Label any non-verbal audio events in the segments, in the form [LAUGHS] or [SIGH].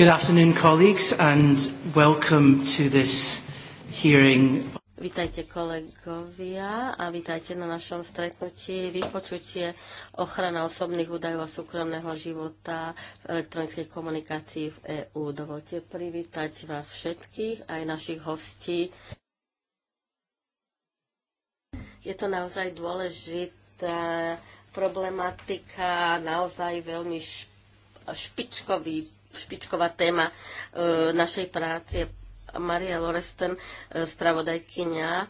Good afternoon, colleagues, and welcome to this hearing. Vítajte kolegovia a vítajte na našom stretnutí vypočutie ochrana osobných údajov a súkromného života v elektronickej komunikácii v EÚ. Dovolte privítať vás všetkých, aj našich hostí. Je to naozaj dôležitá problematika, naozaj veľmi špičkový špičková téma e, našej práce. Maria Loresten, e, spravodajkynia, e,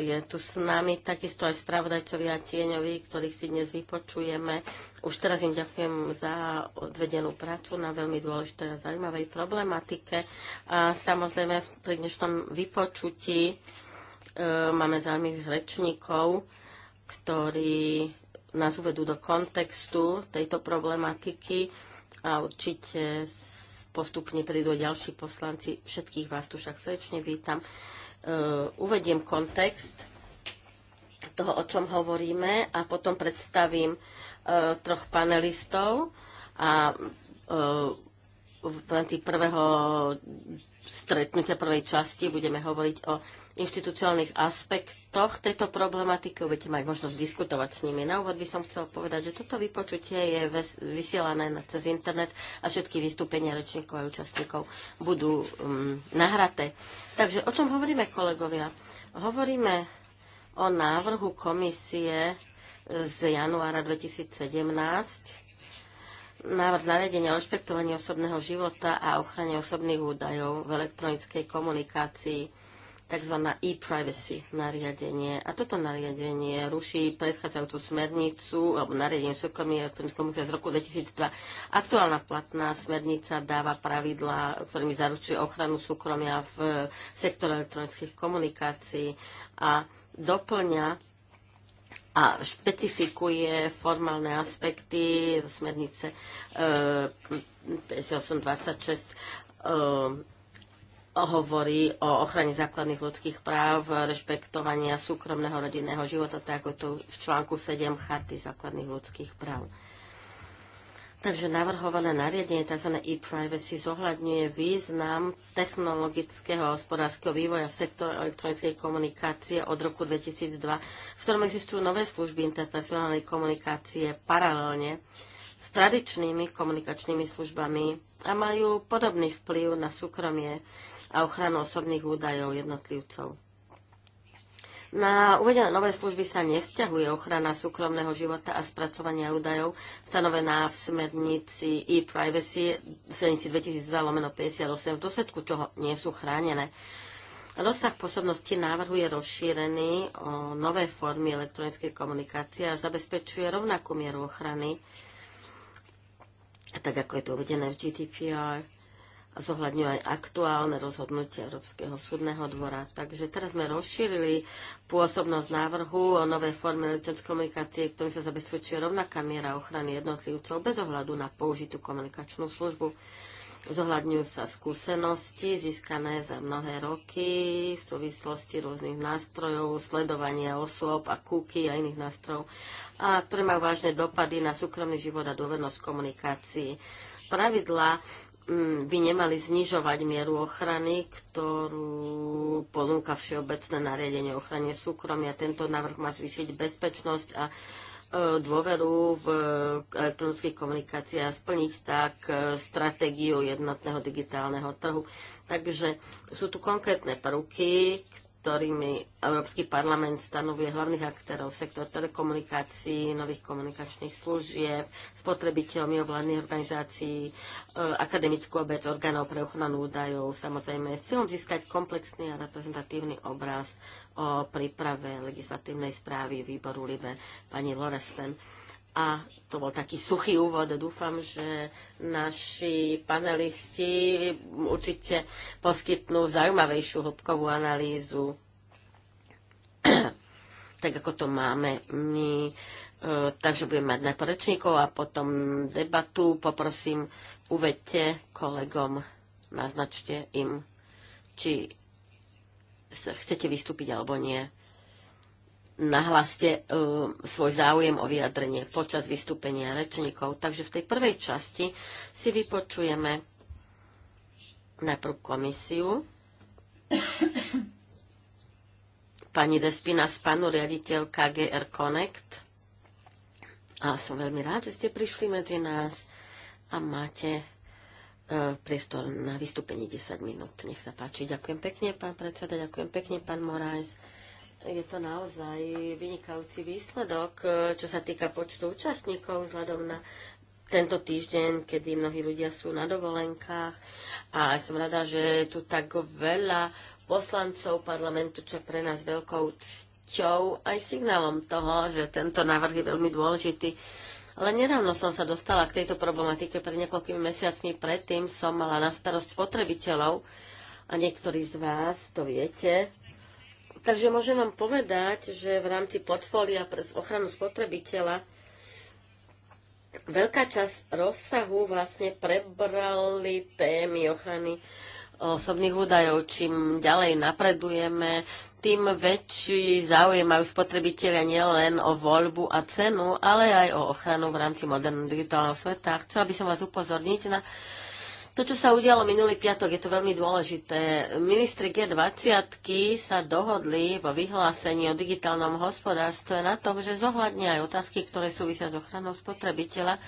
je tu s nami takisto aj spravodajcovia Tieňovi, ktorých si dnes vypočujeme. Už teraz im ďakujem za odvedenú prácu na veľmi dôležitej a zaujímavej problematike. A samozrejme, pri dnešnom vypočutí máme zaujímavých rečníkov, ktorí nás uvedú do kontextu tejto problematiky a určite postupne prídu ďalší poslanci. Všetkých vás tu však srdečne vítam. E, uvediem kontext toho, o čom hovoríme a potom predstavím e, troch panelistov a e, v rámci prvého stretnutia, prvej časti budeme hovoriť o inštitucionálnych aspektoch tejto problematiky. Budete mať možnosť diskutovať s nimi. Na úvod by som chcel povedať, že toto vypočutie je vysielané cez internet a všetky vystúpenia rečníkov a účastníkov budú um, nahraté. Takže o čom hovoríme, kolegovia? Hovoríme o návrhu komisie z januára 2017 návrh nariadenia o rešpektovaní osobného života a ochrane osobných údajov v elektronickej komunikácii tzv. e-privacy nariadenie. A toto nariadenie ruší predchádzajúcu smernicu alebo nariadenie súkromí elektronických komunikácií z roku 2002. Aktuálna platná smernica dáva pravidla, ktorými zaručuje ochranu súkromia v sektore elektronických komunikácií a doplňa a špecifikuje formálne aspekty smernice e, 5826 e, hovorí o ochrane základných ľudských práv, rešpektovania súkromného rodinného života, tak ako to v článku 7 Charty základných ľudských práv. Takže navrhované nariadenie tzv. e-privacy zohľadňuje význam technologického a hospodárskeho vývoja v sektore elektronickej komunikácie od roku 2002, v ktorom existujú nové služby interpersonálnej komunikácie paralelne s tradičnými komunikačnými službami a majú podobný vplyv na súkromie a ochranu osobných údajov jednotlivcov. Na uvedené nové služby sa nevzťahuje ochrana súkromného života a spracovania údajov stanovená v smernici e-privacy 2002 58, v dôsledku čoho nie sú chránené. Rozsah posobnosti návrhu je rozšírený o nové formy elektronickej komunikácie a zabezpečuje rovnakú mieru ochrany, tak ako je to uvedené v GDPR a zohľadňuje aj aktuálne rozhodnutie Európskeho súdneho dvora. Takže teraz sme rozšírili pôsobnosť návrhu o nové formy elektronickej komunikácie, ktorým sa zabezpečuje rovnaká miera ochrany jednotlivcov bez ohľadu na použitú komunikačnú službu. Zohľadňujú sa skúsenosti získané za mnohé roky v súvislosti rôznych nástrojov, sledovania osôb a kúky a iných nástrojov, a ktoré majú vážne dopady na súkromný život a dôvernosť komunikácií. Pravidlá Mm, by nemali znižovať mieru ochrany, ktorú ponúka Všeobecné nariadenie ochrane súkromia. Tento návrh má zvýšiť bezpečnosť a e, dôveru v e, elektronických komunikáciách a splniť tak e, stratégiu jednotného digitálneho trhu. Takže sú tu konkrétne prvky, ktorými Európsky parlament stanovuje hlavných aktérov, sektor telekomunikácií, nových komunikačných služieb, spotrebiteľ mimovládnych organizácií, e, akademickú obec orgánov pre ochranu údajov, samozrejme, s cieľom získať komplexný a reprezentatívny obraz o príprave legislatívnej správy výboru LIBE pani Loresten. A to bol taký suchý úvod. Dúfam, že naši panelisti určite poskytnú zaujímavejšiu hĺbkovú analýzu, [CLEARS THROAT] tak ako to máme my. E, takže budeme mať najporečníkov a potom debatu. Poprosím, uvedte kolegom, naznačte im, či chcete vystúpiť alebo nie nahlaste e, svoj záujem o vyjadrenie počas vystúpenia rečníkov. Takže v tej prvej časti si vypočujeme najprv komisiu, pani Despina Spanu, riaditeľka GR Connect. A som veľmi rád, že ste prišli medzi nás a máte e, priestor na vystúpenie 10 minút. Nech sa páči. Ďakujem pekne, pán predseda, ďakujem pekne, pán Morajs. Je to naozaj vynikajúci výsledok, e, čo sa týka počtu účastníkov vzhľadom na tento týždeň, kedy mnohí ľudia sú na dovolenkách. A som rada, že je tu tak veľa poslancov parlamentu, čo pre nás veľkou cťou aj signálom toho, že tento návrh je veľmi dôležitý. Ale nedávno som sa dostala k tejto problematike, pred niekoľkými mesiacmi predtým som mala na starosť spotrebiteľov a niektorí z vás to viete, Takže môžem vám povedať, že v rámci portfólia pre ochranu spotrebiteľa veľká časť rozsahu vlastne prebrali témy ochrany osobných údajov. Čím ďalej napredujeme, tým väčší záujem majú spotrebitelia nielen o voľbu a cenu, ale aj o ochranu v rámci moderného digitálneho sveta. Chcela by som vás upozorniť na to, čo sa udialo minulý piatok, je to veľmi dôležité. Ministri G20 sa dohodli vo vyhlásení o digitálnom hospodárstve na tom, že zohľadnia aj otázky, ktoré súvisia s ochranou spotrebiteľa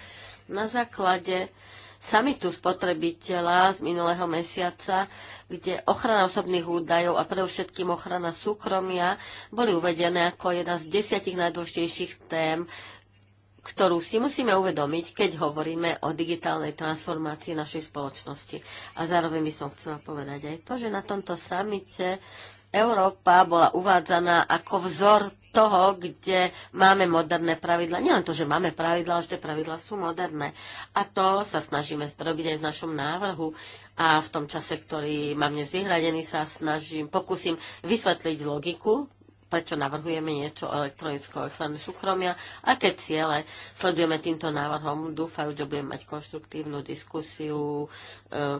na základe samitu spotrebiteľa z minulého mesiaca, kde ochrana osobných údajov a predovšetkým ochrana súkromia boli uvedené ako jedna z desiatich najdôležitejších tém ktorú si musíme uvedomiť, keď hovoríme o digitálnej transformácii našej spoločnosti. A zároveň by som chcela povedať aj to, že na tomto samite Európa bola uvádzaná ako vzor toho, kde máme moderné pravidla. Nie len to, že máme pravidla, ale že tie pravidla sú moderné. A to sa snažíme sprobiť aj v našom návrhu. A v tom čase, ktorý mám dnes vyhradený, sa snažím, pokúsim vysvetliť logiku prečo navrhujeme niečo o elektronickou ochrane súkromia, aké ciele sledujeme týmto návrhom. Dúfajú, že budeme mať konštruktívnu diskusiu eh,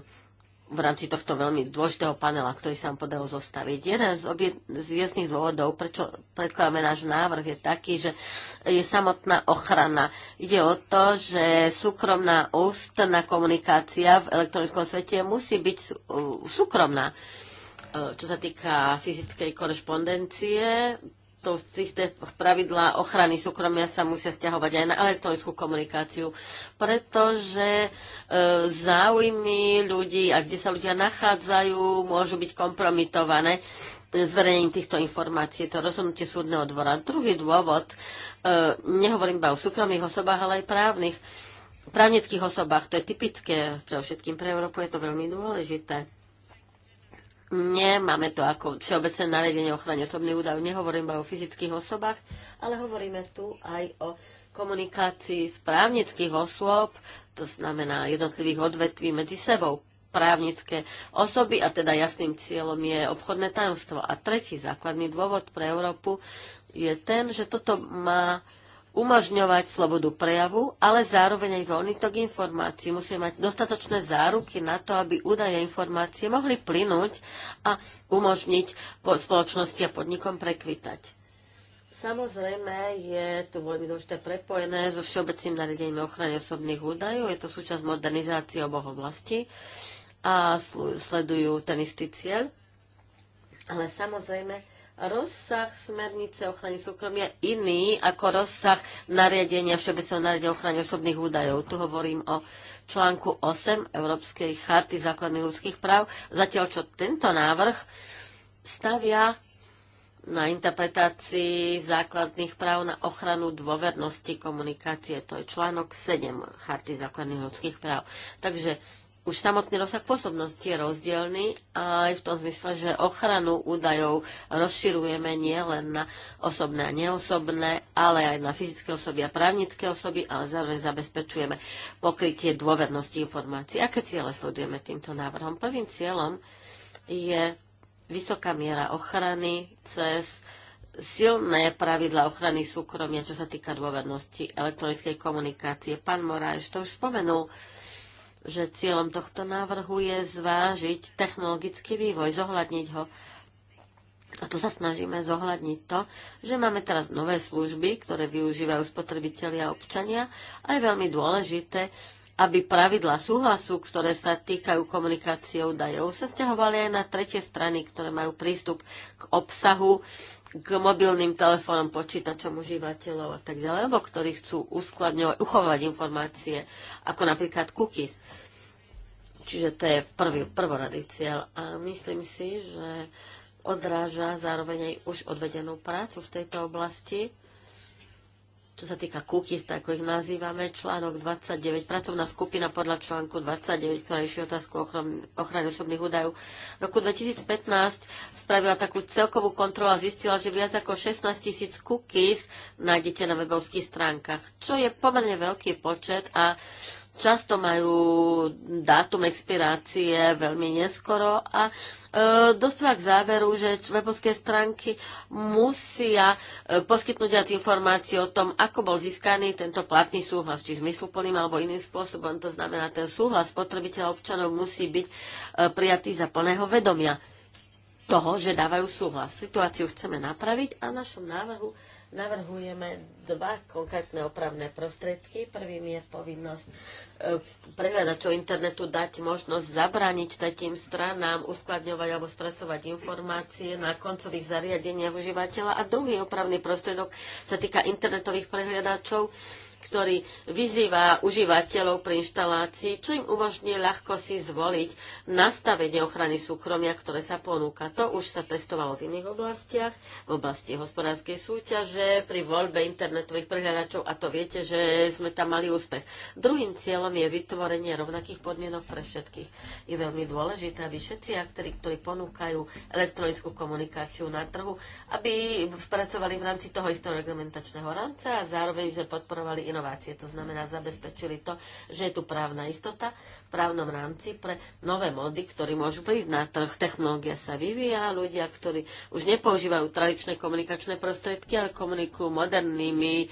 v rámci tohto veľmi dôležitého panela, ktorý sa vám podarilo zostaviť. Jeden z, obie, z jasných dôvodov, prečo predkladáme náš návrh, je taký, že je samotná ochrana. Ide o to, že súkromná ústna komunikácia v elektronickom svete musí byť súkromná. E, čo sa týka fyzickej korešpondencie, to isté pravidlá ochrany súkromia sa musia stiahovať aj na elektronickú komunikáciu, pretože e, záujmy ľudí a kde sa ľudia nachádzajú, môžu byť kompromitované zverejnením týchto informácií. To rozhodnutie súdneho dvora. Druhý dôvod, e, nehovorím iba o súkromných osobách, ale aj právnych, právnických osobách. To je typické, čo všetkým pre Európu je to veľmi dôležité nie, máme to ako všeobecné nariadenie ochrany osobných údajov. Nehovorím iba o fyzických osobách, ale hovoríme tu aj o komunikácii správnických osôb, to znamená jednotlivých odvetví medzi sebou právnické osoby a teda jasným cieľom je obchodné tajomstvo. A tretí základný dôvod pre Európu je ten, že toto má umožňovať slobodu prejavu, ale zároveň aj voľný tok informácií. Musíme mať dostatočné záruky na to, aby údaje informácie mohli plynúť a umožniť spoločnosti a podnikom prekvitať. Samozrejme je tu veľmi dôležité prepojené so všeobecným nariadením ochrany osobných údajov. Je to súčasť modernizácie oboch oblastí a sledujú ten istý cieľ. Ale samozrejme Rozsah smernice ochrany súkromia je iný ako rozsah nariadenia Všeobecného nariadenia ochrany osobných údajov. Tu hovorím o článku 8 Európskej charty základných ľudských práv, zatiaľ čo tento návrh stavia na interpretácii základných práv na ochranu dôvernosti komunikácie. To je článok 7 Charty základných ľudských práv. Takže už samotný rozsah pôsobnosti je rozdielny aj v tom zmysle, že ochranu údajov rozširujeme nie len na osobné a neosobné, ale aj na fyzické osoby a právnické osoby, ale zároveň zabezpečujeme pokrytie dôvernosti informácií. Aké ciele sledujeme týmto návrhom? Prvým cieľom je vysoká miera ochrany cez silné pravidla ochrany súkromia, čo sa týka dôvernosti elektronickej komunikácie. Pán Moráš to už spomenul, že cieľom tohto návrhu je zvážiť technologický vývoj, zohľadniť ho. A tu sa snažíme zohľadniť to, že máme teraz nové služby, ktoré využívajú spotrebitelia a občania a je veľmi dôležité, aby pravidla súhlasu, ktoré sa týkajú komunikáciou dajov, sa stiahovali aj na tretie strany, ktoré majú prístup k obsahu k mobilným telefónom, počítačom užívateľov a tak ďalej, alebo ktorí chcú uskladňovať, uchovávať informácie, ako napríklad cookies. Čiže to je prvý, prvoradý cieľ a myslím si, že odráža zároveň aj už odvedenú prácu v tejto oblasti čo sa týka cookies, tak ich nazývame, článok 29, pracovná skupina podľa článku 29, ktorá rieši otázku ochrany osobných údajov. V roku 2015 spravila takú celkovú kontrolu a zistila, že viac ako 16 tisíc cookies nájdete na webovských stránkach, čo je pomerne veľký počet a často majú dátum expirácie veľmi neskoro a e, dospela k záveru, že webovské stránky musia e, poskytnúť viac informácií o tom, ako bol získaný tento platný súhlas, či zmysluplným alebo iným spôsobom. To znamená, ten súhlas spotrebiteľa občanov musí byť e, prijatý za plného vedomia toho, že dávajú súhlas. Situáciu chceme napraviť a v našom návrhu Navrhujeme dva konkrétne opravné prostriedky. Prvým je povinnosť e, prehľadačov internetu dať možnosť zabrániť tretím stranám uskladňovať alebo spracovať informácie na koncových zariadeniach užívateľa. A druhý opravný prostriedok sa týka internetových prehľadačov ktorý vyzýva užívateľov pri inštalácii, čo im umožní ľahko si zvoliť nastavenie ochrany súkromia, ktoré sa ponúka. To už sa testovalo v iných oblastiach, v oblasti hospodárskej súťaže, pri voľbe internetových prehľadačov a to viete, že sme tam mali úspech. Druhým cieľom je vytvorenie rovnakých podmienok pre všetkých. Je veľmi dôležité, aby všetci aktéri, ktorí ponúkajú elektronickú komunikáciu na trhu, aby pracovali v rámci toho istého reglementačného rámca a zároveň sme podporovali inovácie. To znamená, zabezpečili to, že je tu právna istota v právnom rámci pre nové mody, ktorí môžu prísť na trh. Technológia sa vyvíja, ľudia, ktorí už nepoužívajú tradičné komunikačné prostriedky, ale komunikujú modernými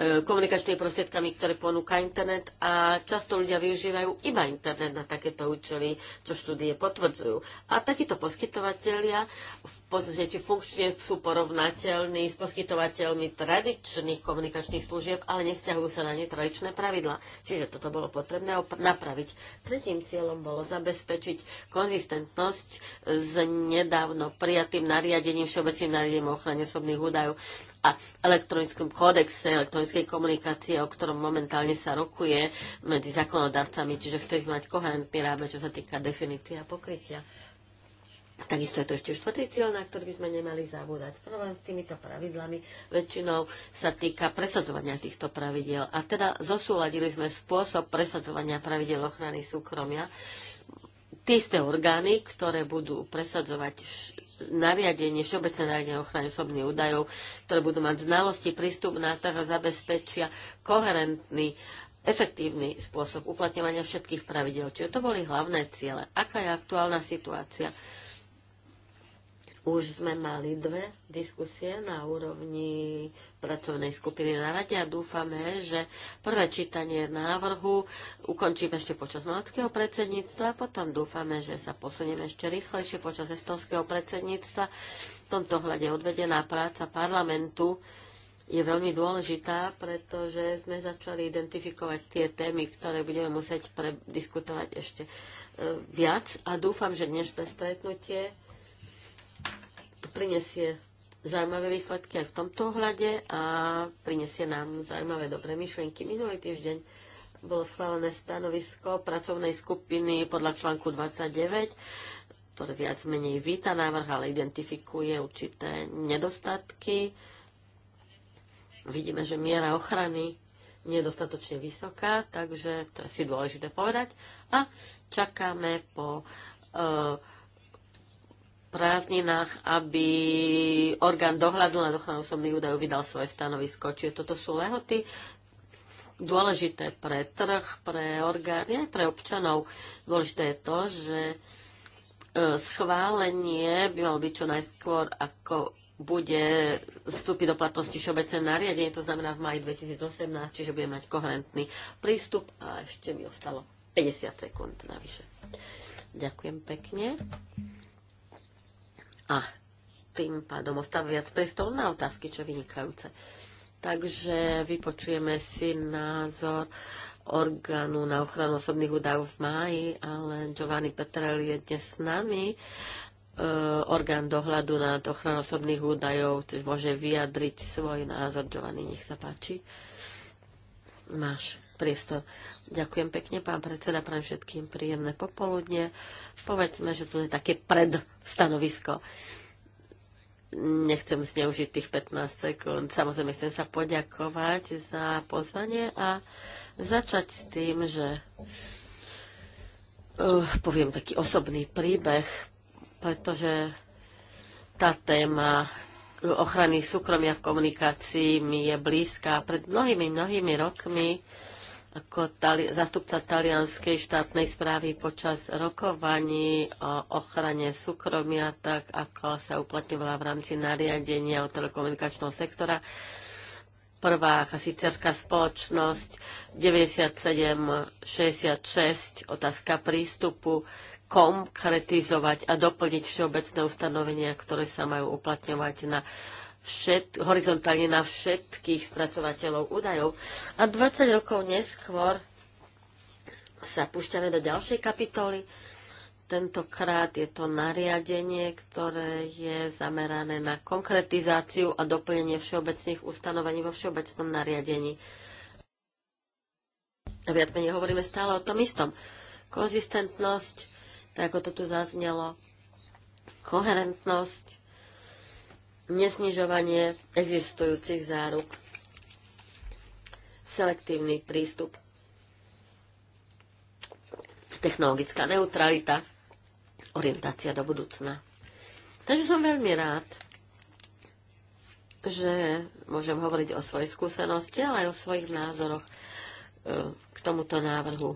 E, komunikačnými prostriedkami, ktoré ponúka internet a často ľudia využívajú iba internet na takéto účely, čo štúdie potvrdzujú. A takíto poskytovateľia v podstate funkčne sú porovnateľní s poskytovateľmi tradičných komunikačných služieb, ale nevzťahujú sa na ne tradičné pravidla. Čiže toto bolo potrebné napraviť. Tretím cieľom bolo zabezpečiť konzistentnosť s nedávno prijatým nariadením, všeobecným nariadením o ochrane osobných údajov, a elektronickom kódexe elektronickej komunikácie, o ktorom momentálne sa rokuje medzi zákonodarcami, čiže chceli mať koherentný ráme, čo sa týka definície a pokrytia. Takisto je to ešte štvrtý cieľ, na ktorý by sme nemali zabúdať. Problém s týmito pravidlami väčšinou sa týka presadzovania týchto pravidiel. A teda zosúladili sme spôsob presadzovania pravidel ochrany súkromia. Tie orgány, ktoré budú presadzovať nariadenie, všeobecné nariadenie ochrany osobných údajov, ktoré budú mať znalosti, prístup na trh a zabezpečia koherentný efektívny spôsob uplatňovania všetkých pravidel. Čiže to boli hlavné ciele. Aká je aktuálna situácia? Už sme mali dve diskusie na úrovni pracovnej skupiny na rade a dúfame, že prvé čítanie návrhu ukončíme ešte počas malckého predsedníctva a potom dúfame, že sa posunieme ešte rýchlejšie počas estonského predsedníctva. V tomto hľade odvedená práca parlamentu je veľmi dôležitá, pretože sme začali identifikovať tie témy, ktoré budeme musieť prediskutovať ešte e, viac a dúfam, že dnešné stretnutie prinesie zaujímavé výsledky aj v tomto ohľade a prinesie nám zaujímavé dobré myšlienky. Minulý týždeň bolo schválené stanovisko pracovnej skupiny podľa článku 29, ktoré viac menej víta návrh, ale identifikuje určité nedostatky. Vidíme, že miera ochrany nie je dostatočne vysoká, takže to je si dôležité povedať. A čakáme po uh, prázdninách, aby orgán dohľadu na dochranu osobných údajov vydal svoje stanovisko. Čiže toto sú lehoty dôležité pre trh, pre orgány, aj pre občanov. Dôležité je to, že e, schválenie by malo byť čo najskôr, ako bude vstúpiť do platnosti všeobecné nariadenie, to znamená v maji 2018, čiže bude mať koherentný prístup a ešte mi ostalo 50 sekúnd navyše. Ďakujem pekne. A tým pádom ostáva viac priestor na otázky, čo je vynikajúce. Takže vypočujeme si názor orgánu na ochranu osobných údajov v máji, ale Giovanni Petrel je dnes s nami, e, orgán dohľadu nad ochranu osobných údajov, ktorý môže vyjadriť svoj názor. Giovanni, nech sa páči. Máš priestor. Ďakujem pekne, pán predseda, pre všetkým príjemné popoludne. Povedzme, že tu je také predstanovisko. Nechcem zneužiť tých 15 sekúnd. Samozrejme, chcem sa poďakovať za pozvanie a začať s tým, že uh, poviem taký osobný príbeh, pretože tá téma ochrany súkromia v komunikácii mi je blízka. Pred mnohými, mnohými rokmi uh, ako tali- zastupca talianskej štátnej správy počas rokovaní o ochrane súkromia, tak ako sa uplatňovala v rámci nariadenia o telekomunikačného sektora. Prvá kasicárska spoločnosť 9766, otázka prístupu, konkretizovať a doplniť všeobecné ustanovenia, ktoré sa majú uplatňovať na všet, horizontálne na všetkých spracovateľov údajov. A 20 rokov neskôr sa púšťame do ďalšej kapitoly. Tentokrát je to nariadenie, ktoré je zamerané na konkretizáciu a doplnenie všeobecných ustanovení vo všeobecnom nariadení. A viac menej hovoríme stále o tom istom. Konzistentnosť, tak ako to tu zaznelo, koherentnosť, nesnižovanie existujúcich záruk, selektívny prístup, technologická neutralita, orientácia do budúcna. Takže som veľmi rád, že môžem hovoriť o svojej skúsenosti, ale aj o svojich názoroch e, k tomuto návrhu.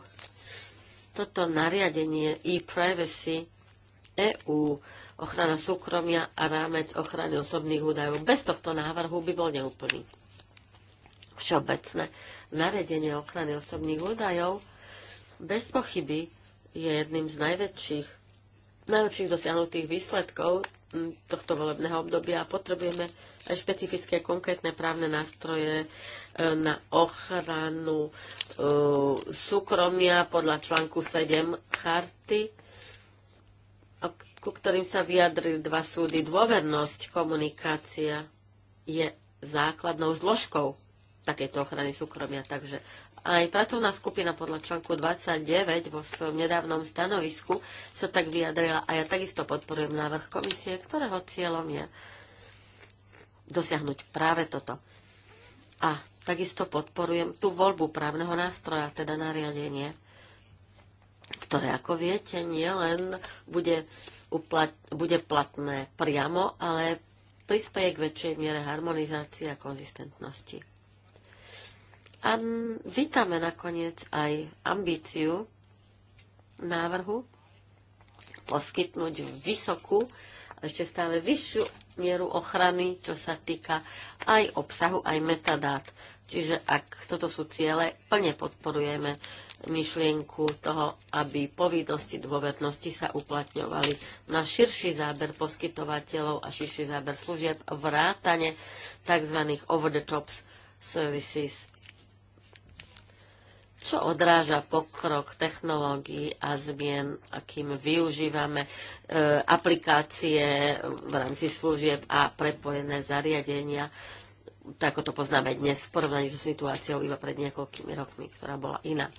Toto nariadenie e-privacy EU ochrana súkromia a rámec ochrany osobných údajov. Bez tohto návrhu by bol neúplný. Všeobecné naredenie ochrany osobných údajov bez pochyby je jedným z najväčších, najlepších dosiahnutých výsledkov tohto volebného obdobia a potrebujeme aj špecifické konkrétne právne nástroje e, na ochranu e, súkromia podľa článku 7 charty ku ktorým sa vyjadrili dva súdy. Dôvernosť komunikácia je základnou zložkou takejto ochrany súkromia. Takže aj pracovná skupina podľa článku 29 vo svojom nedávnom stanovisku sa tak vyjadrila a ja takisto podporujem návrh komisie, ktorého cieľom je dosiahnuť práve toto. A takisto podporujem tú voľbu právneho nástroja, teda nariadenie ktoré, ako viete, nielen bude, uplat- bude platné priamo, ale prispieje k väčšej miere harmonizácie a konzistentnosti. A vítame nakoniec aj ambíciu návrhu poskytnúť vysokú, ešte stále vyššiu mieru ochrany, čo sa týka aj obsahu, aj metadát. Čiže ak toto sú ciele, plne podporujeme myšlienku toho, aby povinnosti dôvetnosti sa uplatňovali na širší záber poskytovateľov a širší záber služieb vrátane tzv. over-the-top services, čo odráža pokrok technológií a zmien, akým využívame e, aplikácie v rámci služieb a prepojené zariadenia tak ako to poznáme dnes v porovnaní so situáciou iba pred niekoľkými rokmi, ktorá bola iná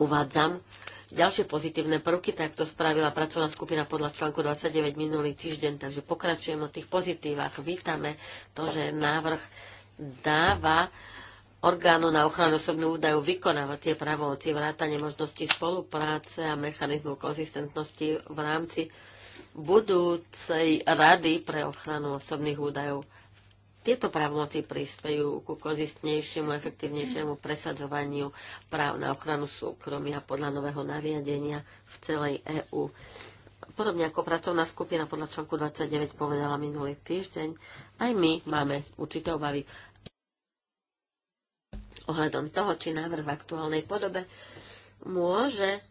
uvádzam ďalšie pozitívne prvky, tak to spravila pracovná skupina podľa článku 29 minulý týždeň, takže pokračujem o tých pozitívach. Vítame to, že návrh dáva orgánu na ochranu osobných údajov vykonávať tie právomoci vrátane možnosti spolupráce a mechanizmu konzistentnosti v rámci budúcej rady pre ochranu osobných údajov tieto právomoci prispejú ku kozistnejšiemu, efektívnejšiemu presadzovaniu práv na ochranu súkromia podľa nového nariadenia v celej EÚ. Podobne ako pracovná skupina podľa článku 29 povedala minulý týždeň, aj my máme určité obavy ohľadom toho, či návrh v aktuálnej podobe môže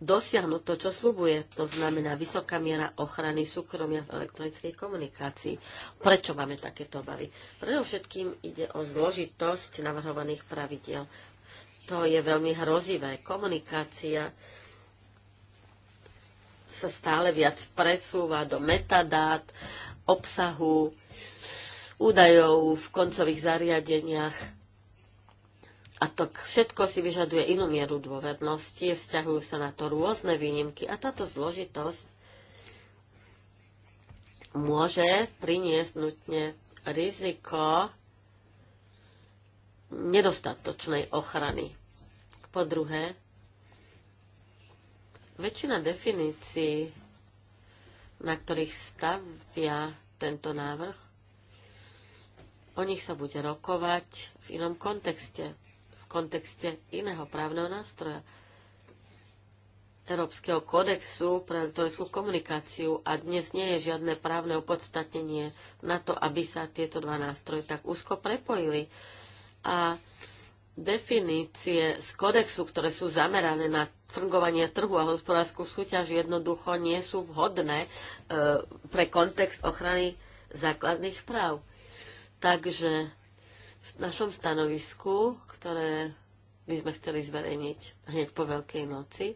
dosiahnuť to, čo slubuje. To znamená vysoká miera ochrany súkromia v elektronickej komunikácii. Prečo máme takéto obavy? Predovšetkým ide o zložitosť navrhovaných pravidiel. To je veľmi hrozivé. Komunikácia sa stále viac presúva do metadát, obsahu, údajov v koncových zariadeniach a to všetko si vyžaduje inú mieru dôvernosti, vzťahujú sa na to rôzne výnimky a táto zložitosť môže priniesť nutne riziko nedostatočnej ochrany. Po druhé, väčšina definícií, na ktorých stavia tento návrh, o nich sa bude rokovať v inom kontexte kontexte iného právneho nástroja. Európskeho kodexu pre elektronickú komunikáciu a dnes nie je žiadne právne opodstatnenie na to, aby sa tieto dva nástroje tak úzko prepojili. A definície z kodexu, ktoré sú zamerané na fungovanie trhu a hospodárskú súťaž, jednoducho nie sú vhodné e, pre kontext ochrany základných práv. Takže v našom stanovisku ktoré by sme chceli zverejniť hneď po Veľkej noci.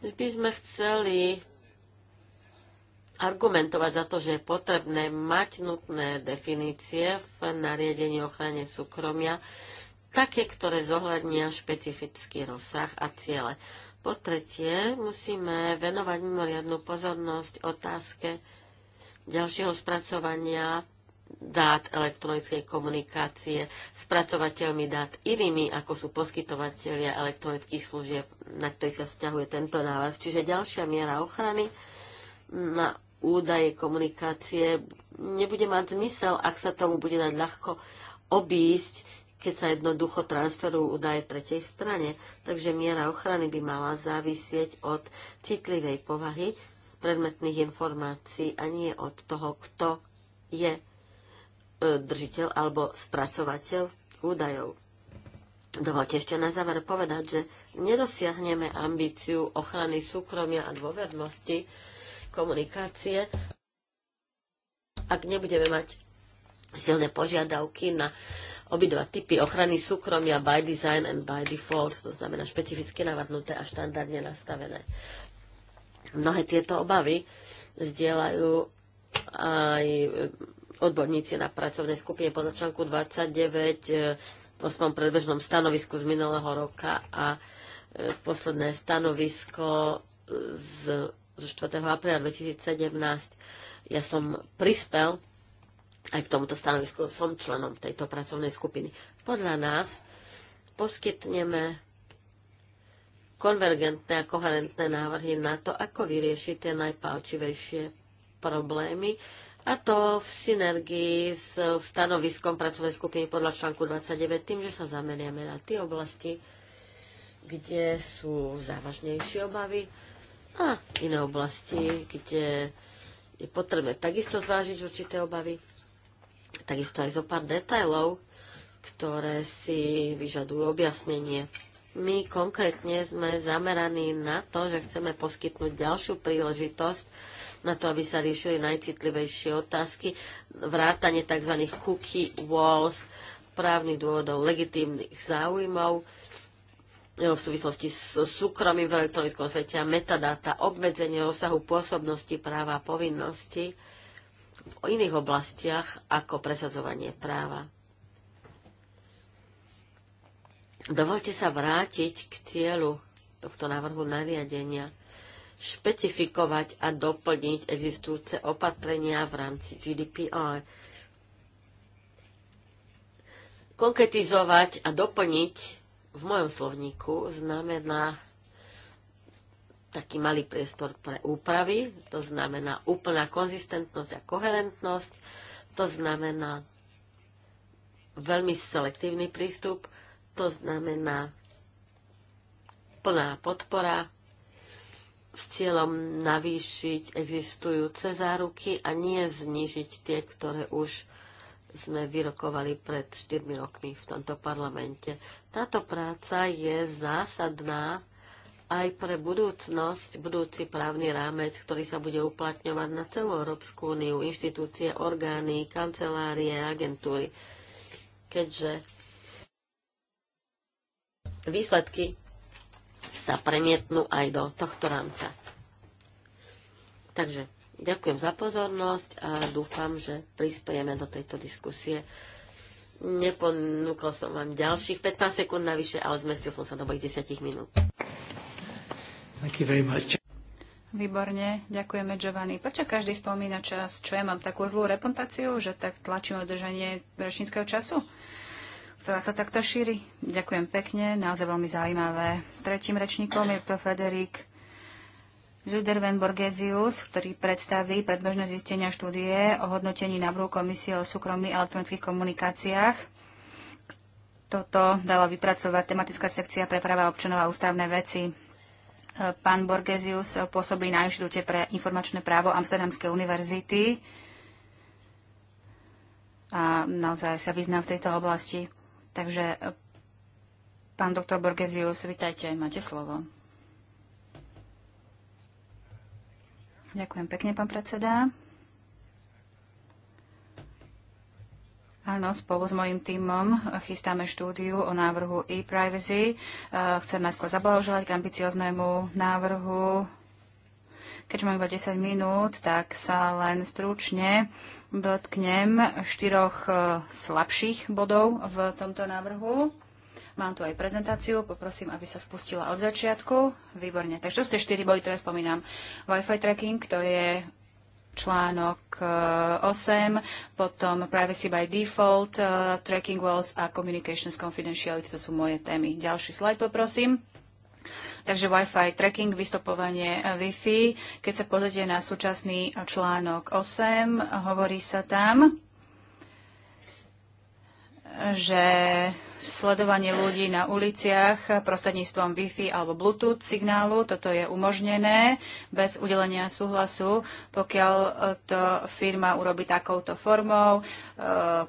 By sme chceli argumentovať za to, že je potrebné mať nutné definície v nariadení ochrane súkromia, také, ktoré zohľadnia špecifický rozsah a ciele. Po tretie, musíme venovať mimoriadnú pozornosť otázke ďalšieho spracovania dát elektronickej komunikácie, spracovateľmi dát inými, ako sú poskytovateľia elektronických služieb, na ktorých sa vzťahuje tento návrh. Čiže ďalšia miera ochrany na údaje komunikácie nebude mať zmysel, ak sa tomu bude dať ľahko obísť, keď sa jednoducho transferujú údaje tretej strane. Takže miera ochrany by mala závisieť od citlivej povahy predmetných informácií a nie od toho, kto je E, držiteľ alebo spracovateľ údajov. Dovolte ešte na záver povedať, že nedosiahneme ambíciu ochrany súkromia a dôvernosti komunikácie, ak nebudeme mať silné požiadavky na obidva typy ochrany súkromia by design and by default, to znamená špecificky navadnuté a štandardne nastavené. Mnohé tieto obavy zdieľajú aj odborníci na pracovnej skupine podľa článku 29 v e, svojom predbežnom stanovisku z minulého roka a e, posledné stanovisko z, z 4. apríla 2017. Ja som prispel aj k tomuto stanovisku, som členom tejto pracovnej skupiny. Podľa nás poskytneme konvergentné a koherentné návrhy na to, ako vyriešiť tie najpálčivejšie problémy, a to v synergii s stanoviskom pracovnej skupiny podľa článku 29, tým, že sa zameriame na tie oblasti, kde sú závažnejšie obavy a iné oblasti, kde je potrebné takisto zvážiť určité obavy. Takisto aj zo pár detajlov, ktoré si vyžadujú objasnenie. My konkrétne sme zameraní na to, že chceme poskytnúť ďalšiu príležitosť na to, aby sa riešili najcitlivejšie otázky, vrátanie tzv. cookie walls, právnych dôvodov, legitímnych záujmov e, v súvislosti s súkromím v elektronickom svete a metadáta, obmedzenie rozsahu pôsobnosti práva a povinnosti v iných oblastiach ako presadzovanie práva. Dovolte sa vrátiť k cieľu tohto návrhu nariadenia špecifikovať a doplniť existujúce opatrenia v rámci GDPR, konkretizovať a doplniť v mojom slovníku znamená taký malý priestor pre úpravy, to znamená úplná konzistentnosť a koherentnosť, to znamená veľmi selektívny prístup, to znamená plná podpora s cieľom navýšiť existujúce záruky a nie znižiť tie, ktoré už sme vyrokovali pred 4 rokmi v tomto parlamente. Táto práca je zásadná aj pre budúcnosť, budúci právny rámec, ktorý sa bude uplatňovať na celú Európsku úniu, inštitúcie, orgány, kancelárie, agentúry. Keďže výsledky sa premietnú aj do tohto rámca. Takže ďakujem za pozornosť a dúfam, že prispiejeme do tejto diskusie. Neponúkol som vám ďalších 15 sekúnd navyše, ale zmestil som sa do mojich 10 minút. Výborne, ďakujeme Giovanni. Prečo každý spomína čas? Čo ja mám takú zlú reputáciu, že tak tlačím održanie rečníckého času? ktorá sa takto šíri. Ďakujem pekne, naozaj veľmi zaujímavé. Tretím rečníkom je to Frederik Zuderven Borgesius, ktorý predstaví predbežné zistenia štúdie o hodnotení návrhu Komisie o súkromných elektronických komunikáciách. Toto dala vypracovať tematická sekcia pre práva občanov a ústavné veci. Pán Borgesius pôsobí na Inštitúte pre informačné právo Amsterdamskej univerzity a naozaj sa vyzná v tejto oblasti. Takže, e, pán doktor Borgesius, vitajte, máte slovo. Ďakujem pekne, pán predseda. Áno, spolu s mojim týmom chystáme štúdiu o návrhu e-privacy. E, chcem najskôr zablahoželať k ambicioznému návrhu. Keďže mám iba 10 minút, tak sa len stručne dotknem štyroch e, slabších bodov v tomto návrhu. Mám tu aj prezentáciu, poprosím, aby sa spustila od začiatku. Výborne. Takže to ste štyri body, ktoré spomínam. Wi-Fi tracking, to je článok 8, e, potom Privacy by Default, e, Tracking Walls a Communications Confidentiality, to sú moje témy. Ďalší slide poprosím. Takže Wi-Fi tracking, vystopovanie eh, Wi-Fi. Keď sa pozrite na súčasný článok 8, hovorí sa tam, že sledovanie ľudí na uliciach prostredníctvom Wi-Fi alebo Bluetooth signálu. Toto je umožnené bez udelenia súhlasu, pokiaľ e, to firma urobi takouto formou. E,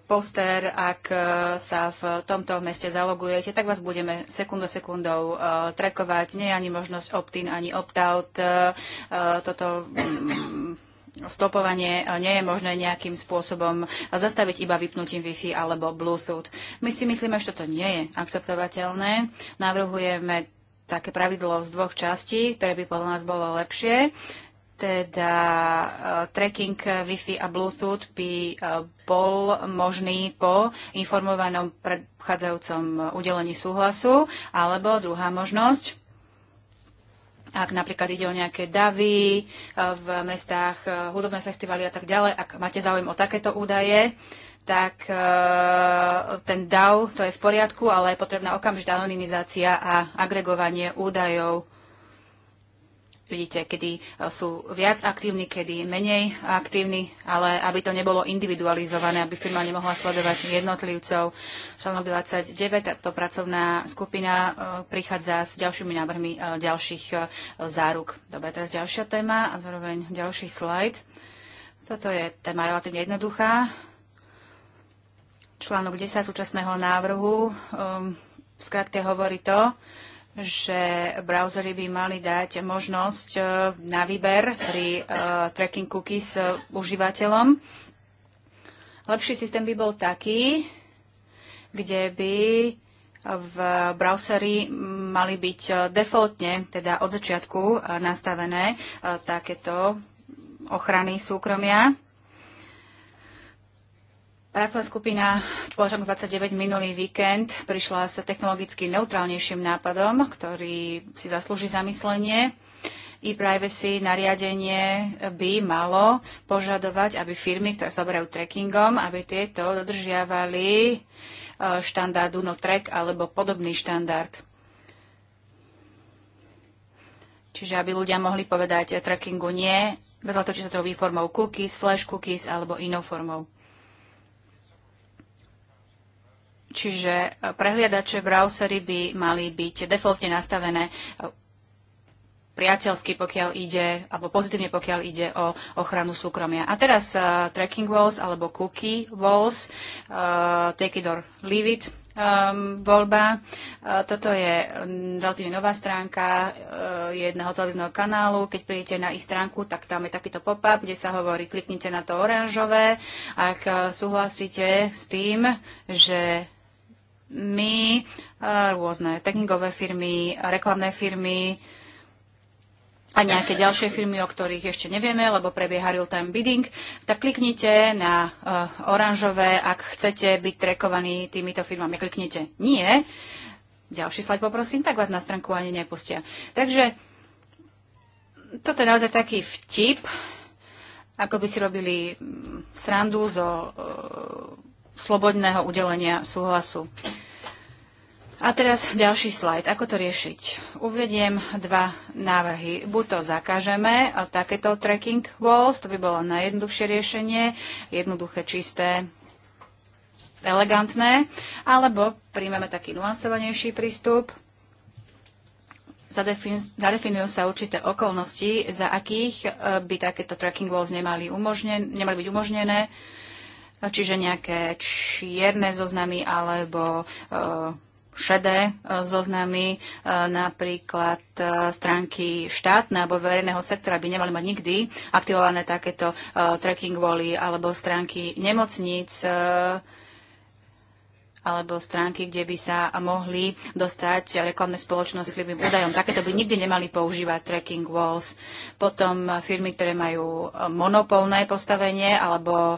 poster, ak e, sa v tomto meste zalogujete, tak vás budeme sekundu sekundou trekovať. Nie je ani možnosť opt-in, ani opt-out. toto mm, stopovanie eh, nie je možné nejakým spôsobom zastaviť iba vypnutím Wi-Fi alebo Bluetooth. My si myslíme, že toto nie je akceptovateľné. Navrhujeme také pravidlo z dvoch častí, ktoré by podľa nás bolo lepšie. Teda eh, tracking Wi-Fi a Bluetooth by eh, bol možný po informovanom predchádzajúcom udelení súhlasu, alebo druhá možnosť, ak napríklad ide o nejaké davy eh, v mestách, eh, hudobné festivaly a tak ďalej, ak máte záujem o takéto údaje, tak eh, ten DAO, to je v poriadku, ale je potrebná okamžitá anonymizácia a agregovanie údajov Vidíte, kedy e, sú viac aktívni, kedy menej aktívni, ale aby to nebolo individualizované, aby firma nemohla sledovať jednotlivcov. Článok 29, táto pracovná skupina e, prichádza s ďalšími návrhmi e, ďalších záruk. Dobre, teraz ďalšia téma a zároveň ďalší slajd. Toto je téma relatívne jednoduchá. Článok 10 súčasného návrhu v skratke hovorí to, že browsery by mali dať možnosť e, na výber pri e, tracking cookies e, užívateľom. Lepší systém by bol taký, kde by v browseri mali byť defaultne, teda od začiatku nastavené takéto ochrany súkromia Pracovná skupina Čoločanku 29 minulý víkend prišla s technologicky neutrálnejším nápadom, ktorý si zaslúži zamyslenie e-privacy nariadenie by malo požadovať, aby firmy, ktoré sa oberajú trackingom, aby tieto dodržiavali e, štandard no track alebo podobný štandard. Čiže aby ľudia mohli povedať e, trackingu nie, bez toho, či sa to robí formou cookies, flash cookies alebo inou formou. Čiže e, prehliadače, browsery by mali byť defaultne nastavené e, priateľsky, pokiaľ ide, alebo pozitívne, pokiaľ ide o ochranu súkromia. A teraz uh, tracking walls alebo cookie walls, uh, take it or leave it um, voľba. Uh, toto je relatívne nová stránka uh, jedného televízneho kanálu. Keď prídete na ich stránku, tak tam je takýto pop-up, kde sa hovorí, kliknite na to oranžové, ak uh, súhlasíte s tým, že my, eh, rôzne technikové firmy, reklamné firmy a nejaké ďalšie firmy, o ktorých ešte nevieme, lebo prebieha real-time bidding, tak kliknite na eh, oranžové, ak chcete byť trackovaní týmito firmami. Kliknite nie, ďalší slajd poprosím, tak vás na stránku ani nepustia. Takže toto je naozaj taký vtip, ako by si robili mm, srandu zo eh, slobodného udelenia súhlasu. A teraz ďalší slajd. Ako to riešiť? Uvediem dva návrhy. Buď to zakážeme, takéto tracking walls, to by bolo najjednoduchšie riešenie, jednoduché, čisté, elegantné, alebo príjmeme taký nuansovanejší prístup, zadefinujú sa určité okolnosti, za akých e, by takéto tracking walls nemali, umožnen- nemali byť umožnené, čiže nejaké čierne zoznamy alebo e, šedé e, zoznamy, e, napríklad e, stránky štátne alebo verejného sektora by nemali mať nikdy aktivované takéto tracking voly alebo stránky nemocníc, alebo stránky, kde by sa mohli dostať reklamné spoločnosti k údajom. Takéto by nikdy nemali používať tracking walls. Potom firmy, ktoré majú e, monopolné postavenie alebo e,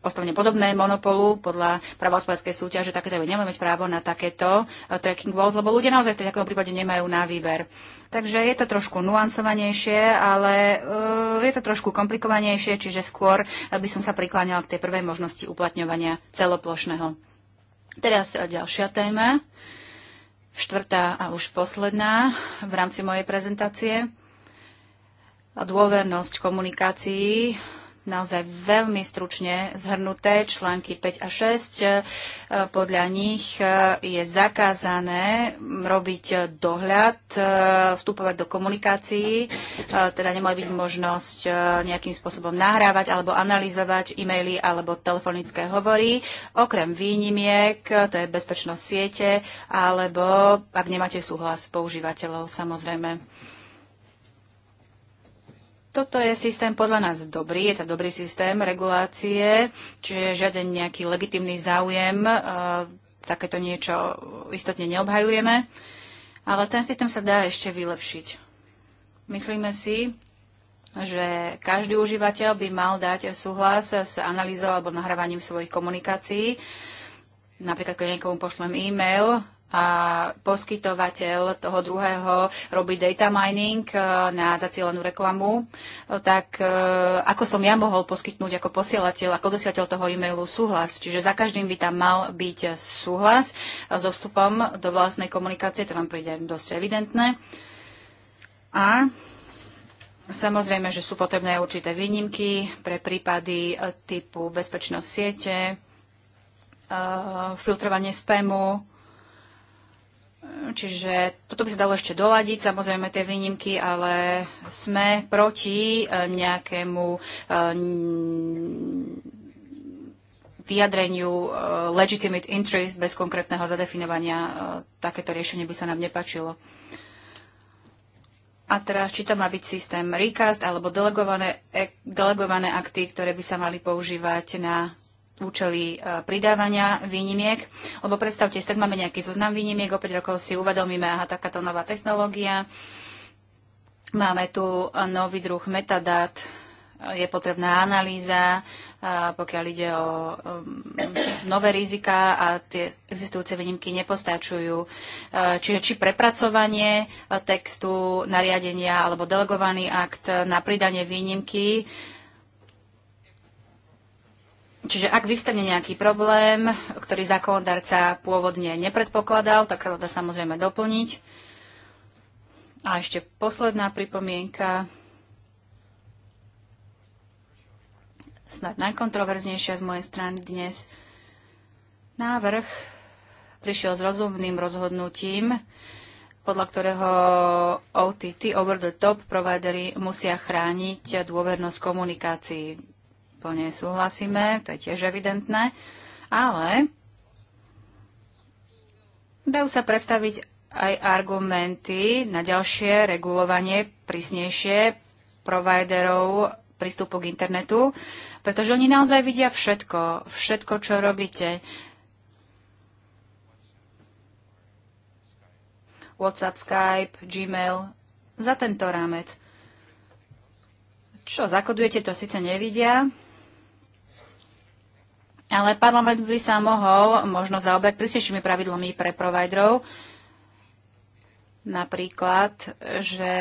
postavenie podobné monopolu podľa pravospodárskej súťaže, takéto by nemali mať právo na takéto e, tracking walls, lebo ľudia naozaj v takom prípade nemajú na výber. Takže je to trošku nuancovanejšie, ale je to trošku komplikovanejšie, čiže skôr by som sa prikláňala k tej prvej možnosti uplatňovania celoplošného Teraz e, ďalšia téma, štvrtá a už posledná v rámci mojej prezentácie. Dôvernosť komunikácií naozaj veľmi stručne zhrnuté články 5 a 6. E, podľa nich e, je zakázané robiť dohľad, e, vstupovať do komunikácií, teda nemali byť možnosť nejakým spôsobom nahrávať alebo analyzovať e-maily alebo telefonické hovory, okrem výnimiek, to je bezpečnosť siete, alebo ak nemáte súhlas používateľov samozrejme. Toto je systém podľa nás dobrý, je to dobrý systém regulácie, čiže žiaden nejaký legitimný záujem, e, takéto niečo istotne neobhajujeme, ale ten systém sa dá ešte vylepšiť. Myslíme si, že každý užívateľ by mal dať súhlas s analýzou alebo nahrávaním svojich komunikácií. Napríklad, keď niekomu pošlem e-mail, a poskytovateľ toho druhého robí data mining e, na zacielenú reklamu, e, tak e, ako som ja mohol poskytnúť ako posielateľ, ako dosiateľ toho e-mailu súhlas. Čiže za každým by tam mal byť súhlas so vstupom do vlastnej komunikácie, to vám príde dosť evidentné. A Samozrejme, že sú potrebné určité výnimky pre prípady typu bezpečnosť siete, filtrovanie spamu, Čiže toto by sa dalo ešte doladiť, samozrejme tie výnimky, ale sme proti e, nejakému e, vyjadreniu e, legitimate interest bez konkrétneho zadefinovania. Takéto riešenie by sa nám nepačilo. A teraz, či to má byť systém recast alebo delegované, delegované akty, ktoré by sa mali používať na účely e, pridávania výnimiek, lebo predstavte si, tak máme nejaký zoznam výnimiek, o 5 rokov si uvedomíme, aha, takáto nová technológia, máme tu e, nový druh metadát, e, je potrebná analýza, pokiaľ ide o nové rizika a tie existujúce výnimky nepostačujú. Čiže či prepracovanie textu, nariadenia alebo delegovaný akt na pridanie výnimky Čiže ak vystane nejaký problém, ktorý zákonodárca pôvodne nepredpokladal, tak sa to dá samozrejme doplniť. A ešte posledná pripomienka, snad najkontroverznejšia z mojej strany dnes. Návrh prišiel s rozumným rozhodnutím, podľa ktorého OTT, over the top, providery musia chrániť dôvernosť komunikácií plne súhlasíme, to je tiež evidentné, ale dajú sa predstaviť aj argumenty na ďalšie regulovanie prísnejšie providerov prístupu k internetu, pretože oni naozaj vidia všetko, všetko, čo robíte. WhatsApp, Skype, Gmail, za tento rámec. Čo zakodujete, to síce nevidia, ale parlament by sa mohol možno zaobrať prísnejšími pravidlami pre providerov. Napríklad, že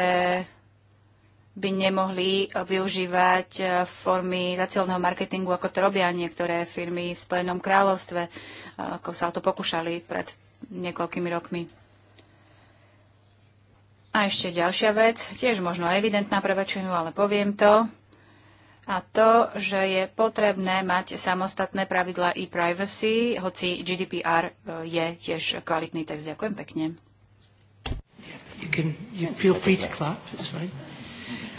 by nemohli využívať eh, formy zacielného marketingu, ako to robia niektoré firmy v Spojenom kráľovstve, eh, ako sa o to pokúšali pred niekoľkými rokmi. A ešte ďalšia vec, tiež možno evidentná pre väčšinu, ale poviem to a to, že je potrebné mať samostatné pravidla e-privacy, hoci GDPR e, je tiež kvalitný text. Ďakujem pekne.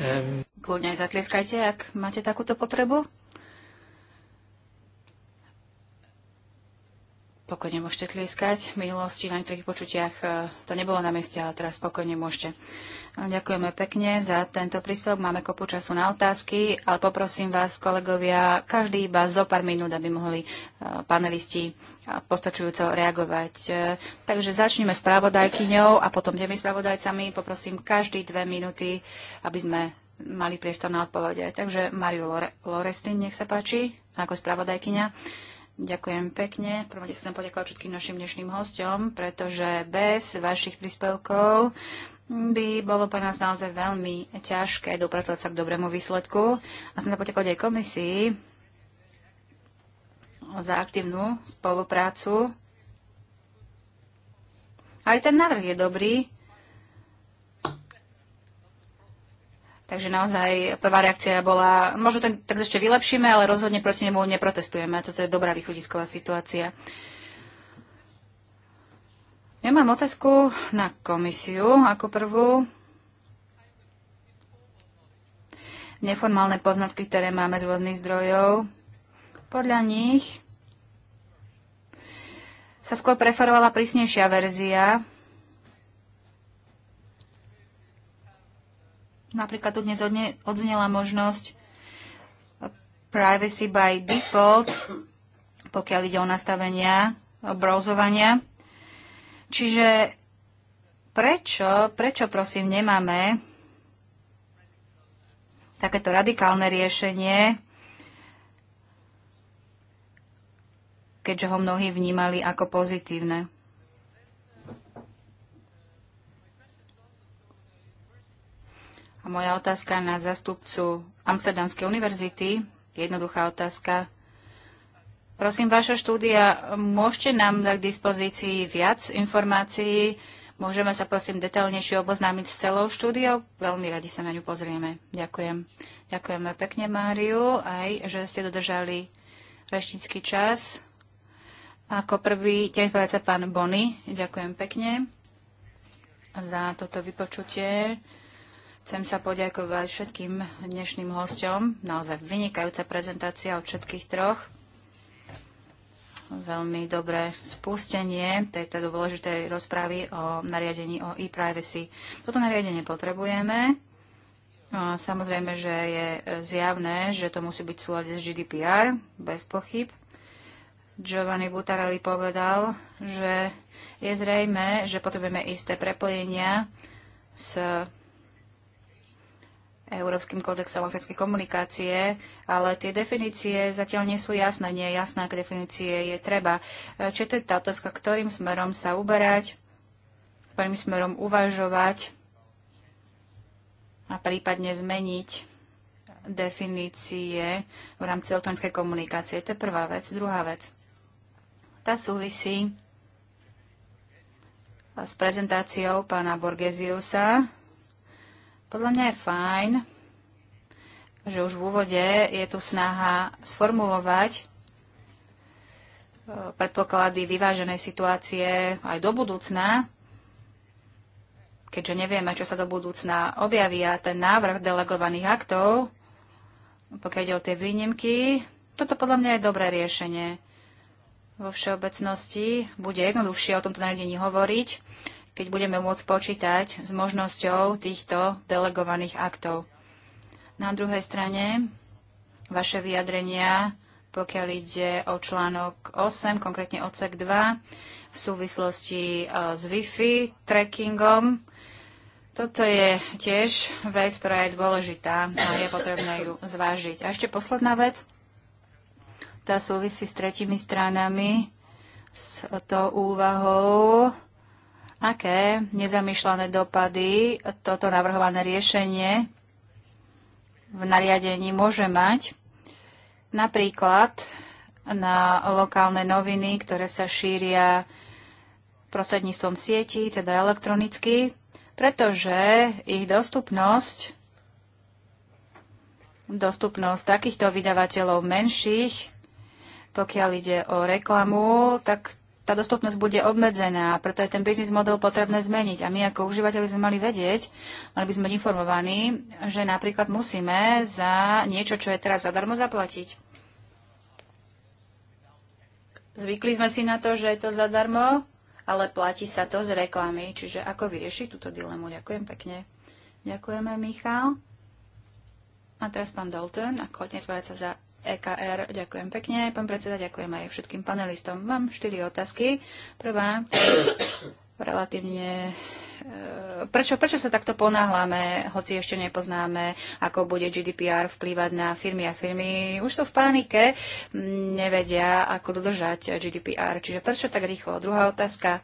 Um, Kľudne aj zatlieskajte, ak máte takúto potrebu. Pokojne môžete tlieskať. V minulosti na niektorých počutiach e, to nebolo na mieste, ale teraz spokojne môžete. Ďakujeme pekne za tento príspevok. Máme kopu času na otázky, ale poprosím vás, kolegovia, každý iba zo pár minút, aby mohli e, panelisti e, postačujúco reagovať. Takže začneme s pravodajkyňou a potom tými spravodajcami. Poprosím každý dve minúty, aby sme mali priestor na odpovede. Takže Mariu Lore, Lorestin, nech sa páči, ako spravodajkyňa. Ďakujem pekne. Prvom rade chcem poďakovať všetkým našim dnešným hostom, pretože bez vašich príspevkov by bolo pre nás naozaj veľmi ťažké dopracovať sa k dobrému výsledku. A chcem sa poďakovať aj komisii za aktívnu spoluprácu. Aj ten návrh je dobrý, Takže naozaj prvá reakcia bola, možno ten tak ešte vylepšíme, ale rozhodne proti nemu neprotestujeme. Toto je dobrá východisková situácia. Ja mám otázku na komisiu ako prvú. Neformálne poznatky, ktoré máme z rôznych zdrojov, podľa nich sa skôr preferovala prísnejšia verzia Napríklad tu dnes odznela možnosť privacy by default, pokiaľ ide o nastavenia browsovania. Čiže prečo, prečo prosím nemáme takéto radikálne riešenie, keďže ho mnohí vnímali ako pozitívne. A moja otázka na zastupcu Amsterdamskej univerzity, jednoduchá otázka. Prosím, vaša štúdia, môžete nám dať k dispozícii viac informácií? Môžeme sa prosím detaľnejšie oboznámiť s celou štúdiou? Veľmi radi sa na ňu pozrieme. Ďakujem. Ďakujeme pekne, Máriu, aj že ste dodržali reštický čas. Ako prvý tiež povedca pán Bony. Ďakujem pekne za toto vypočutie. Chcem sa poďakovať všetkým dnešným hosťom. Naozaj vynikajúca prezentácia od všetkých troch. Veľmi dobré spustenie tejto dôležitej rozpravy o nariadení o e-privacy. Toto nariadenie potrebujeme. Samozrejme, že je zjavné, že to musí byť súlade s GDPR, bez pochyb. Giovanni Butarelli povedal, že je zrejme, že potrebujeme isté prepojenia s Európskym kódexom ofickej komunikácie, ale tie definície zatiaľ nie sú jasné. Nie je jasné, aké definície je treba. E, Čo je teda otázka, ktorým smerom sa uberať, ktorým smerom uvažovať a prípadne zmeniť definície v rámci elektronickej komunikácie. To je prvá vec. Druhá vec. Tá súvisí s prezentáciou pána Borgesiusa podľa mňa je fajn, že už v úvode je tu snaha sformulovať e, predpoklady vyváženej situácie aj do budúcna, keďže nevieme, čo sa do budúcna objaví a ten návrh delegovaných aktov, pokiaľ ide o tie výnimky, toto podľa mňa je dobré riešenie. Vo všeobecnosti bude jednoduchšie o tomto nariadení hovoriť, keď budeme môcť počítať s možnosťou týchto delegovaných aktov. Na druhej strane vaše vyjadrenia, pokiaľ ide o článok 8, konkrétne odsek 2, v súvislosti e, s Wi-Fi trackingom. Toto je tiež vec, ktorá je dôležitá a je potrebné ju zvážiť. A ešte posledná vec, tá súvisí s tretími stranami, s tou úvahou, aké nezamýšľané dopady toto navrhované riešenie v nariadení môže mať. Napríklad na lokálne noviny, ktoré sa šíria prostredníctvom sietí, teda elektronicky, pretože ich dostupnosť, dostupnosť takýchto vydavateľov menších, pokiaľ ide o reklamu, tak tá dostupnosť bude obmedzená, preto je ten biznis model potrebné zmeniť. A my ako užívateľi sme mali vedieť, mali by sme informovaní, že napríklad musíme za niečo, čo je teraz zadarmo zaplatiť. Zvykli sme si na to, že je to zadarmo, ale platí sa to z reklamy. Čiže ako vyriešiť túto dilemu? Ďakujem pekne. Ďakujeme, Michal. A teraz pán Dalton, ako sa za EKR. Ďakujem pekne, pán predseda, ďakujem aj všetkým panelistom. Mám štyri otázky. Prvá, relatívne e, prečo, prečo sa takto ponáhľame, hoci ešte nepoznáme, ako bude GDPR vplývať na firmy a firmy už sú v pánike, nevedia, ako dodržať GDPR. Čiže prečo tak rýchlo? Druhá otázka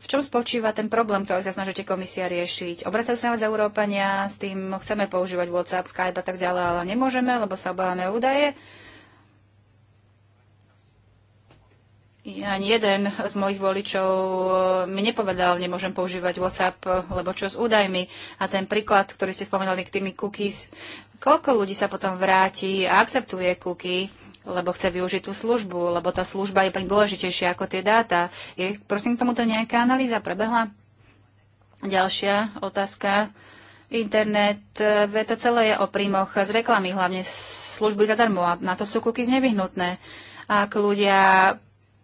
v čom spočíva ten problém, ktorý sa snažíte komisia riešiť? Obracajú sa na vás Európania, s tým chceme používať WhatsApp, Skype a tak ďalej, ale nemôžeme, lebo sa obávame údaje. Ani jeden z mojich voličov eh, mi nepovedal, nemôžem používať WhatsApp, eh, lebo čo s údajmi. A ten príklad, ktorý ste spomenuli k tými cookies, koľko ľudí sa potom vráti a akceptuje cookie, lebo chce využiť tú službu, lebo tá služba je pre dôležitejšia ako tie dáta. Je, prosím, k tomuto nejaká analýza prebehla? Ďalšia otázka. Internet, eh, to celé je o príjmoch z reklamy, hlavne služby zadarmo a na to sú kuky nevyhnutné. Ak ľudia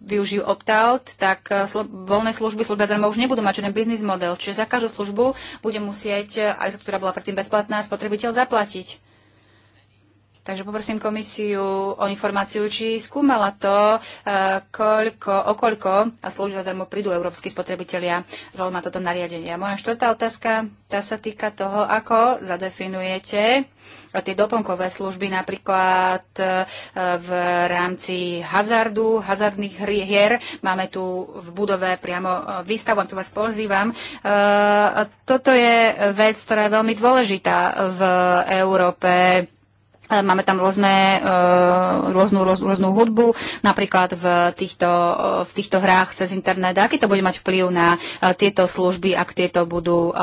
využijú opt-out, tak eh, voľné služby služby zadarmo už nebudú mať žiaden biznis model. Čiže za každú službu bude musieť, eh, aj za ktorá bola predtým bezplatná, spotrebiteľ zaplatiť. Takže poprosím komisiu o informáciu, či skúmala to, eh, koľko, okoľko a slúžia tomu prídu európsky spotrebitelia voľma toto nariadenie. A moja štvrtá otázka, tá sa týka toho, ako zadefinujete tie doplnkové služby napríklad eh, v rámci hazardu, hazardných hier. Máme tu v budove priamo eh, výstavu, tu vás pozývam. Toto je vec, ktorá je veľmi dôležitá v Európe E, máme tam rôzne, e, rôznu, rôznu, rôznu hudbu, napríklad v týchto, e, v týchto hrách cez internet. Aký to bude mať vplyv na tieto služby, ak tieto budú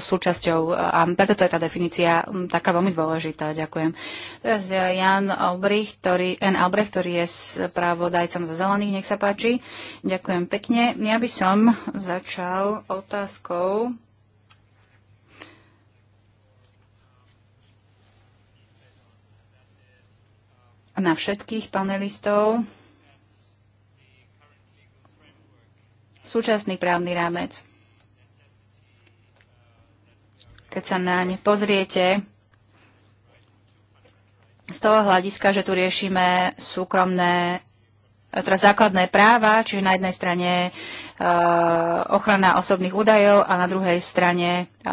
súčasťou? A preto to je tá definícia taká veľmi dôležitá. Ďakujem. Teraz Jan Albrecht, ktorý, N. Albrecht, ktorý je správodajcom za zelených. Nech sa páči. Ďakujem pekne. Ja by som začal otázkou na všetkých panelistov. Súčasný právny rámec. Keď sa naň pozriete, z toho hľadiska, že tu riešime súkromné teda základné práva, čiže na jednej strane e, ochrana osobných údajov a na druhej strane e,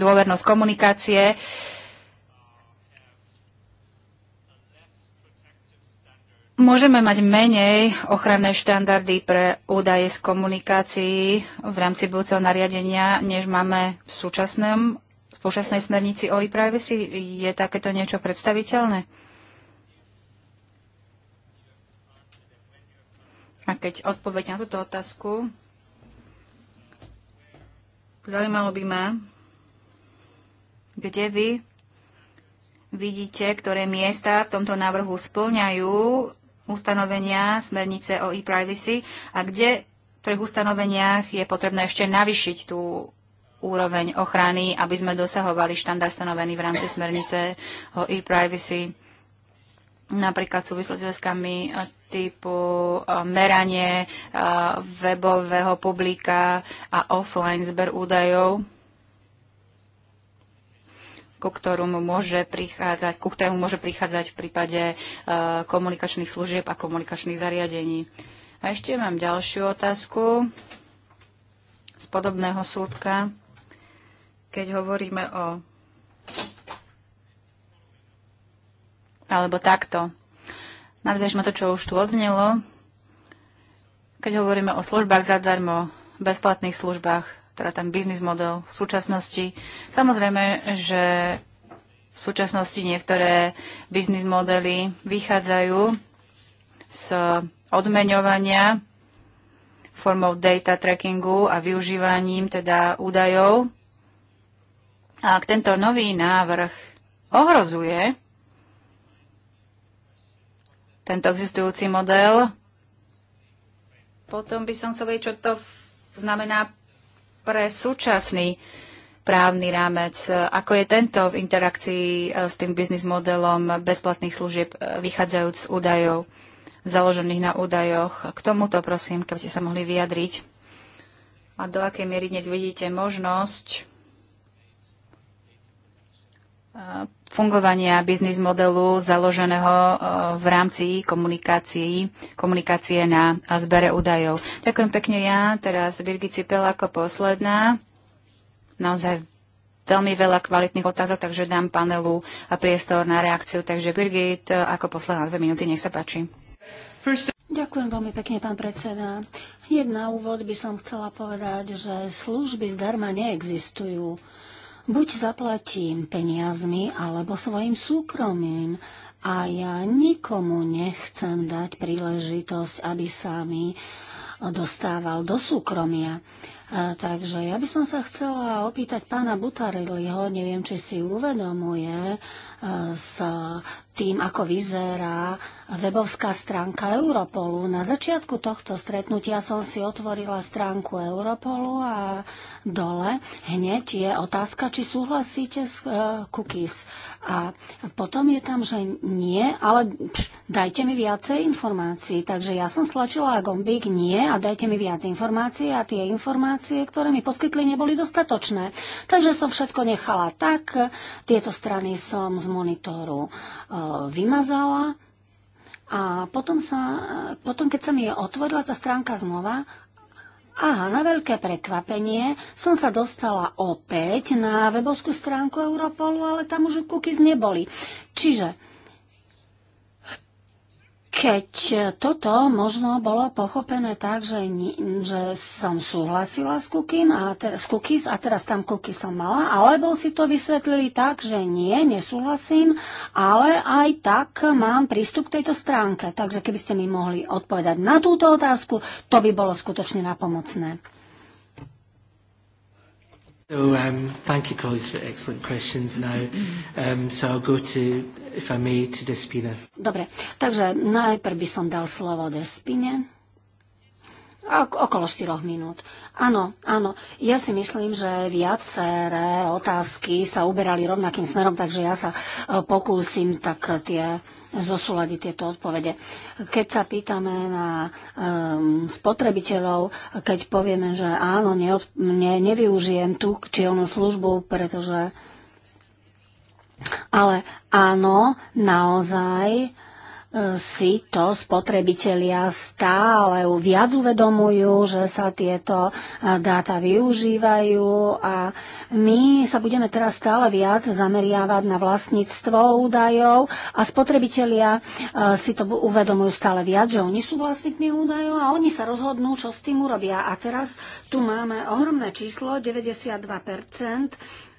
dôvernosť komunikácie. E, Môžeme mať menej ochranné štandardy pre údaje z komunikácií v rámci budúceho nariadenia, než máme v, súčasnom, v súčasnej smernici o e-privacy. Je takéto niečo predstaviteľné? A keď odpoveď na túto otázku, zaujímalo by ma, kde vy vidíte, ktoré miesta v tomto návrhu splňajú ustanovenia smernice o e-privacy a kde v ktorých ustanoveniach je potrebné ešte navyšiť tú úroveň ochrany, aby sme dosahovali štandard stanovený v rámci smernice o e-privacy napríklad v súvislosti s kami eh, typu eh, meranie eh, webového publika a offline zber údajov ku, ktorému môže prichádzať, ku ktorému môže prichádzať v prípade e, komunikačných služieb a komunikačných zariadení. A ešte mám ďalšiu otázku z podobného súdka, keď hovoríme o alebo takto. Nadviežme to, čo už tu odznelo. Keď hovoríme o službách zadarmo, bezplatných službách, teda ten biznis model v súčasnosti. Samozrejme, že v súčasnosti niektoré biznis modely vychádzajú z odmeňovania formou data trackingu a využívaním teda údajov. A ak tento nový návrh ohrozuje tento existujúci model, potom by som chcel vedieť, čo to znamená pre súčasný právny rámec, e, ako je tento v interakcii e, s tým biznis modelom bezplatných služieb e, vychádzajúc z údajov, založených na údajoch. K tomuto prosím, keby ste sa mohli vyjadriť. A do akej miery dnes vidíte možnosť fungovania biznis modelu založeného e, v rámci komunikácií, komunikácie na zbere údajov. Ďakujem pekne ja, teraz Birgit Cipel ako posledná. Naozaj veľmi veľa kvalitných otázok, takže dám panelu a priestor na reakciu. Takže Birgit, e, ako posledná dve minúty, nech sa páči. Ďakujem veľmi pekne, pán predseda. Hneď na úvod by som chcela povedať, že služby zdarma neexistujú buď zaplatím peniazmi alebo svojim súkromím a ja nikomu nechcem dať príležitosť, aby sa mi dostával do súkromia. A, e, takže ja by som sa chcela opýtať pána Butariliho, neviem, či si uvedomuje z e, tým, ako vyzerá webovská stránka Europolu. Na začiatku tohto stretnutia som si otvorila stránku Europolu a dole hneď je otázka, či súhlasíte s e, cookies. A potom je tam, že nie, ale pš, dajte mi viacej informácií. Takže ja som stlačila gombík nie a dajte mi viac informácií a tie informácie, ktoré mi poskytli, neboli dostatočné. Takže som všetko nechala tak. Tieto strany som z monitoru e, vymazala a potom, sa, potom keď sa mi otvorila tá stránka znova, aha, na veľké prekvapenie som sa dostala opäť na webovskú stránku Europolu, ale tam už cookies neboli. Čiže keď toto možno bolo pochopené tak, že, že som súhlasila s, cookin a te, s cookies a teraz tam cookies som mala, alebo si to vysvetlili tak, že nie, nesúhlasím, ale aj tak mám prístup k tejto stránke. Takže keby ste mi mohli odpovedať na túto otázku, to by bolo skutočne napomocné. So um, thank you, colleagues, for excellent questions now. Um, so I'll go to, if I may, to Despina. Dobre, takže najprv by som dal slovo Despine. Okolo 4 minút. Áno, áno. Ja si myslím, že viaceré otázky sa uberali rovnakým smerom, takže ja sa eh, pokúsim tak eh, tie zosúľadiť tieto odpovede. Keď sa pýtame na um, spotrebiteľov, keď povieme, že áno, neod, ne, nevyužijem tú či onú službu, pretože ale áno, naozaj si to spotrebitelia stále viac uvedomujú, že sa tieto dáta využívajú a my sa budeme teraz stále viac zameriavať na vlastníctvo údajov a spotrebitelia si to uvedomujú stále viac, že oni sú vlastníkmi údajov a oni sa rozhodnú, čo s tým urobia. A teraz tu máme ohromné číslo, 92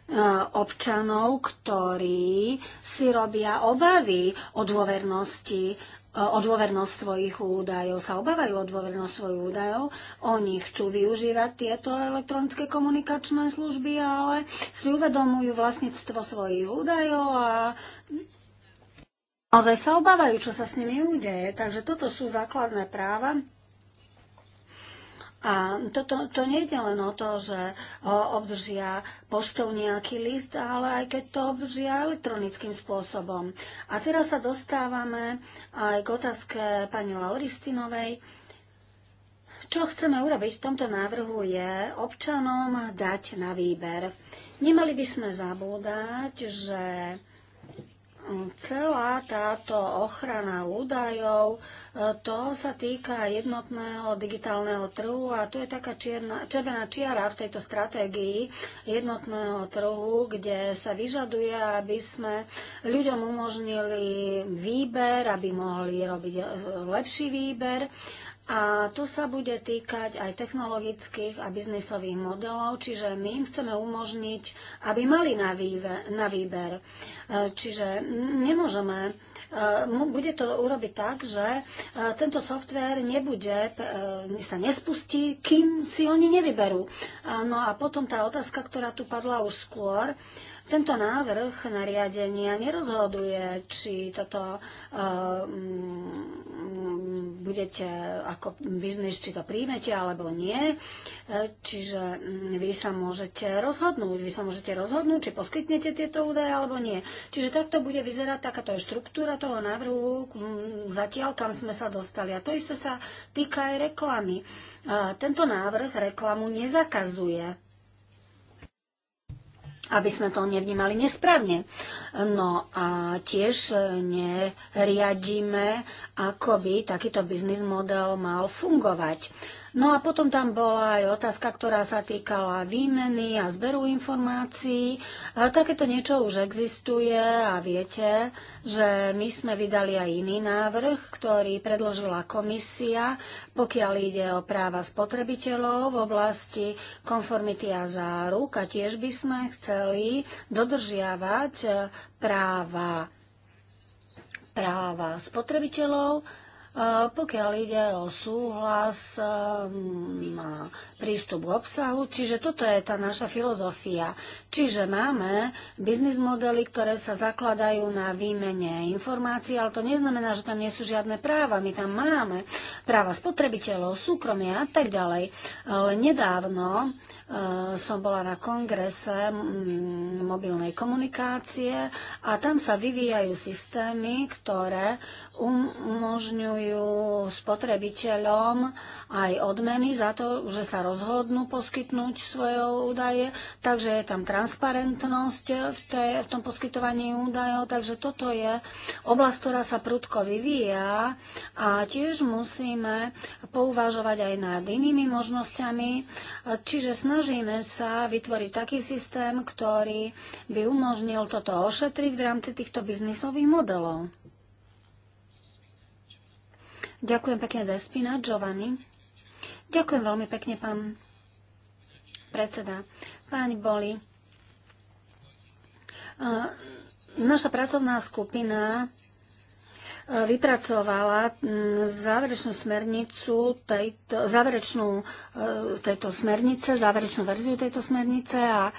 E, občanov, ktorí si robia obavy o dôvernosti e, o dôvernosť svojich údajov, sa obávajú o dôvernosť svojich údajov, oni chcú využívať tieto elektronické komunikačné služby, ale si uvedomujú vlastníctvo svojich údajov a naozaj sa obávajú, čo sa s nimi udeje. Takže toto sú základné práva, a to, to, to nejde len o to, že obdržia poštou nejaký list, ale aj keď to obdržia elektronickým spôsobom. A teraz sa dostávame aj k otázke pani Lauristinovej. Čo chceme urobiť v tomto návrhu je občanom dať na výber. Nemali by sme zabúdať, že celá táto ochrana údajov, e, to sa týka jednotného digitálneho trhu a tu je taká čierna, červená čiara v tejto stratégii jednotného trhu, kde sa vyžaduje, aby sme ľuďom umožnili výber, aby mohli robiť e, lepší výber a tu sa bude týkať aj technologických a biznisových modelov, čiže my im chceme umožniť, aby mali na, výve, na výber. E, čiže nemôžeme, e, bude to urobiť tak, že e, tento software nebude, sa nespustí, kým si oni nevyberú. No a potom tá otázka, ktorá tu padla už skôr, tento návrh nariadenia nerozhoduje, či toto uh, mm, budete ako biznis, či to príjmete alebo nie. E, čiže mm, vy sa môžete rozhodnúť, vy sa môžete rozhodnúť, či poskytnete tieto údaje alebo nie. Čiže takto bude vyzerať takáto je štruktúra toho návrhu mm, zatiaľ, kam sme sa dostali. A to isté sa týka aj reklamy. E, tento návrh reklamu nezakazuje aby sme to nevnímali nesprávne. No a tiež e, neriadíme, ako by takýto biznis model mal fungovať. No a potom tam bola aj otázka, ktorá sa týkala výmeny a zberu informácií. Takéto niečo už existuje a viete, že my sme vydali aj iný návrh, ktorý predložila komisia, pokiaľ ide o práva spotrebiteľov v oblasti konformity a záruk. A tiež by sme chceli dodržiavať eh, práva práva spotrebiteľov pokiaľ ide o súhlas na ehm, prístup k obsahu. Čiže toto je tá naša filozofia. Čiže máme biznis modely, ktoré sa zakladajú na výmene informácií, ale to neznamená, že tam nie sú žiadne práva. My tam máme práva spotrebiteľov, súkromia a tak ďalej. Ale nedávno ehm, som bola na kongrese mobilnej komunikácie a tam sa vyvíjajú systémy, ktoré umožňujú spotrebiteľom aj odmeny za to, že sa rozhodnú poskytnúť svoje údaje, takže je tam transparentnosť v, tej, v tom poskytovaní údajov, takže toto je oblasť, ktorá sa prudko vyvíja a tiež musíme pouvažovať aj nad inými možnosťami, čiže snažíme sa vytvoriť taký systém, ktorý by umožnil toto ošetriť v rámci týchto biznisových modelov. Ďakujem pekne Despina. Giovanni. Ďakujem veľmi pekne, pán predseda. Páni boli. Eh, naša pracovná skupina vypracovala mm, záverečnú smernicu tejto, záverečnú, e, tejto smernice, záverečnú verziu tejto smernice a e,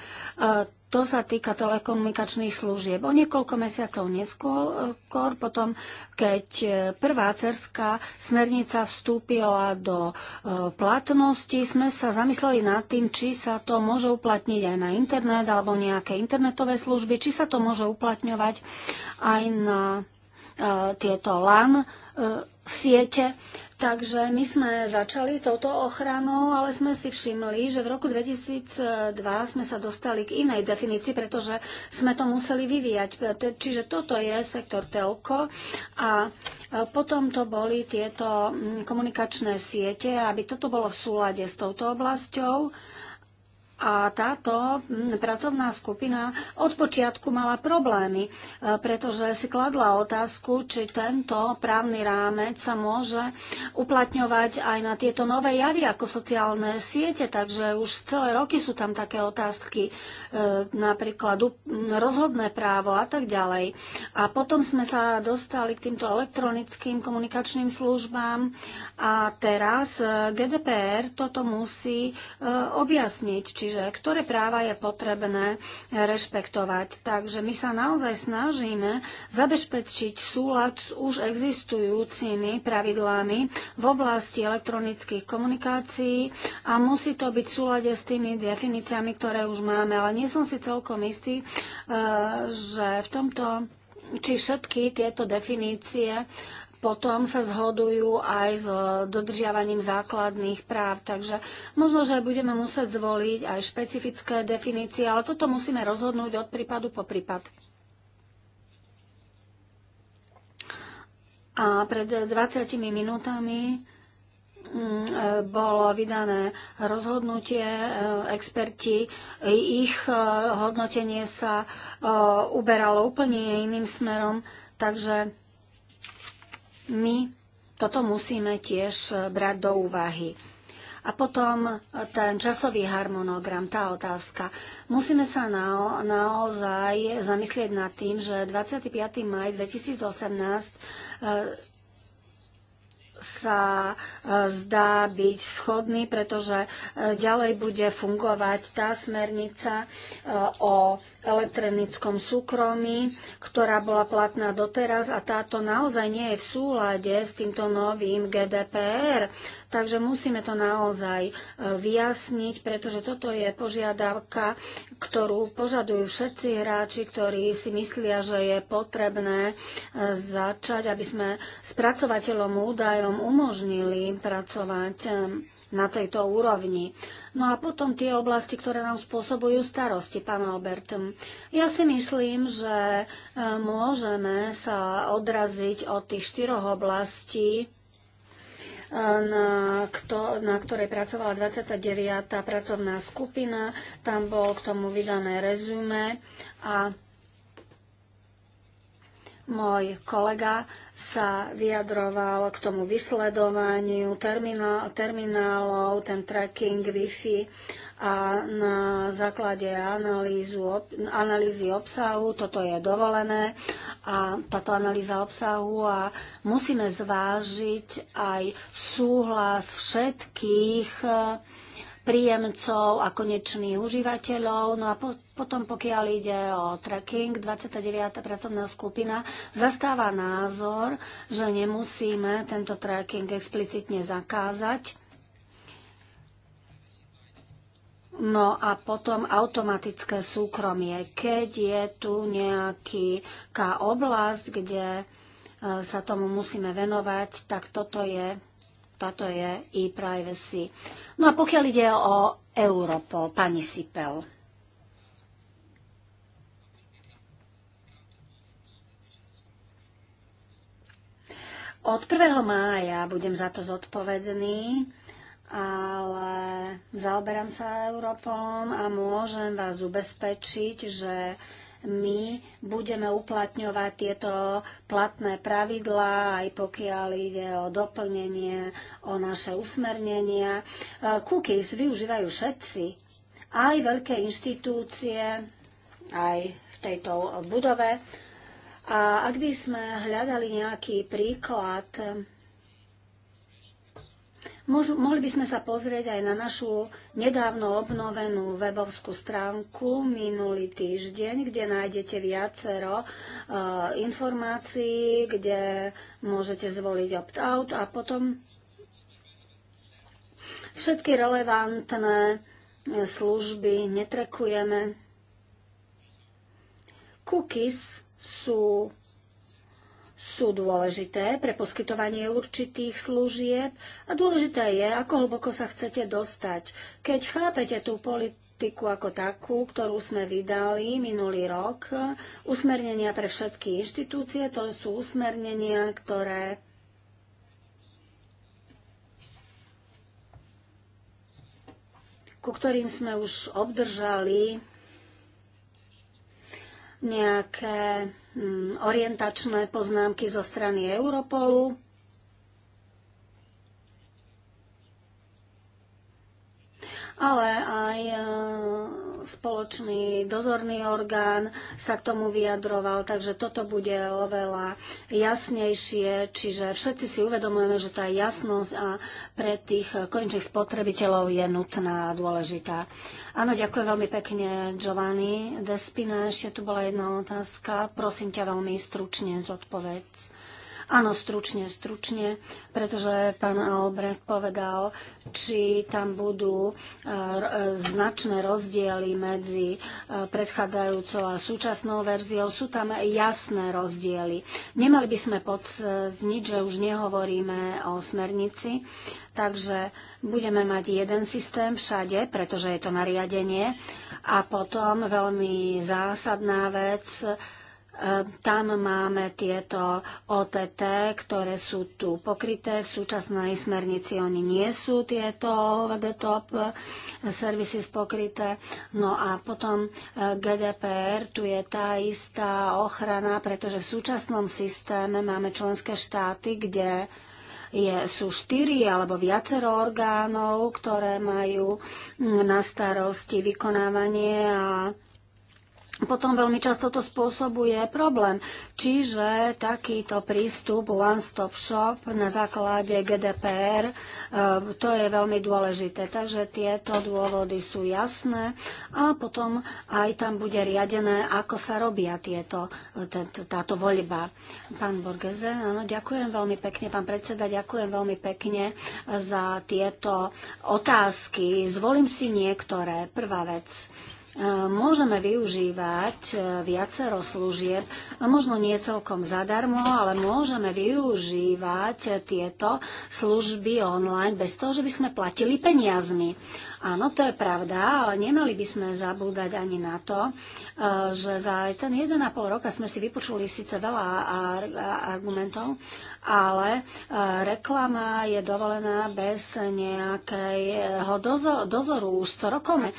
to sa týka telekomunikačných služieb. O niekoľko mesiacov neskôr, e, potom, keď prvá cerská smernica vstúpila do platnosti, sme sa zamysleli nad tým, či sa to môže uplatniť aj na internet alebo nejaké internetové služby, či sa to môže uplatňovať aj na E, tieto LAN e, siete. Takže my sme začali touto ochranou, ale sme si všimli, že v roku 2002 sme sa dostali k inej definícii, pretože sme to museli vyvíjať. E, čiže toto je sektor telko a potom to boli tieto mm, komunikačné siete, aby toto bolo v súlade s touto oblasťou a táto hm, pracovná skupina od počiatku mala problémy, e, pretože si kladla otázku, či tento právny rámec sa môže uplatňovať aj na tieto nové javy ako sociálne siete. Takže už celé roky sú tam také otázky, e, napríklad rozhodné právo a tak ďalej. A potom sme sa dostali k týmto elektronickým komunikačným službám a teraz e, GDPR toto musí objasniť, či čiže ktoré práva je potrebné rešpektovať. Takže my sa naozaj snažíme zabezpečiť súlad s už existujúcimi pravidlami v oblasti elektronických komunikácií a musí to byť v súlade s tými definíciami, ktoré už máme. Ale nie som si celkom istý, e, že v tomto či všetky tieto definície potom sa zhodujú aj s eh, dodržiavaním základných práv. Takže možno, že budeme musieť zvoliť aj špecifické definície, ale toto musíme rozhodnúť od prípadu po prípad. A pred 20 minútami mm, eh, bolo vydané rozhodnutie, eh, experti, ich hodnotenie sa uberalo úplne iným smerom, takže my toto musíme tiež brať do úvahy. A potom ten časový harmonogram, tá otázka. Musíme sa na, naozaj zamyslieť nad tým, že 25. maj 2018 e, sa e, zdá byť schodný, pretože e, ďalej bude fungovať tá smernica o elektronickom súkromí, ktorá bola platná doteraz a táto naozaj nie je v súlade s týmto novým GDPR. Takže musíme to naozaj e, vyjasniť, pretože toto je požiadavka, ktorú požadujú všetci hráči, ktorí si myslia, že je potrebné e, začať, aby sme spracovateľom údajom umožnili pracovať na tejto úrovni. No a potom tie oblasti, ktoré nám spôsobujú starosti, pán Albert. Ja si myslím, že e, môžeme sa odraziť od tých štyroch oblastí, e, na, kto, na ktorej pracovala 29. pracovná skupina. Tam bol k tomu vydané rezume a môj kolega sa vyjadroval k tomu vysledovaniu terminál, terminálov, ten tracking Wi-Fi a na základe analýzu, analýzy obsahu toto je dovolené a táto analýza obsahu a musíme zvážiť aj súhlas všetkých príjemcov a konečných užívateľov. No a po, potom, pokiaľ ide o tracking, 29. pracovná skupina zastáva názor, že nemusíme tento tracking explicitne zakázať. No a potom automatické súkromie. Keď je tu nejaká oblasť, kde e, sa tomu musíme venovať, tak toto je toto je e-privacy. No a pokiaľ ide o Europol, pani Sipel. Od 1. mája budem za to zodpovedný, ale zaoberám sa Europolom a môžem vás ubezpečiť, že my budeme uplatňovať tieto platné pravidlá, aj pokiaľ ide o doplnenie, o naše usmernenia. E, cookies využívajú všetci, aj veľké inštitúcie, aj v tejto budove. A ak by sme hľadali nejaký príklad, Môžu, mohli by sme sa pozrieť aj na našu nedávno obnovenú webovskú stránku minulý týždeň, kde nájdete viacero uh, informácií, kde môžete zvoliť opt-out a potom všetky relevantné e, služby netrekujeme. Cookies sú sú dôležité pre poskytovanie určitých služieb a dôležité je, ako hlboko sa chcete dostať. Keď chápete tú politiku ako takú, ktorú sme vydali minulý rok, usmernenia pre všetky inštitúcie, to sú usmernenia, ktoré ku ktorým sme už obdržali nejaké Mm, orientačné poznámky zo strany Europolu. ale aj eh, spoločný dozorný orgán sa k tomu vyjadroval, takže toto bude oveľa jasnejšie, čiže všetci si uvedomujeme, že tá jasnosť a pre tých konečných spotrebiteľov je nutná a dôležitá. Áno, ďakujem veľmi pekne, Giovanni Despina. Ešte tu bola jedna otázka. Prosím ťa veľmi stručne zodpovedz. Áno, stručne, stručne, pretože pán Albrecht povedal, či tam budú e, e, značné rozdiely medzi e, predchádzajúcou a súčasnou verziou. Sú tam jasné rozdiely. Nemali by sme podzniť, že už nehovoríme o smernici, takže budeme mať jeden systém všade, pretože je to nariadenie. A potom veľmi zásadná vec, Ehm, tam máme tieto OTT, ktoré sú tu pokryté. V súčasnej smernici oni nie sú tieto OVD top ehm, services pokryté. No a potom ehm, GDPR, tu je tá istá ochrana, pretože v súčasnom systéme máme členské štáty, kde je, sú štyri alebo viacero orgánov, ktoré majú mm, na starosti vykonávanie a potom veľmi často to spôsobuje problém. Čiže takýto prístup one-stop shop na základe GDPR, e, to je veľmi dôležité. Takže tieto dôvody sú jasné a potom aj tam bude riadené, ako sa robia tieto, e, táto voľba. Pán Borgeze, áno, ďakujem veľmi pekne, pán predseda, ďakujem veľmi pekne za tieto otázky. Zvolím si niektoré. Prvá vec môžeme využívať e, viacero služieb, možno nie celkom zadarmo, ale môžeme využívať e, tieto služby online bez toho, že by sme platili peniazmi. Áno, to je pravda, ale nemali by sme zabúdať ani na to, e, že za ten 1,5 roka sme si vypočuli síce veľa argumentov, ale e, reklama je dovolená bez nejakého dozoru. Už 100 rokov e,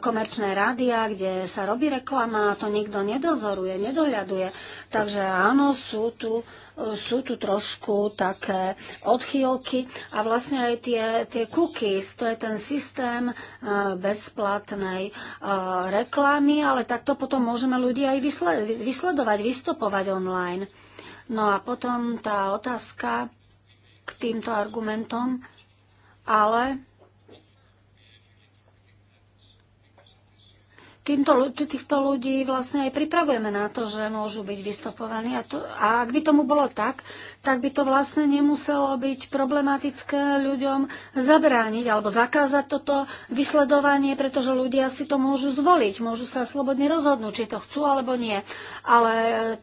komerčné rádia, kde sa robí reklama, to nikto nedozoruje, nedohľaduje. Takže áno, sú tu sú tu trošku také odchýlky a vlastne aj tie, tie cookies, to je ten systém e, bezplatnej e, reklamy, ale takto potom môžeme ľudí aj vysledovať, vystopovať online. No a potom tá otázka k týmto argumentom, ale týmto, týchto ľudí vlastne aj pripravujeme na to, že môžu byť vystopovaní. A, to, a ak by tomu bolo tak, tak by to vlastne nemuselo byť problematické ľuďom zabrániť alebo zakázať toto vysledovanie, pretože ľudia si to môžu zvoliť, môžu sa slobodne rozhodnúť, či to chcú alebo nie. Ale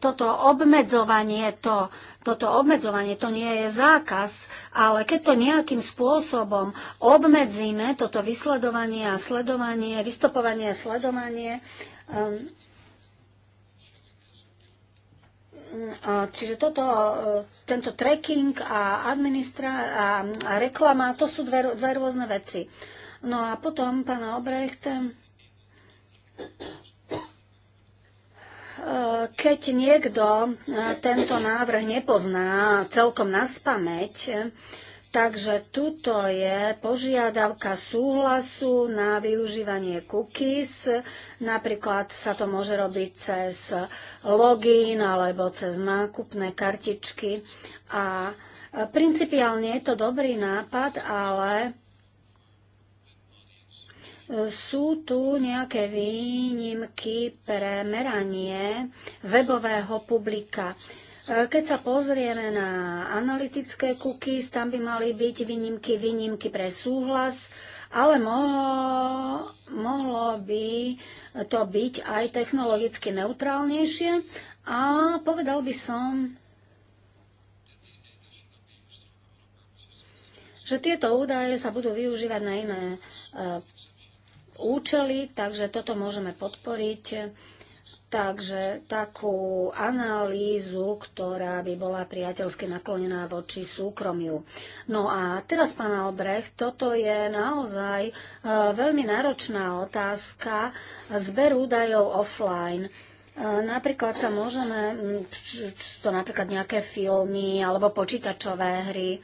toto obmedzovanie, to, toto obmedzovanie, to nie je zákaz, ale keď to nejakým spôsobom obmedzíme, toto vysledovanie a sledovanie, vystopovanie a sledovanie, Um, Čiže toto, e, tento tracking a, administra- a, a reklama, to sú dve, dve rôzne veci. No a potom, pán Albrecht, ehm, keď niekto e, tento návrh nepozná celkom na spameť, Takže tuto je požiadavka súhlasu na využívanie cookies. Napríklad sa to môže robiť cez login alebo cez nákupné kartičky. A e, principiálne je to dobrý nápad, ale e, sú tu nejaké výnimky pre meranie webového publika. Keď sa pozrieme na analytické cookies, tam by mali byť výnimky, výnimky pre súhlas, ale mohlo, mohlo by to byť aj technologicky neutrálnejšie. A povedal by som, že tieto údaje sa budú využívať na iné e, účely, takže toto môžeme podporiť. Takže takú analýzu, ktorá by bola priateľsky naklonená voči súkromiu. No a teraz, pán Albrecht, toto je naozaj e, veľmi náročná otázka zber údajov offline. E, napríklad sa môžeme, to napríklad nejaké filmy alebo počítačové hry,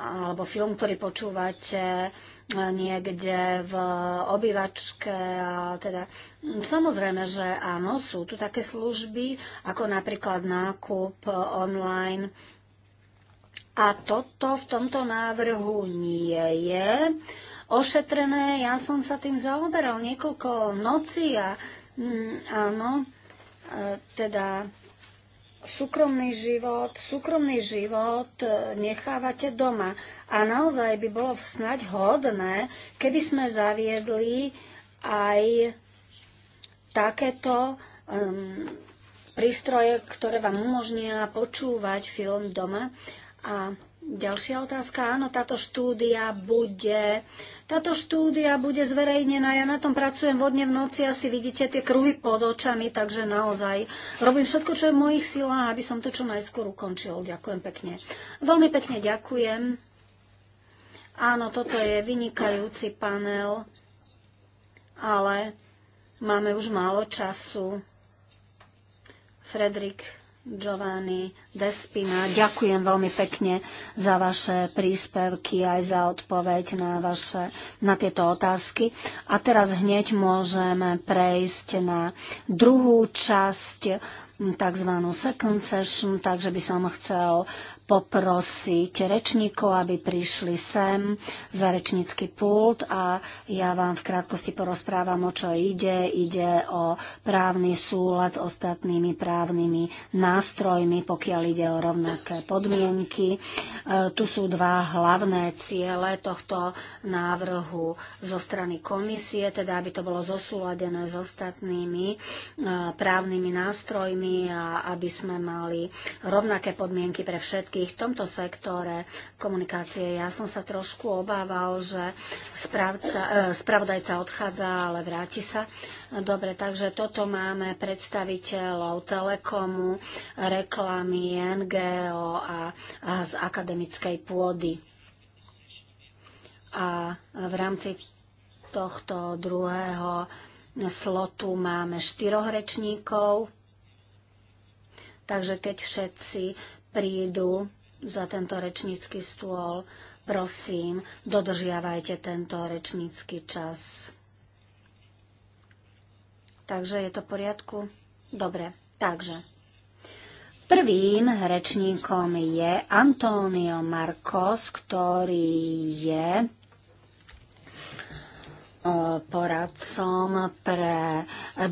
alebo film, ktorý počúvate, niekde v obývačke. A teda, mm, samozrejme, že áno, sú tu také služby, ako napríklad nákup online. A toto v tomto návrhu nie je ošetrené. Ja som sa tým zaoberal niekoľko nocí a mm, áno, e, teda súkromný život, súkromný život e, nechávate doma. A naozaj by bolo snať hodné, keby sme zaviedli aj takéto um, prístroje, ktoré vám umožnia počúvať film doma. A Ďalšia otázka. Áno, táto štúdia bude, táto štúdia bude zverejnená. Ja na tom pracujem vodne v noci a si vidíte tie kruhy pod očami, takže naozaj robím všetko, čo je v mojich silách, aby som to čo najskôr ukončil. Ďakujem pekne. Veľmi pekne ďakujem. Áno, toto je vynikajúci panel, ale máme už málo času. Fredrik Giovanni Despina. Ďakujem veľmi pekne za vaše príspevky aj za odpoveď na, vaše, na tieto otázky. A teraz hneď môžeme prejsť na druhú časť tzv. second session, takže by som chcel poprosiť rečníkov, aby prišli sem za rečnícky pult a ja vám v krátkosti porozprávam, o čo ide. Ide o právny súlad s ostatnými právnymi nástrojmi, pokiaľ ide o rovnaké podmienky. E, tu sú dva hlavné ciele tohto návrhu zo strany komisie, teda aby to bolo zosúladené s ostatnými e, právnymi nástrojmi a aby sme mali rovnaké podmienky pre všetky politiky v tomto sektore komunikácie. Ja som sa trošku obával, že správca, eh, spravodajca odchádza, ale vráti sa. Dobre, takže toto máme predstaviteľov Telekomu, reklamy, NGO a, a z akademickej pôdy. A v rámci tohto druhého slotu máme štyroch rečníkov. Takže keď všetci prídu za tento rečnícky stôl, prosím, dodržiavajte tento rečnícky čas. Takže je to v poriadku? Dobre, takže. Prvým rečníkom je Antonio Marcos, ktorý je e, poradcom pre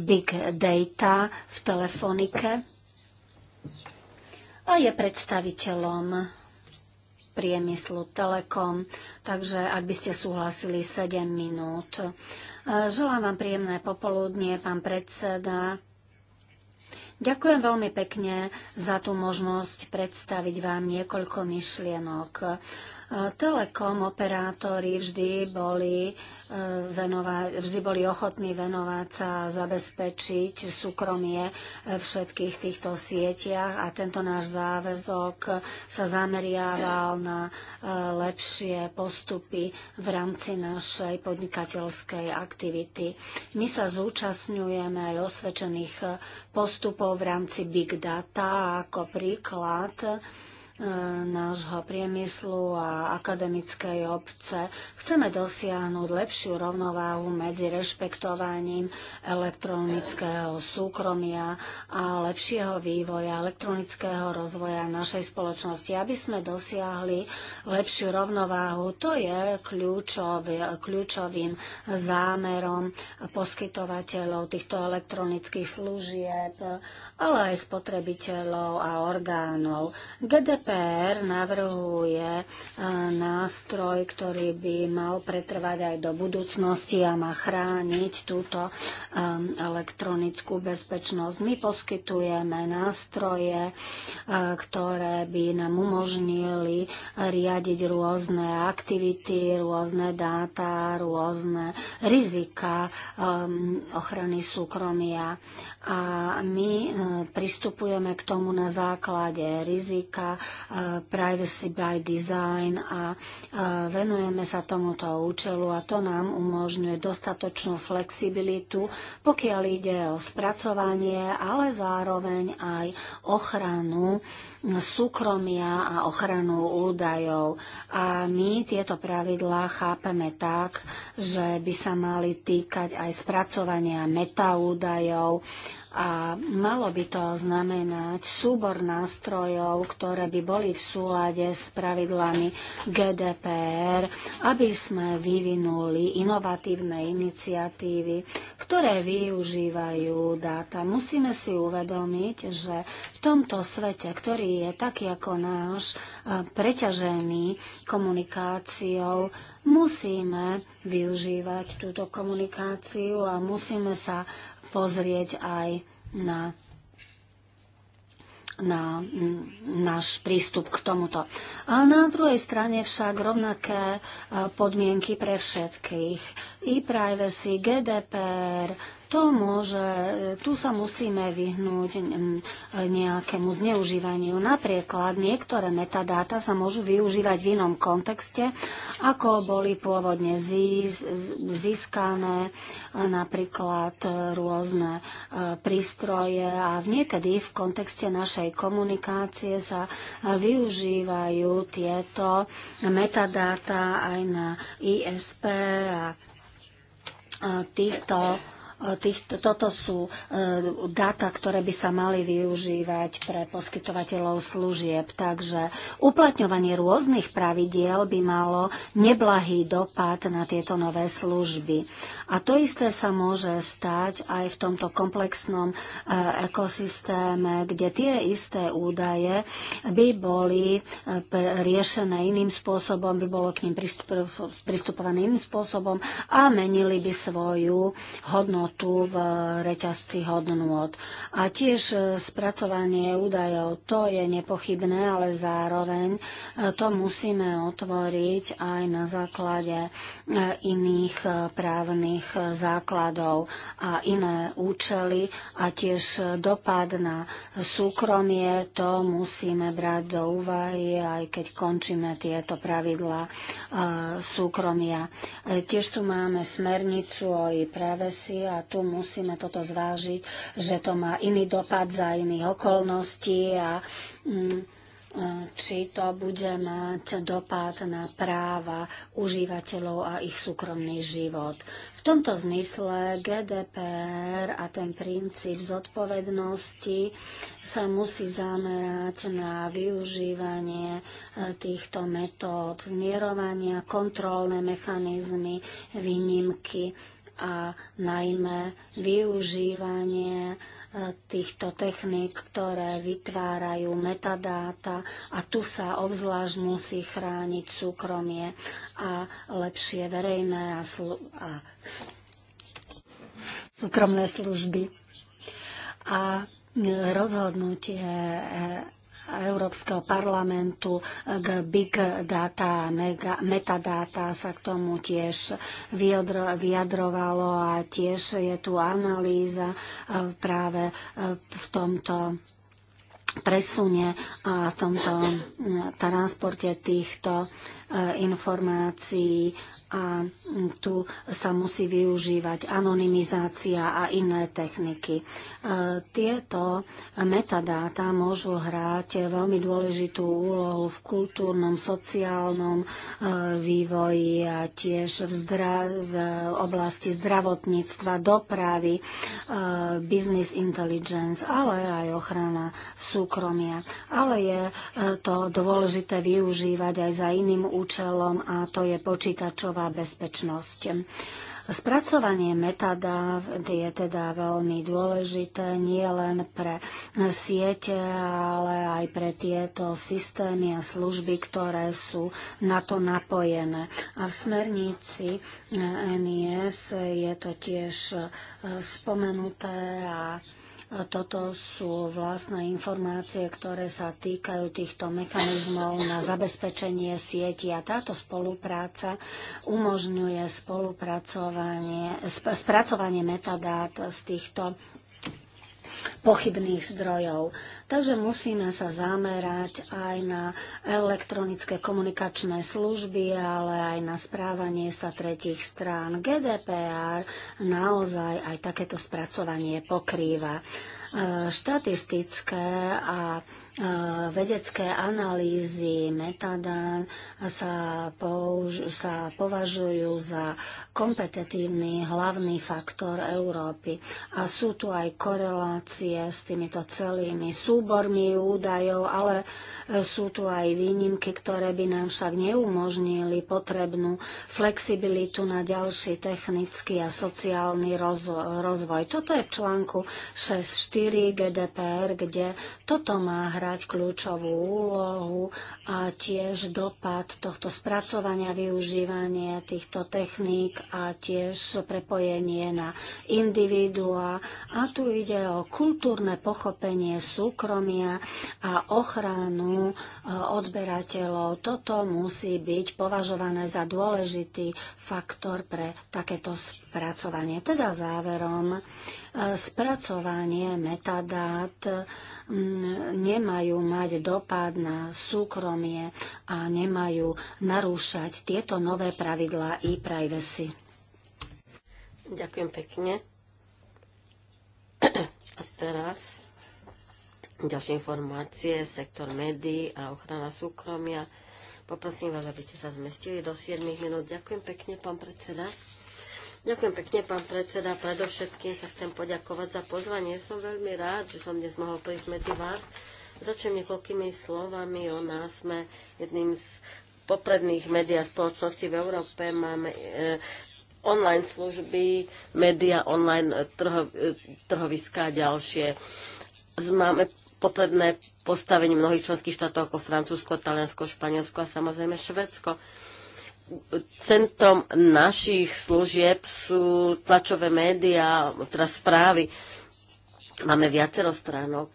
Big Data v telefonike a je predstaviteľom priemyslu Telekom. Takže ak by ste súhlasili 7 minút. E, želám vám príjemné popoludnie, pán predseda. Ďakujem veľmi pekne za tú možnosť predstaviť vám niekoľko myšlienok. E, telekom operátori vždy boli, e, venova- vždy boli ochotní venovať sa a zabezpečiť súkromie e, všetkých týchto sieťach a tento náš záväzok sa zameriaval na lepšie postupy v rámci našej podnikateľskej aktivity. My sa zúčastňujeme aj osvedčených postupov v rámci Big Data ako príklad E, nášho priemyslu a akademickej obce. Chceme dosiahnuť lepšiu rovnováhu medzi rešpektovaním elektronického súkromia a lepšieho vývoja elektronického rozvoja našej spoločnosti. Aby sme dosiahli lepšiu rovnováhu, to je kľúčový, kľúčovým zámerom poskytovateľov týchto elektronických služieb ale aj spotrebiteľov a orgánov. GDPR navrhuje e, nástroj, ktorý by mal pretrvať aj do budúcnosti a má chrániť túto e, elektronickú bezpečnosť. My poskytujeme nástroje, e, ktoré by nám umožnili riadiť rôzne aktivity, rôzne dáta, rôzne rizika ochrany súkromia a my e, pristupujeme k tomu na základe rizika, e, privacy by design a e, venujeme sa tomuto účelu a to nám umožňuje dostatočnú flexibilitu, pokiaľ ide o spracovanie, ale zároveň aj ochranu súkromia a ochranu údajov. A my tieto pravidlá chápeme tak, že by sa mali týkať aj spracovania metaúdajov a malo by to znamenať súbor nástrojov, ktoré by boli v súlade s pravidlami GDPR, aby sme vyvinuli inovatívne iniciatívy, ktoré využívajú dáta. Musíme si uvedomiť, že v tomto svete, ktorý je taký ako náš, e, preťažený komunikáciou, musíme využívať túto komunikáciu a musíme sa pozrieť aj na na mm, náš prístup k tomuto. A na druhej strane však rovnaké e, podmienky pre všetkých. E-privacy, GDPR, tomu, že tu sa musíme vyhnúť mm, nejakému zneužívaniu. Napríklad niektoré metadáta sa môžu využívať v inom kontexte, ako boli pôvodne získané napríklad rôzne e, prístroje a niekedy v kontexte našej komunikácie sa využívajú tieto metadáta aj na ISP a týchto E, tých, toto sú e, dáta, ktoré by sa mali využívať pre poskytovateľov služieb. Takže uplatňovanie rôznych pravidiel by malo neblahý dopad na tieto nové služby. A to isté sa môže stať aj v tomto komplexnom e, ekosystéme, kde tie isté údaje by boli riešené iným spôsobom, by bolo k ním pristupované iným spôsobom a menili by svoju hodnotu hodnotu v reťazci hodnôt. A tiež e, spracovanie údajov, to je nepochybné, ale zároveň e, to musíme otvoriť aj na základe e, iných právnych základov a iné účely a tiež dopad na súkromie, to musíme brať do úvahy, aj keď končíme tieto pravidla súkromia. Tiež tu máme smernicu o i privacy a a tu musíme toto zvážiť, že to má iný dopad za iných okolností mm, a či to bude mať dopad na práva užívateľov a ich súkromný život. V tomto zmysle GDPR a ten princíp zodpovednosti sa musí zamerať na využívanie e, týchto metód zmierovania, kontrolné mechanizmy, výnimky a najmä využívanie e, týchto techník, ktoré vytvárajú metadáta a tu sa obzvlášť musí chrániť súkromie a lepšie verejné a, slu- a súkromné služby. A e, rozhodnutie e, Európskeho parlamentu k big data, mega, metadata sa k tomu tiež vyjadrovalo a tiež je tu analýza e, práve e, v tomto presune a v tomto transporte týchto e, informácií a tu sa musí využívať anonymizácia a iné techniky. E, tieto metadáta môžu hrať veľmi dôležitú úlohu v kultúrnom, sociálnom e, vývoji a tiež v, zdra- v oblasti zdravotníctva, dopravy, e, business intelligence, ale aj ochrana súkromia. Ale je to dôležité využívať aj za iným účelom a to je počítačové počítačová bezpečnosť. Spracovanie metadát je teda veľmi dôležité nie len pre siete, ale aj pre tieto systémy a služby, ktoré sú na to napojené. A v smernici NIS e je to tiež e, spomenuté a toto sú vlastné informácie, ktoré sa týkajú týchto mechanizmov na zabezpečenie sieti a táto spolupráca umožňuje spolupracovanie, spracovanie metadát z týchto pochybných zdrojov. Takže musíme sa zamerať aj na elektronické komunikačné služby, ale aj na správanie sa tretich strán. GDPR naozaj aj takéto spracovanie pokrýva. E, štatistické a Eh, vedecké analýzy metadán sa, použ- sa považujú za kompetitívny hlavný faktor Európy. A sú tu aj korelácie s týmito celými súbormi údajov, ale eh, sú tu aj výnimky, ktoré by nám však neumožnili potrebnú flexibilitu na ďalší technický a sociálny rozvoj. Toto je v článku 6.4 GDPR, kde toto má hra hrať kľúčovú úlohu a tiež dopad tohto spracovania, využívania týchto techník a tiež prepojenie na individua. A tu ide o kultúrne pochopenie súkromia a ochranu e, odberateľov. Toto musí byť považované za dôležitý faktor pre takéto spracovanie. Teda záverom, e, spracovanie metadát nemajú mať dopad na súkromie a nemajú narúšať tieto nové pravidlá e-privacy. Ďakujem pekne. A teraz ďalšie informácie, sektor médií a ochrana súkromia. Poprosím vás, aby ste sa zmestili do 7 minút. Ďakujem pekne, pán predseda. Ďakujem pekne, pán predseda. Predovšetkým sa chcem poďakovať za pozvanie. Som veľmi rád, že som dnes mohol prísť medzi vás. Začnem niekoľkými slovami o nás. Sme jedným z popredných médiá spoločnosti spoločností v Európe. Máme e, online služby, média, online eh, trho, eh, trhoviská a ďalšie. Máme popredné postavenie mnohých členských štátov ako Francúzsko, Taliansko, Španielsko a samozrejme Švedsko centrom našich služieb sú tlačové médiá, teda správy. Máme viacero stránok,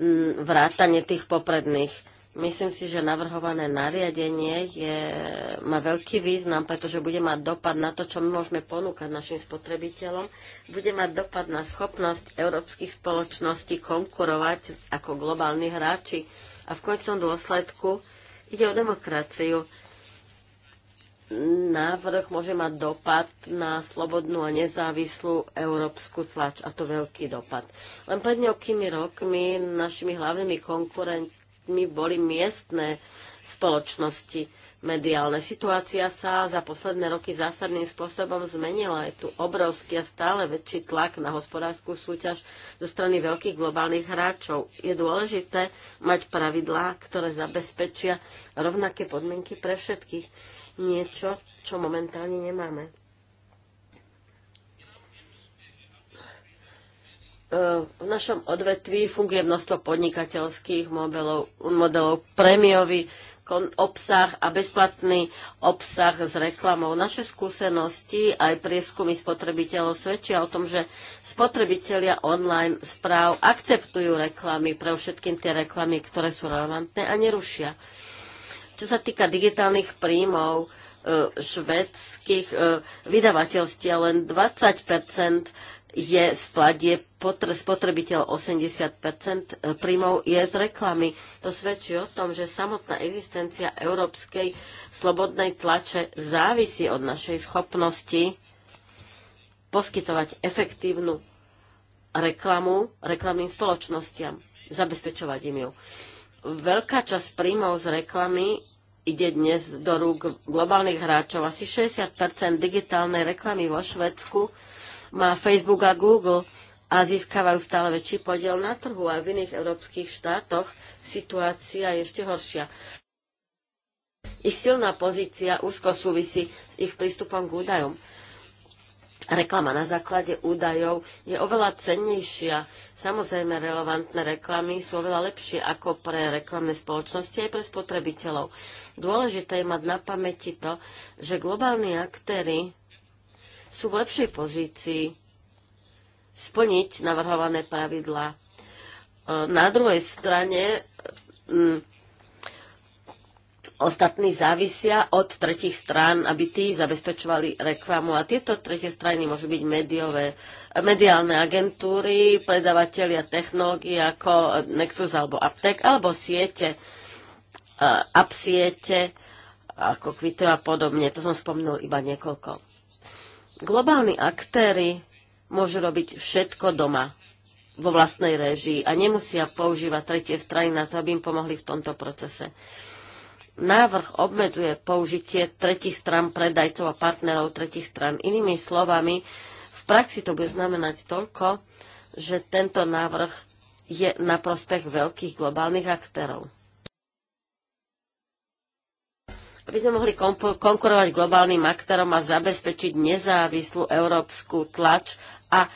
mm, vrátanie tých popredných. Myslím si, že navrhované nariadenie je, má veľký význam, pretože bude mať dopad na to, čo my môžeme ponúkať našim spotrebiteľom. Bude mať dopad na schopnosť európskych spoločností konkurovať ako globálni hráči. A v končnom dôsledku ide o demokraciu návrh môže mať dopad na slobodnú a nezávislú európsku tlač, a to veľký dopad. Len pred nejakými rokmi našimi hlavnými konkurentmi boli miestne spoločnosti mediálne. Situácia sa za posledné roky zásadným spôsobom zmenila. Je tu obrovský a stále väčší tlak na hospodárskú súťaž zo strany veľkých globálnych hráčov. Je dôležité mať pravidlá, ktoré zabezpečia rovnaké podmienky pre všetkých niečo, čo momentálne nemáme. E, v našom odvetví funguje množstvo podnikateľských modelov, modelov prémiový obsah a bezplatný obsah s reklamou. Naše skúsenosti aj prieskumy spotrebiteľov svedčia o tom, že spotrebitelia online správ akceptujú reklamy, pre všetkým tie reklamy, ktoré sú relevantné a nerušia. Čo sa týka digitálnych príjmov, e, švedských e, vydavateľstiev len 20 je z platie, spotrebiteľ 80 e, príjmov je z reklamy. To svedčí o tom, že samotná existencia európskej slobodnej tlače závisí od našej schopnosti poskytovať efektívnu reklamu reklamným spoločnostiam, zabezpečovať im ju. Veľká časť príjmov z reklamy ide dnes do rúk globálnych hráčov. Asi 60 digitálnej reklamy vo Švedsku má Facebook a Google a získavajú stále väčší podiel na trhu a v iných európskych štátoch situácia je ešte horšia. Ich silná pozícia úzko súvisí s ich prístupom k údajom reklama na základe údajov je oveľa cennejšia. Samozrejme, relevantné reklamy sú oveľa lepšie ako pre reklamné spoločnosti aj pre spotrebiteľov. Dôležité je mať na pamäti to, že globálni aktéry sú v lepšej pozícii splniť navrhované pravidlá. E, na druhej strane ostatní závisia od tretich strán, aby tí zabezpečovali reklamu. A tieto tretie strany môžu byť mediové, mediálne agentúry, predavatelia technológií ako Nexus alebo Aptek, alebo siete, e, siete, ako Kvito a podobne. To som spomnul iba niekoľko. Globálni aktéry môžu robiť všetko doma, vo vlastnej režii a nemusia používať tretie strany na to, aby im pomohli v tomto procese návrh obmedzuje použitie tretich stran predajcov a partnerov tretich stran. Inými slovami, v praxi to bude znamenať toľko, že tento návrh je na prospech veľkých globálnych aktérov. Aby sme mohli konkurovať globálnym aktérom a zabezpečiť nezávislú európsku tlač a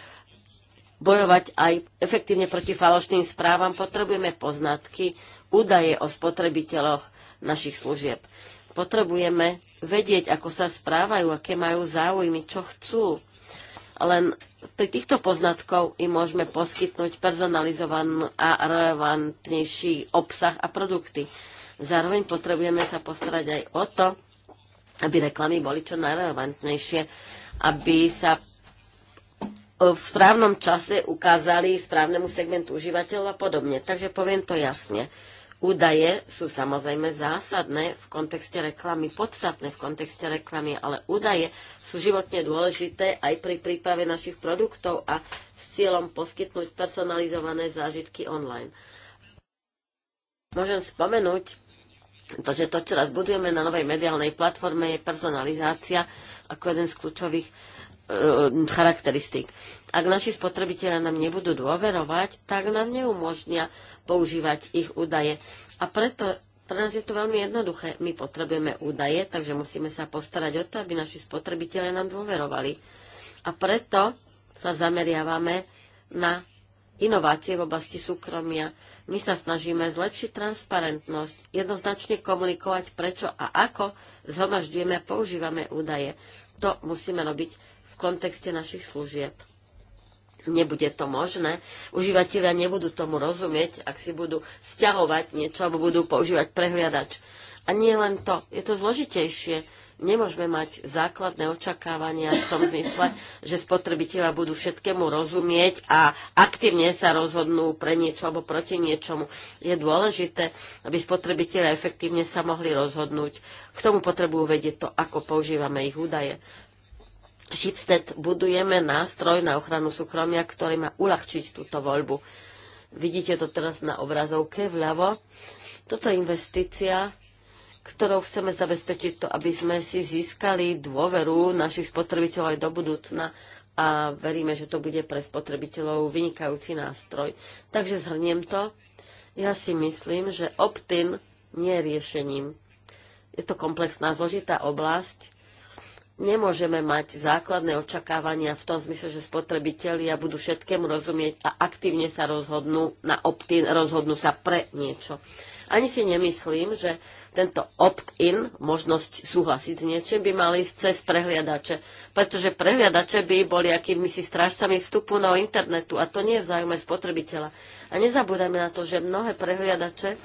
bojovať aj efektívne proti falošným správam, potrebujeme poznatky, údaje o spotrebiteľoch, našich služieb. Potrebujeme vedieť, ako sa správajú, aké majú záujmy, čo chcú. Len pri týchto poznatkov im môžeme poskytnúť personalizovaný a relevantnejší obsah a produkty. Zároveň potrebujeme sa postarať aj o to, aby reklamy boli čo najrelevantnejšie, aby sa v správnom čase ukázali správnemu segmentu užívateľov a podobne. Takže poviem to jasne. Údaje sú samozrejme zásadné v kontexte reklamy, podstatné v kontexte reklamy, ale údaje sú životne dôležité aj pri príprave našich produktov a s cieľom poskytnúť personalizované zážitky online. Môžem spomenúť, to, že to, čo raz budujeme na novej mediálnej platforme, je personalizácia ako jeden z kľúčových e, charakteristík. Ak naši spotrebitelia nám nebudú dôverovať, tak nám neumožnia používať ich údaje. A preto pre nás je to veľmi jednoduché. My potrebujeme údaje, takže musíme sa postarať o to, aby naši spotrebitelia nám dôverovali. A preto sa zameriavame na inovácie v oblasti súkromia. My sa snažíme zlepšiť transparentnosť, jednoznačne komunikovať, prečo a ako zhromažďujeme a používame údaje. To musíme robiť v kontexte našich služieb nebude to možné. Užívateľia nebudú tomu rozumieť, ak si budú stiahovať niečo alebo budú používať prehliadač. A nie len to, je to zložitejšie. Nemôžeme mať základné očakávania v tom zmysle, že spotrebitelia budú všetkému rozumieť a aktívne sa rozhodnú pre niečo alebo proti niečomu. Je dôležité, aby spotrebitelia efektívne sa mohli rozhodnúť. K tomu potrebujú vedieť to, ako používame ich údaje. Shipstead budujeme nástroj na ochranu súkromia, ktorý má uľahčiť túto voľbu. Vidíte to teraz na obrazovke vľavo. Toto je investícia, ktorou chceme zabezpečiť to, aby sme si získali dôveru našich spotrebiteľov aj do budúcna a veríme, že to bude pre spotrebiteľov vynikajúci nástroj. Takže zhrniem to. Ja si myslím, že opt-in nie je riešením. Je to komplexná, zložitá oblasť, nemôžeme mať základné očakávania v tom zmysle, že spotrebitelia budú všetkému rozumieť a aktívne sa rozhodnú na opt-in, rozhodnú sa pre niečo. Ani si nemyslím, že tento opt-in, možnosť súhlasiť s niečím, by mali ísť cez prehliadače, pretože prehliadače by boli akými si strážcami vstupu na internetu a to nie je v spotrebiteľa. A nezabúdajme na to, že mnohé prehliadače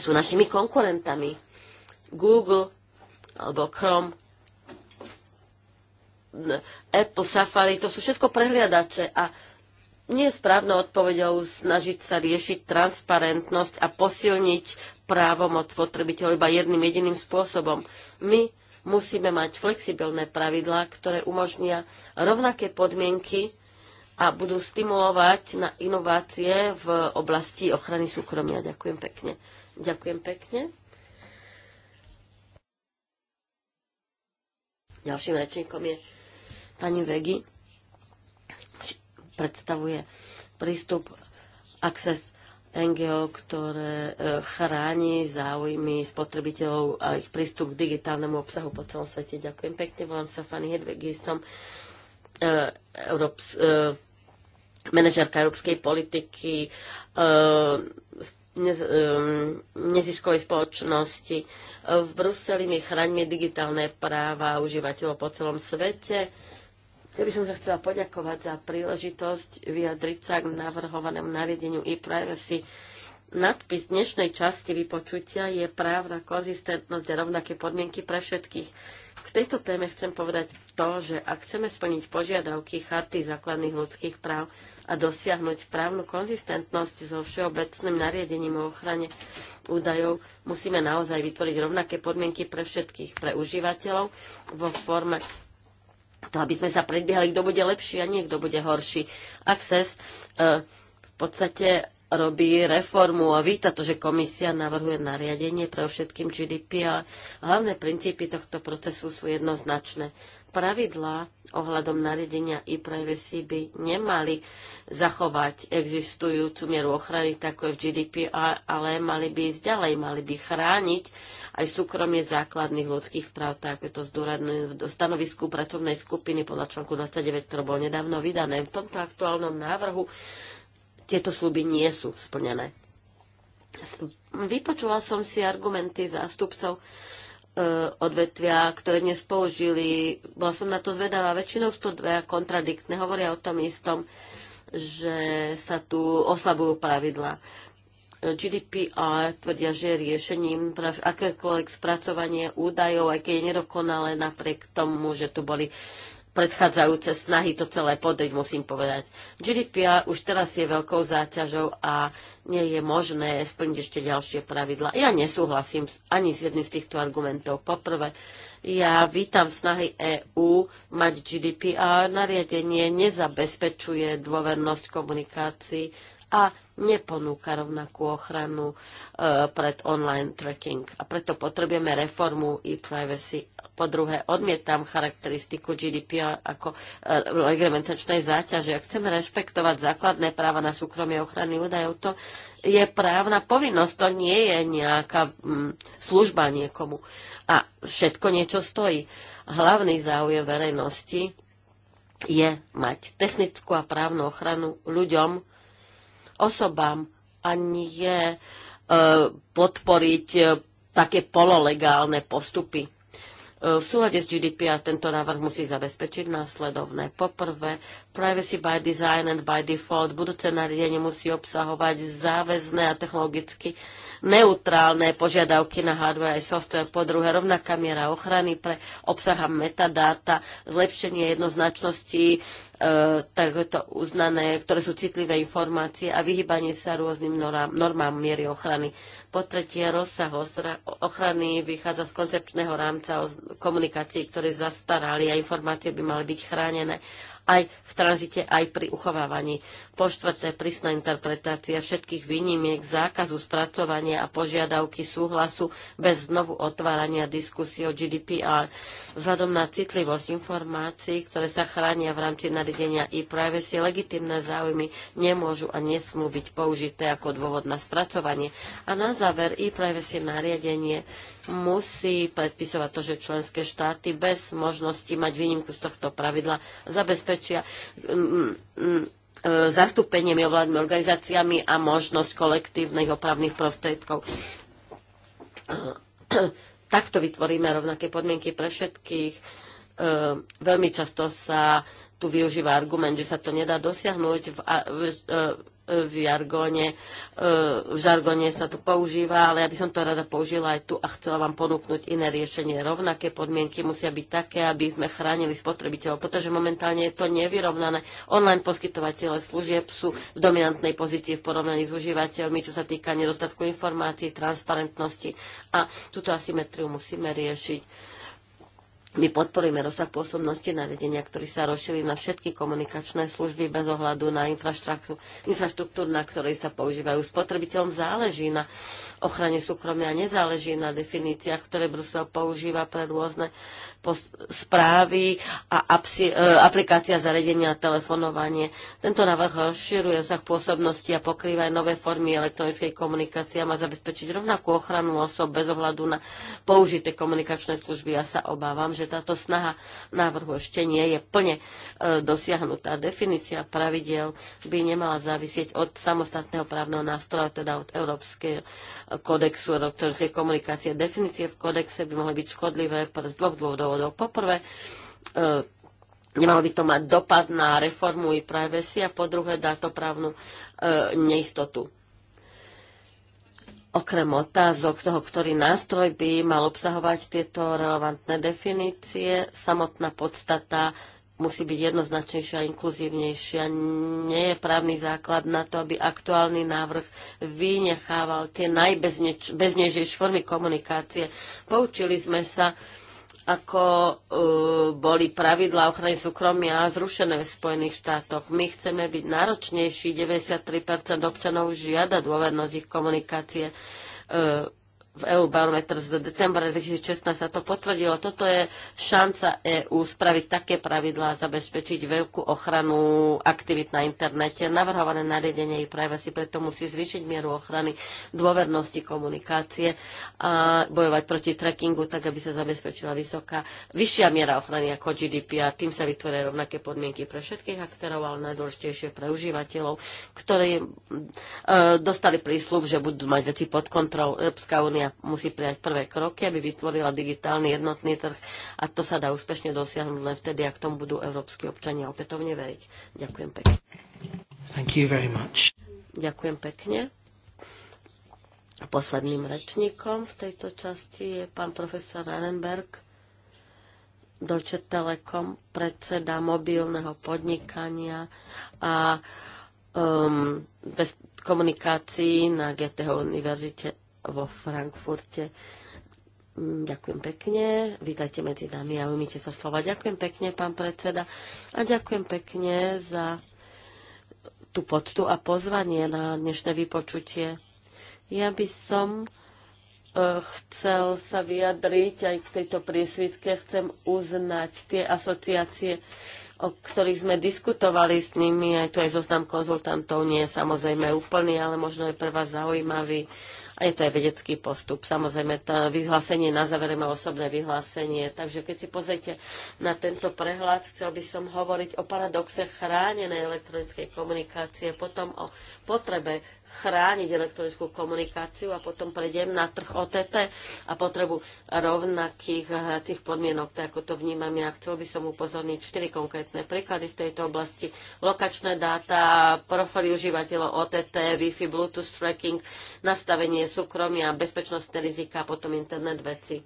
sú našimi konkurentami. Google alebo Chrome Apple, Safari, to sú všetko prehliadače a nie je správnou odpovedou snažiť sa riešiť transparentnosť a posilniť právomoc potrebiteľ iba jedným jediným spôsobom. My musíme mať flexibilné pravidlá, ktoré umožnia rovnaké podmienky a budú stimulovať na inovácie v oblasti ochrany súkromia. Ďakujem pekne. Ďakujem pekne. Ďalším rečníkom je Pani Vegi predstavuje prístup Access NGO, ktoré e, chráni záujmy spotrebiteľov a ich prístup k digitálnemu obsahu po celom svete. Ďakujem pekne, volám sa Fanny Hedvegi, som e, Európs, e, manažerka európskej politiky, neziskovej spoločnosti. V Bruseli my chráňme digitálne práva užívateľov po celom svete. Ja by som sa chcela poďakovať za príležitosť vyjadriť sa k navrhovanému nariadeniu e-privacy. Nadpis dnešnej časti vypočutia je právna konzistentnosť a rovnaké podmienky pre všetkých. K tejto téme chcem povedať to, že ak chceme splniť požiadavky Charty základných ľudských práv a dosiahnuť právnu konzistentnosť so všeobecným nariadením o ochrane údajov, musíme naozaj vytvoriť rovnaké podmienky pre všetkých, pre užívateľov vo forme to, aby sme sa predbiehali, kto bude lepší a nie kto bude horší. Access eh, v podstate robí reformu a víta to, že komisia navrhuje nariadenie pre všetkým GDPR. Hlavné princípy tohto procesu sú jednoznačné. Pravidlá ohľadom nariadenia i privacy by nemali zachovať existujúcu mieru ochrany, tako je v GDPR, ale mali by ísť ďalej, mali by chrániť aj súkromie základných ľudských práv, tak je to v stanovisku pracovnej skupiny podľa článku 29, ktoré bolo nedávno vydané. V tomto aktuálnom návrhu tieto sluby nie sú splnené. Vypočula som si argumenty zástupcov e, odvetvia, ktoré dnes použili. Bola som na to zvedavá. Väčšinou sú to dve kontradiktné. Hovoria o tom istom, že sa tu oslabujú pravidla. GDPR tvrdia, že je riešením akékoľvek spracovanie údajov, aj keď je nedokonalé napriek tomu, že tu boli predchádzajúce snahy to celé podriť, musím povedať. GDPR už teraz je veľkou záťažou a nie je možné splniť ešte ďalšie pravidla. Ja nesúhlasím ani s jedným z týchto argumentov. Poprvé, ja vítam snahy EÚ mať GDPR. Nariadenie nezabezpečuje dôvernosť komunikácií a neponúka rovnakú ochranu e, pred online tracking. A preto potrebujeme reformu e-privacy. Po druhé, odmietam charakteristiku GDPR ako e, reglementačnej záťaže. Ak chceme rešpektovať základné práva na súkromie ochrany údajov, to je právna povinnosť, to nie je nejaká m, mm, služba niekomu. A všetko niečo stojí. Hlavný záujem verejnosti je mať technickú a právnu ochranu ľuďom, osobám a nie e, podporiť e, také pololegálne postupy. E, v súlade s GDPR tento návrh musí zabezpečiť následovné. Poprvé, Privacy by design and by default budúce nariadenie musí obsahovať záväzné a technologicky neutrálne požiadavky na hardware aj software. Po druhé, rovnaká miera ochrany pre obsah a metadáta, zlepšenie jednoznačnosti e, takéto uznané, ktoré sú citlivé informácie a vyhybanie sa rôznym norám, normám miery ochrany. Po tretie, rozsah ochrany vychádza z koncepčného rámca komunikácií, ktoré zastarali a informácie by mali byť chránené aj v tranzite, aj pri uchovávaní. Po štvrté, prísna interpretácia všetkých výnimiek, zákazu spracovania a požiadavky súhlasu bez znovu otvárania diskusie o GDPR. Vzhľadom na citlivosť informácií, ktoré sa chránia v rámci nariadenia e-privacy, legitimné záujmy nemôžu a nesmú byť použité ako dôvod na spracovanie. A na záver e-privacy nariadenie musí predpisovať to, že členské štáty bez možnosti mať výnimku z tohto pravidla zabezpečia mm, mm, mm, e, zastúpenie mimovládnymi organizáciami a možnosť kolektívnych opravných prostriedkov. Takto vytvoríme rovnaké podmienky pre všetkých. E, veľmi často sa tu využíva argument, že sa to nedá dosiahnuť v, e, v jargóne, e, v žargóne sa to používa, ale ja by som to rada použila aj tu a chcela vám ponúknuť iné riešenie. Rovnaké podmienky musia byť také, aby sme chránili spotrebiteľov, pretože momentálne je to nevyrovnané. Online poskytovateľe služieb sú v dominantnej pozícii v porovnaní s užívateľmi, čo sa týka nedostatku informácií, transparentnosti a túto asymetriu musíme riešiť my podporíme rozsah pôsobnosti nariadenia, ktorý sa rozšíri na všetky komunikačné služby bez ohľadu na infraštruktúru, infraštruktúr, na ktorej sa používajú. Spotrebiteľom záleží na ochrane súkromia, nezáleží na definíciách, ktoré Brusel používa pre rôzne správy a apsi, e, aplikácia zariadenia a telefonovanie. Tento návrh rozširuje rozsah pôsobnosti a pokrýva aj nové formy elektronickej komunikácie a má zabezpečiť rovnakú ochranu osob bez ohľadu na použité komunikačné služby. Ja sa obávam, že že táto snaha návrhu ešte nie je plne e, dosiahnutá. Definícia pravidel by nemala závisieť od samostatného právneho nástroja, teda od Európskeho e, kodexu elektronickej komunikácie. Definície v kodexe by mohli byť škodlivé z dvoch dôvodov. Poprvé, e, Nemalo by to mať dopad na reformu i privacy a po druhé dá to právnu e, neistotu okrem otázok toho, ktorý nástroj by mal obsahovať tieto relevantné definície, samotná podstata musí byť jednoznačnejšia a inkluzívnejšia. Nie je právny základ na to, aby aktuálny návrh vynechával tie najbeznejšie formy komunikácie. Poučili sme sa, ako uh, boli pravidlá ochrany súkromia zrušené v Spojených štátoch. My chceme byť náročnejší, 93% občanov žiada dôvernosť ich komunikácie. Uh, v EU barometr z decembra 2016 sa to potvrdilo. Toto je šanca EÚ spraviť také pravidlá a zabezpečiť veľkú ochranu aktivít na internete. Navrhované nariadenie i privacy preto musí zvýšiť mieru ochrany dôvernosti komunikácie a bojovať proti trackingu, tak aby sa zabezpečila vysoká, vyššia miera ochrany ako GDP a Tým sa vytvoria rovnaké podmienky pre všetkých aktérov, ale najdôležitejšie pre užívateľov, ktorí e, dostali prísľub, že budú mať veci pod kontrolou. Európska únia Únia musí prijať prvé kroky, aby vytvorila digitálny jednotný trh a to sa dá úspešne dosiahnuť len vtedy, ak tomu budú európsky občania opätovne veriť. Ďakujem pekne. Thank you very much. Ďakujem pekne. A posledným rečníkom v tejto časti je pán profesor Renenberg, Deutsche Telekom, predseda mobilného podnikania a um, bez komunikácií na GTH univerzite vo Frankfurte. Mm, ďakujem pekne. Vítajte medzi nami a umíte sa slova. Ďakujem pekne, pán predseda. A ďakujem pekne za tú poctu a pozvanie na dnešné vypočutie. Ja by som e, chcel sa vyjadriť aj k tejto priesvitke. Chcem uznať tie asociácie, o ktorých sme diskutovali s nimi, aj tu aj zoznam konzultantov nie je samozrejme úplný, ale možno je pre vás zaujímavý je to aj vedecký postup. Samozrejme, to vyhlásenie na závere má osobné vyhlásenie. Takže keď si pozrite na tento prehľad, chcel by som hovoriť o paradoxe chránenej elektronickej komunikácie, potom o potrebe chrániť elektronickú komunikáciu a potom prejdem na trh OTT a potrebu rovnakých eh, tých podmienok, tak ako to vnímam ja. Chcel by som upozorniť čtyri konkrétne príklady v tejto oblasti. Lokačné dáta, profily užívateľov OTT, Wi-Fi, Bluetooth tracking, nastavenie súkromia, bezpečnostné rizika a potom internet veci.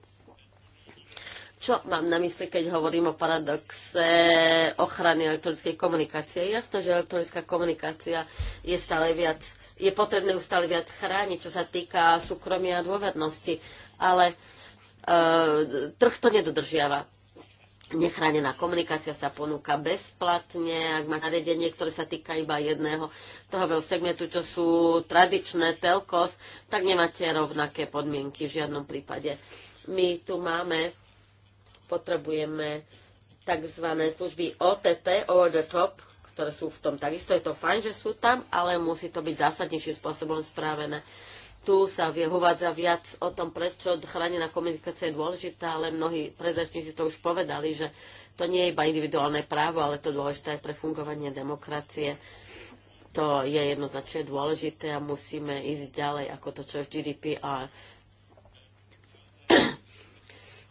Čo mám na mysli, keď hovorím o paradoxe ochrany elektronickej komunikácie? Je jasné, že elektronická komunikácia je stále viac je potrebné ju stále viac chrániť, čo sa týka súkromia a dôvernosti. Ale e, trh to nedodržiava. Nechránená komunikácia sa ponúka bezplatne, ak má nariadenie, ktoré sa týka iba jedného trhového segmentu, čo sú tradičné telkos, tak nemáte rovnaké podmienky v žiadnom prípade. My tu máme, potrebujeme tzv. služby OTT, over the top, ktoré sú v tom. Takisto je to fajn, že sú tam, ale musí to byť zásadnejším spôsobom správené. Tu sa uvádza viac o tom, prečo chránená komunikácia je dôležitá, ale mnohí predrečníci to už povedali, že to nie je iba individuálne právo, ale to dôležité je pre fungovanie demokracie. To je jednoznačne dôležité a musíme ísť ďalej ako to, čo je v GDPR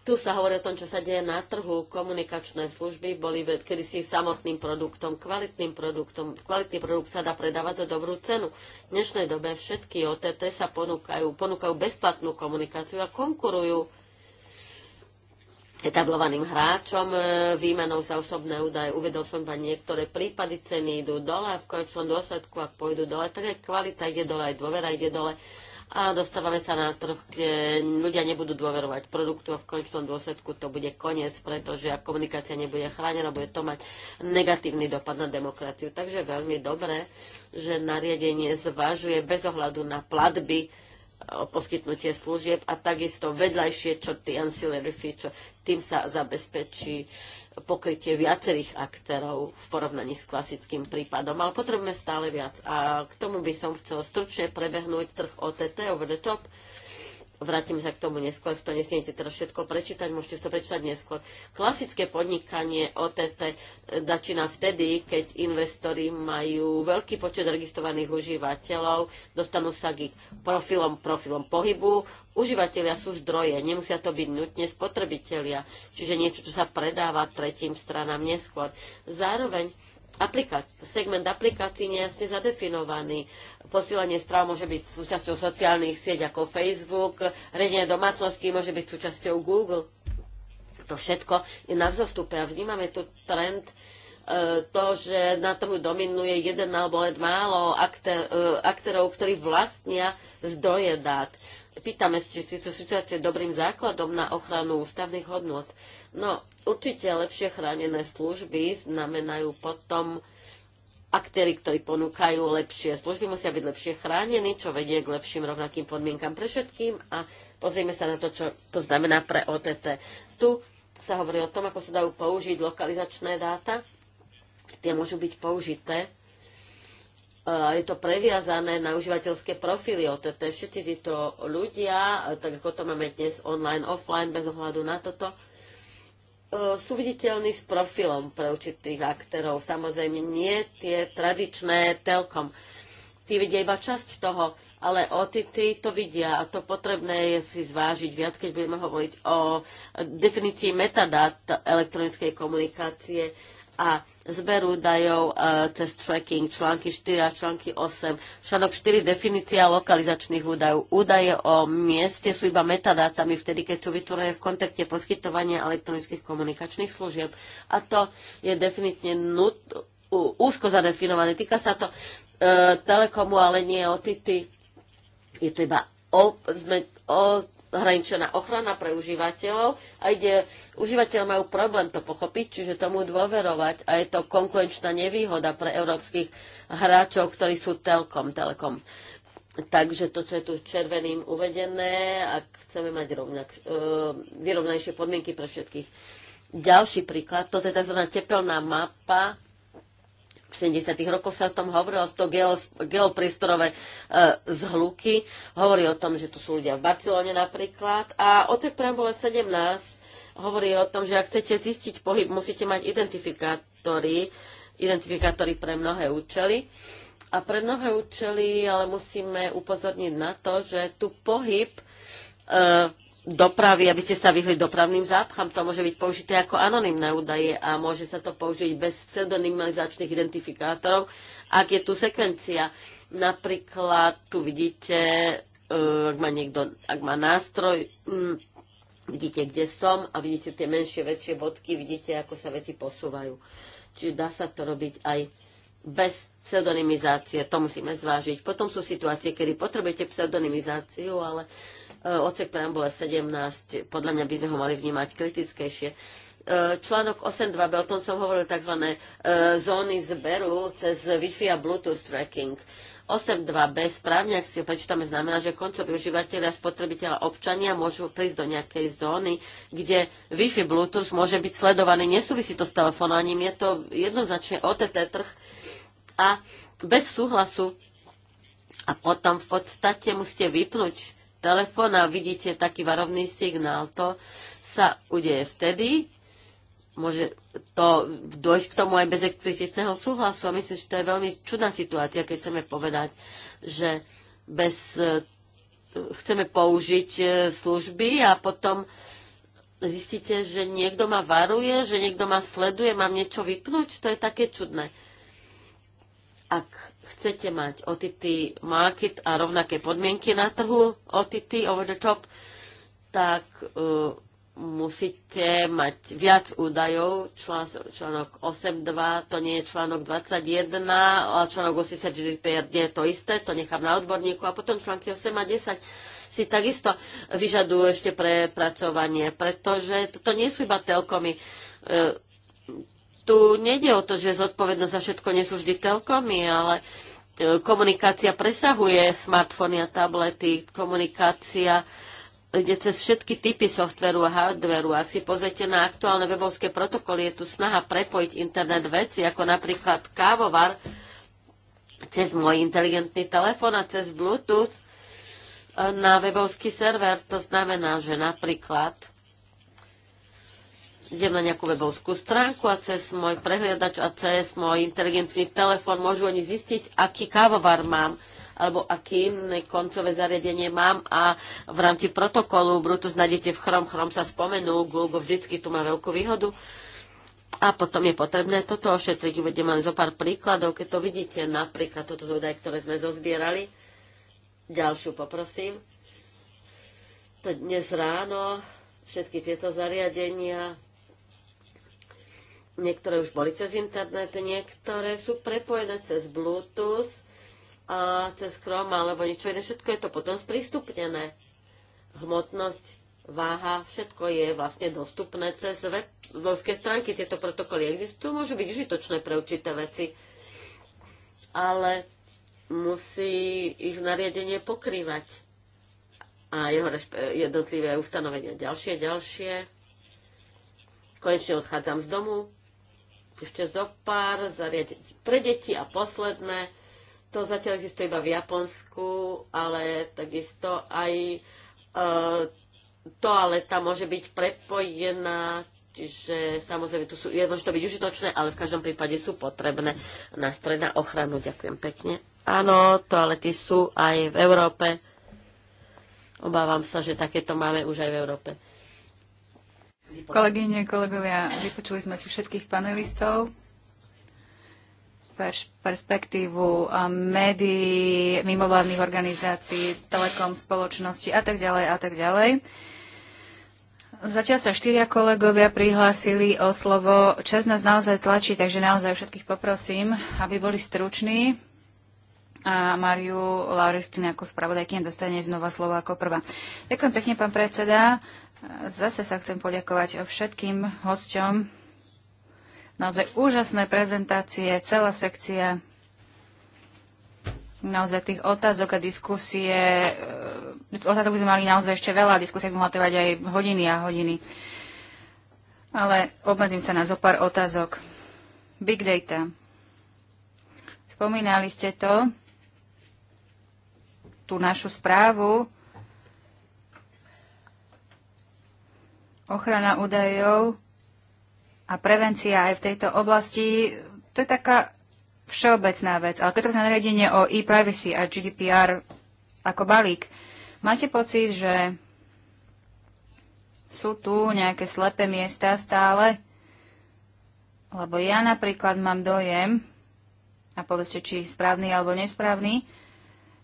tu sa hovorí o tom, čo sa deje na trhu. Komunikačné služby boli kedysi samotným produktom, kvalitným produktom. Kvalitný produkt sa dá predávať za dobrú cenu. V dnešnej dobe všetky OTT sa ponúkajú, ponúkajú bezplatnú komunikáciu a konkurujú etablovaným hráčom e, výmenou za osobné údaje. Uvedol som vám niektoré prípady, ceny idú dole a v konečnom dôsledku, ak pôjdu dole, tak aj kvalita ide dole, aj dôvera ide dole a dostávame sa na trh, kde ľudia nebudú dôverovať produktu a v končnom dôsledku to bude koniec, pretože ak komunikácia nebude chránená, bude to mať negatívny dopad na demokraciu. Takže veľmi dobre, že nariadenie zvažuje bez ohľadu na platby poskytnutie služieb a takisto vedľajšie čo tí ancillary feature, tým sa zabezpečí pokrytie viacerých aktérov v porovnaní s klasickým prípadom, ale potrebujeme stále viac. A k tomu by som chcela stručne prebehnúť trh OTT over the top vrátime sa k tomu neskôr, to nesiete teraz všetko prečítať, môžete to prečítať neskôr. Klasické podnikanie OTT eh, začína vtedy, keď investori majú veľký počet registrovaných užívateľov, dostanú sa k ich profilom, profilom pohybu, užívateľia sú zdroje, nemusia to byť nutne spotrebitelia, čiže niečo, čo sa predáva tretím stranám neskôr. Zároveň segment aplikácií je nejasne zadefinovaný. Posielanie správ môže byť súčasťou sociálnych sieť ako Facebook, riadenie domácností môže byť súčasťou Google. To všetko je na vzostupe a vnímame tu trend e, to, že na trhu dominuje jeden alebo len málo aktér, e, aktérov, ktorí vlastnia zdroje dát. Pýtame si, či sú situácie dobrým základom na ochranu ústavných hodnot. No, určite lepšie chránené služby znamenajú potom aktéry, ktorí ponúkajú lepšie služby, musia byť lepšie chránení, čo vedie k lepším rovnakým podmienkam pre všetkým a pozrieme sa na to, čo to znamená pre OTT. Tu sa hovorí o tom, ako sa dajú použiť lokalizačné dáta. Tie môžu byť použité. Je to previazané na užívateľské profily OTT. Všetci títo ľudia, tak ako to máme dnes online, offline, bez ohľadu na toto, E, sú viditeľní s profilom pre určitých aktérov. Samozrejme nie tie tradičné telkom. Tí vidia iba časť toho, ale OTT to vidia a to potrebné je si zvážiť viac, keď budeme hovoriť o definícii metadát elektronickej komunikácie a zber údajov e, cez tracking, články 4 a články 8. Článok 4, definícia lokalizačných údajov. Údaje o mieste sú iba metadátami vtedy, keď sú vytvorené v kontekte poskytovania elektronických komunikačných služieb. A to je definitne nut, úzko zadefinované. Týka sa to e, telekomu, ale nie OTT. Je to iba o, sme, o hraničená ochrana pre užívateľov a ide, užívateľ majú problém to pochopiť, čiže tomu dôverovať a je to konkurenčná nevýhoda pre európskych hráčov, ktorí sú telkom, telkom. Takže to, čo je tu červeným uvedené, ak chceme mať rovnak, uh, e, vyrovnajšie podmienky pre všetkých. Ďalší príklad, toto je tzv. tepelná mapa 70. rokov sa o tom hovorilo, to geoprestorové e, zhluky. Hovorí o tom, že tu sú ľudia v Barcelone napríklad. A o tej preambule 17 hovorí o tom, že ak chcete zistiť pohyb, musíte mať identifikátory, identifikátory pre mnohé účely. A pre mnohé účely ale musíme upozorniť na to, že tu pohyb e, dopravy, aby ste sa vyhli dopravným zápcham. To môže byť použité ako anonimné údaje a môže sa to použiť bez pseudonymizačných identifikátorov, ak je tu sekvencia. Napríklad tu vidíte, e, ak má, niekto, ak má nástroj, mm, vidíte, kde som a vidíte tie menšie, väčšie bodky, vidíte, ako sa veci posúvajú. Čiže dá sa to robiť aj bez pseudonymizácie, to musíme zvážiť. Potom sú situácie, kedy potrebujete pseudonymizáciu, ale uh, E, odsek preambule 17, podľa mňa by sme ho mali vnímať kritickejšie. E, článok 8.2, o tom som hovoril, tzv. E, zóny zberu cez Wi-Fi a Bluetooth tracking. 8.2b správne, ak si ho prečítame, znamená, že koncoví užívateľia, spotrebiteľa, občania môžu prísť do nejakej zóny, kde Wi-Fi, Bluetooth môže byť sledovaný. Nesúvisí to s telefonovaním, je to jednoznačne OTT trh a bez súhlasu. A potom v podstate musíte vypnúť telefón a vidíte taký varovný signál. To sa udeje vtedy, môže to dojsť k tomu aj bez explicitného súhlasu. A myslím, že to je veľmi čudná situácia, keď chceme povedať, že bez, chceme použiť e, služby a potom zistíte, že niekto ma varuje, že niekto ma sleduje, mám niečo vypnúť. To je také čudné. Ak chcete mať OTT market a rovnaké podmienky na trhu OTT over the top, tak uh, musíte mať viac údajov. Člán, článok 8.2 to nie je článok 21, ale článok 84, nie je to isté, to nechám na odborníku. A potom články 8 a 10 si takisto vyžadujú ešte prepracovanie, pretože toto nie sú iba telkomy. Uh, tu nejde o to, že zodpovednosť za všetko nesú vždy telkomy, ale e, komunikácia presahuje smartfóny a tablety, komunikácia ide cez všetky typy softveru a hardveru. Ak si pozrite na aktuálne webovské protokoly, je tu snaha prepojiť internet veci, ako napríklad kávovar cez môj inteligentný telefón a cez Bluetooth na webovský server. To znamená, že napríklad idem na nejakú webovskú stránku a cez môj prehliadač a cez môj inteligentný telefón môžu oni zistiť, aký kávovar mám alebo aké iné koncové zariadenie mám a v rámci protokolu Brutus nájdete v Chrome, Chrome sa spomenú, Google vždycky tu má veľkú výhodu. A potom je potrebné toto ošetriť. Uvediem len zo pár príkladov, keď to vidíte, napríklad toto údaj, ktoré sme zozbierali. Ďalšiu poprosím. To dnes ráno všetky tieto zariadenia Niektoré už boli cez internet, niektoré sú prepojené cez Bluetooth, a cez Chrome alebo niečo iné. Všetko je to potom sprístupnené. Hmotnosť, váha, všetko je vlastne dostupné cez webovské stránky. Tieto protokoly existujú, môžu byť užitočné pre určité veci. Ale musí ich nariadenie pokrývať a jeho jednotlivé ustanovenia. Ďalšie, ďalšie. Konečne odchádzam z domu, ešte zo pár zariadení pre deti a posledné. To zatiaľ existuje iba v Japonsku, ale takisto aj e, toaleta môže byť prepojená, čiže samozrejme tu sú, je, môže to byť užitočné, ale v každom prípade sú potrebné nástroje na ochranu. Ďakujem pekne. Áno, toalety sú aj v Európe. Obávam sa, že takéto máme už aj v Európe. Kolegyne, kolegovia, vypočuli sme si všetkých panelistov perspektívu médií, mimovládnych organizácií, telekom, spoločnosti a tak ďalej a tak ďalej. Zatiaľ sa štyria kolegovia prihlásili o slovo. Čas nás naozaj tlačí, takže naozaj všetkých poprosím, aby boli struční. A Mariu Lauristin ako spravodajkyňa dostane znova slovo ako prvá. Ďakujem pekne, pán predseda. Zase sa chcem poďakovať všetkým hosťom. Naozaj úžasné prezentácie, celá sekcia naozaj tých otázok a diskusie. E, otázok by sme mali naozaj ešte veľa, diskusia by mohla trvať aj hodiny a hodiny. Ale obmedzím sa na zo pár otázok. Big data. Spomínali ste to, tú našu správu, ochrana údajov a prevencia aj v tejto oblasti, to je taká všeobecná vec. Ale keď sa nariadenie o e-privacy a GDPR ako balík, máte pocit, že sú tu nejaké slepé miesta stále? Lebo ja napríklad mám dojem, a povedzte, či správny alebo nesprávny,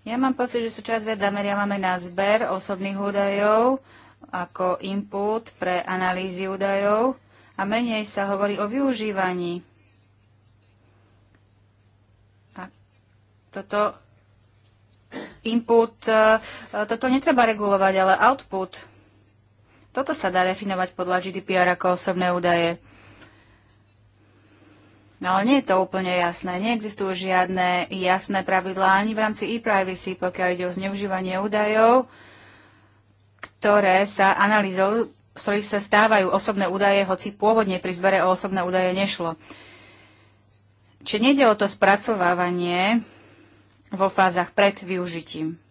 ja mám pocit, že sa čas viac zameriavame na zber osobných údajov ako input pre analýzy údajov a menej sa hovorí o využívaní. A toto input, e, e, toto netreba regulovať, ale output. Toto sa dá definovať podľa GDPR ako osobné údaje. No ale nie je to úplne jasné. Neexistujú žiadne jasné pravidlá ani v rámci e-privacy, pokiaľ ide o zneužívanie údajov ktoré sa analýzou, z ktorých sa stávajú osobné údaje, hoci pôvodne pri zbere o osobné údaje nešlo. Čiže nejde o to spracovávanie vo fázach pred využitím.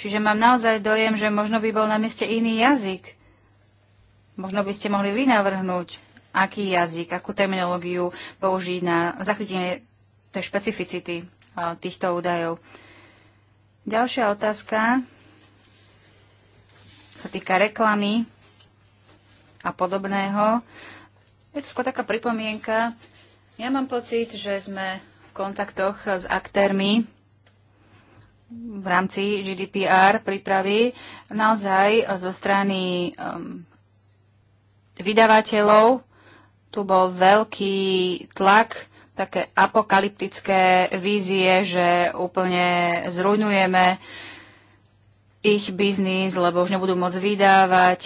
Čiže mám naozaj dojem, že možno by bol na mieste iný jazyk. Možno by ste mohli vy navrhnúť, aký jazyk, akú terminológiu použiť na zachytenie tej špecificity týchto údajov. Ďalšia otázka sa týka reklamy a podobného. Je to skôr taká pripomienka. Ja mám pocit, že sme v kontaktoch s aktérmi v rámci GDPR prípravy naozaj zo strany um, vydavateľov. Tu bol veľký tlak také apokalyptické vízie, že úplne zrujnujeme ich biznis, lebo už nebudú môcť vydávať,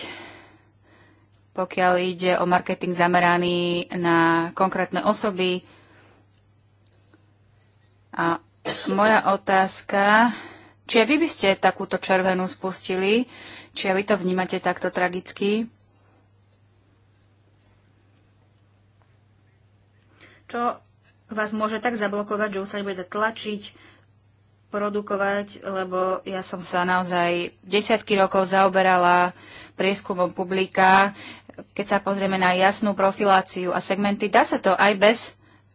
pokiaľ ide o marketing zameraný na konkrétne osoby. A moja otázka, či aj vy by ste takúto červenú spustili, či aj vy to vnímate takto tragicky? Čo vás môže tak zablokovať, že už sa nebude tlačiť produkovať, lebo ja som sa naozaj desiatky rokov zaoberala prieskumom publika. Keď sa pozrieme na jasnú profiláciu a segmenty, dá sa to aj bez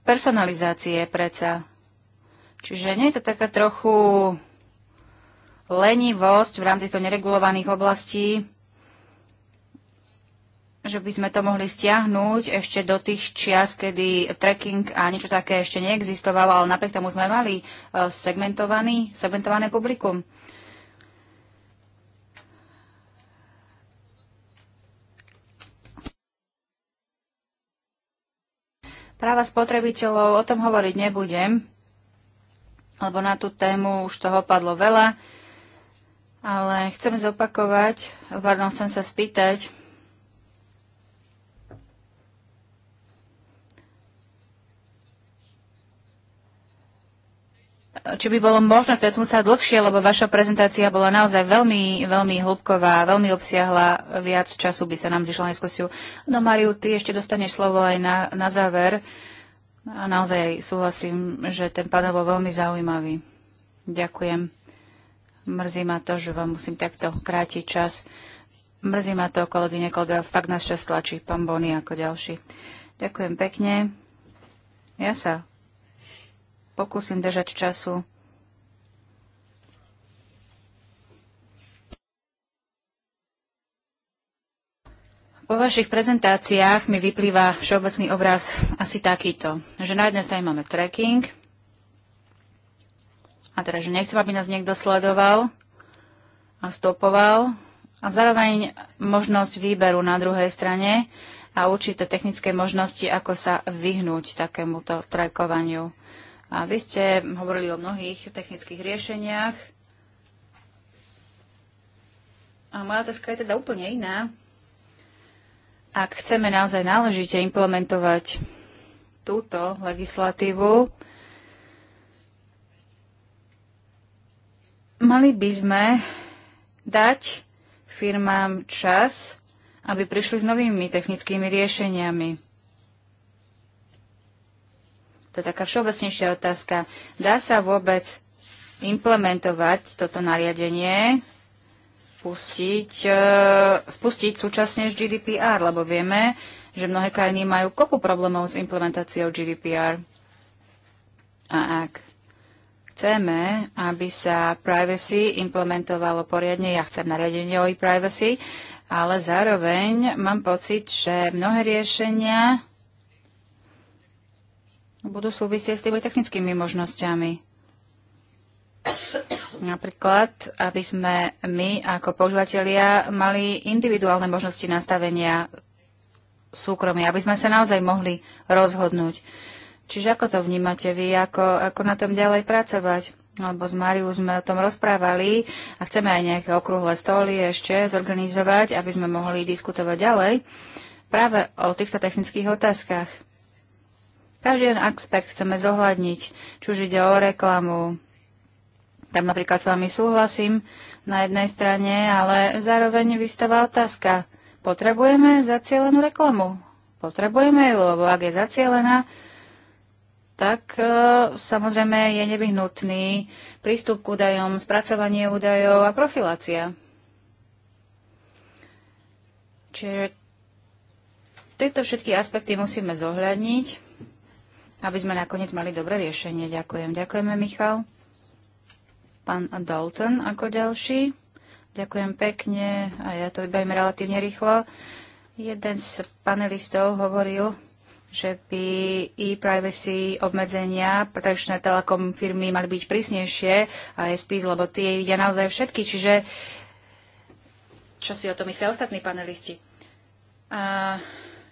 personalizácie preca. Čiže nie je to taká trochu lenivosť v rámci týchto neregulovaných oblastí, že by sme to mohli stiahnuť ešte do tých čias, kedy trekking a niečo také ešte neexistovalo, ale napriek tomu sme mali e, segmentovaný, segmentované publikum. Práva spotrebiteľov, o tom hovoriť nebudem, lebo na tú tému už toho padlo veľa, ale chcem zopakovať, pardon, chcem sa spýtať, či by bolo možno stretnúť sa dlhšie, lebo vaša prezentácia bola naozaj veľmi, veľmi hĺbková, veľmi obsiahla, viac času by sa nám zišlo na diskusiu. No Mariu, ty ešte dostaneš slovo aj na, na záver. A naozaj súhlasím, že ten panel bol veľmi zaujímavý. Ďakujem. Mrzí ma to, že vám musím takto krátiť čas. Mrzí ma to, kolegyne, kolega, fakt nás čas tlačí. Pán Bony ako ďalší. Ďakujem pekne. Ja sa pokúsim držať času. Po vašich prezentáciách mi vyplýva všeobecný obraz asi takýto, že na jednej strane máme tracking. a teda, že nechcem, aby nás niekto sledoval a stopoval, a zároveň možnosť výberu na druhej strane a určité technické možnosti, ako sa vyhnúť takémuto trackovaniu. A vy ste hovorili o mnohých technických riešeniach. A moja otázka je teda úplne iná. Ak chceme naozaj náležite implementovať túto legislatívu, mali by sme dať firmám čas, aby prišli s novými technickými riešeniami. To je taká všeobecnejšia otázka. Dá sa vôbec implementovať toto nariadenie, pustiť, e, spustiť súčasne s GDPR, lebo vieme, že mnohé krajiny majú kopu problémov s implementáciou GDPR. A ak chceme, aby sa privacy implementovalo poriadne, ja chcem nariadenie o e-privacy, ale zároveň mám pocit, že mnohé riešenia budú súvisieť s tými technickými možnosťami. Napríklad, aby sme my ako používateľia mali individuálne možnosti nastavenia súkromia, aby sme sa naozaj mohli rozhodnúť. Čiže ako to vnímate vy, ako, ako na tom ďalej pracovať? Lebo s Máriu sme o tom rozprávali a chceme aj nejaké okrúhle stoly ešte zorganizovať, aby sme mohli diskutovať ďalej práve o týchto technických otázkach. Každý jeden aspekt chceme zohľadniť, či už ide o reklamu, tam napríklad s vami súhlasím na jednej strane, ale zároveň vystáva otázka. Potrebujeme zacielenú reklamu? Potrebujeme ju, lebo ak je zacielená, tak e, samozrejme je nevyhnutný prístup k údajom, spracovanie údajov a profilácia. Čiže tieto všetky aspekty musíme zohľadniť aby sme nakoniec mali dobré riešenie. Ďakujem. Ďakujeme, Michal. Pán Dalton ako ďalší. Ďakujem pekne a ja to vybavím relatívne rýchlo. Jeden z panelistov hovoril, že by e-privacy obmedzenia tradičné telekom firmy mali byť prísnejšie a spís, lebo tie vidia naozaj všetky. Čiže čo si o to myslia ostatní panelisti? A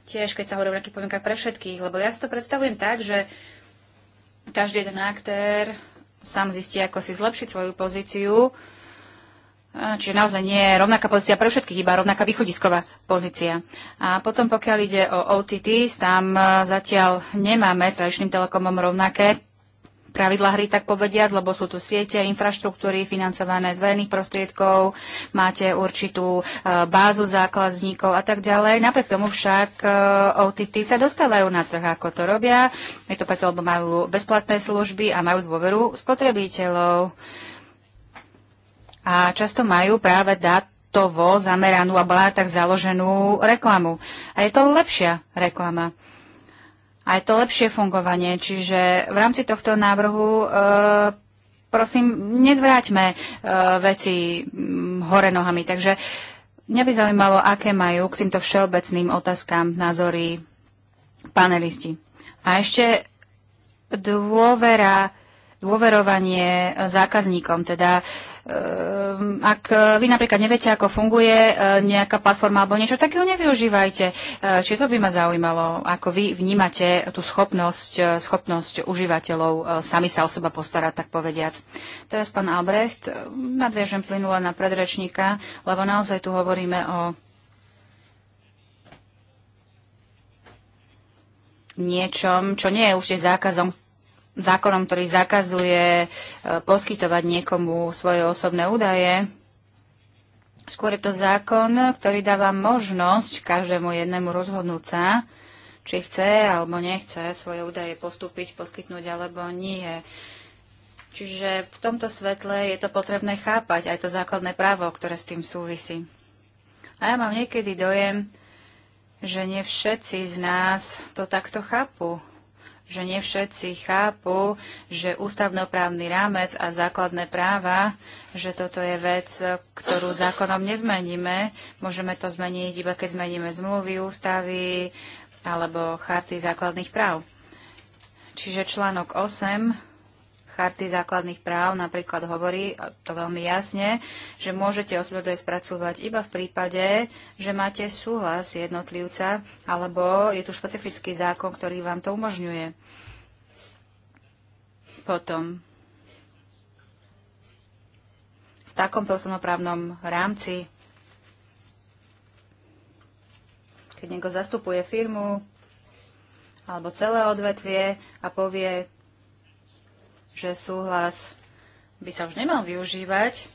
tiež, keď sa hovorí o nejakých podmienkach pre všetkých, lebo ja si to predstavujem tak, že každý jeden aktér sám zistí, ako si zlepšiť svoju pozíciu, Čiže naozaj nie je rovnaká pozícia pre všetkých, iba rovnaká východisková pozícia. A potom pokiaľ ide o OTTs, tam e, zatiaľ nemáme s tradičným telekomom rovnaké pravidla hry, tak povediať, lebo sú tu siete, infraštruktúry financované z verejných prostriedkov, máte určitú e, bázu základníkov a tak ďalej. Napriek tomu však e, OTT sa dostávajú na trh, ako to robia. Je to preto, lebo majú bezplatné služby a majú dôveru spotrebiteľov. A často majú práve datovo zameranú a tak založenú reklamu. A je to lepšia reklama aj to lepšie fungovanie. Čiže v rámci tohto návrhu e, prosím, nezvráťme e, veci m, hore nohami. Takže mňa by zaujímalo, aké majú k týmto všeobecným otázkam názory panelisti. A ešte dôvera, dôverovanie zákazníkom, teda Ehm, ak vy napríklad neviete, ako funguje e, nejaká platforma alebo niečo, tak ju nevyužívajte. E, Čiže to by ma zaujímalo, ako vy vnímate tú schopnosť, e, schopnosť užívateľov sami sa o seba postarať, tak povediac. Teraz pán Albrecht, nadviežem plynula na predrečníka, lebo naozaj tu hovoríme o niečom, čo nie je už zákazom, zákonom, ktorý zakazuje e, poskytovať niekomu svoje osobné údaje. Skôr je to zákon, ktorý dáva možnosť každému jednému rozhodnúť sa, či chce alebo nechce svoje údaje postúpiť, poskytnúť alebo nie. Čiže v tomto svetle je to potrebné chápať aj to základné právo, ktoré s tým súvisí. A ja mám niekedy dojem, že nie všetci z nás to takto chápu že nie všetci chápu, že ústavnoprávny rámec a základné práva, že toto je vec, ktorú zákonom nezmeníme. Môžeme to zmeniť iba keď zmeníme zmluvy, ústavy alebo charty základných práv. Čiže článok 8 charty základných práv napríklad hovorí, a to veľmi jasne, že môžete osveduje spracovať iba v prípade, že máte súhlas jednotlivca, alebo je tu špecifický zákon, ktorý vám to umožňuje. Potom v takomto osobnoprávnom rámci, keď niekto zastupuje firmu, alebo celé odvetvie a povie, že súhlas by sa už nemal využívať.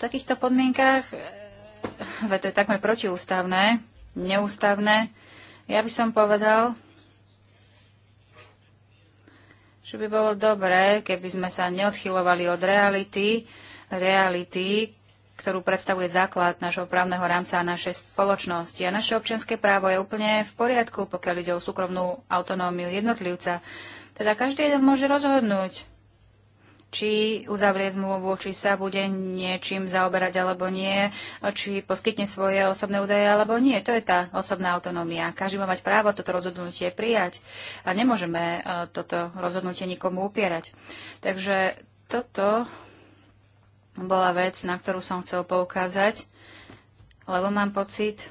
V takýchto podmienkách, veď to je takmer protiústavné, neústavné, ja by som povedal, že by bolo dobré, keby sme sa neodchylovali od reality, reality, ktorú predstavuje základ našho právneho rámca a našej spoločnosti. A naše občianské právo je úplne v poriadku, pokiaľ ide o súkromnú autonómiu jednotlivca. Teda každý jeden môže rozhodnúť, či uzavrie zmluvu, či sa bude niečím zaoberať alebo nie, či poskytne svoje osobné údaje alebo nie. To je tá osobná autonómia. Každý má mať právo toto rozhodnutie prijať a nemôžeme e, toto rozhodnutie nikomu upierať. Takže toto bola vec, na ktorú som chcel poukázať, lebo mám pocit,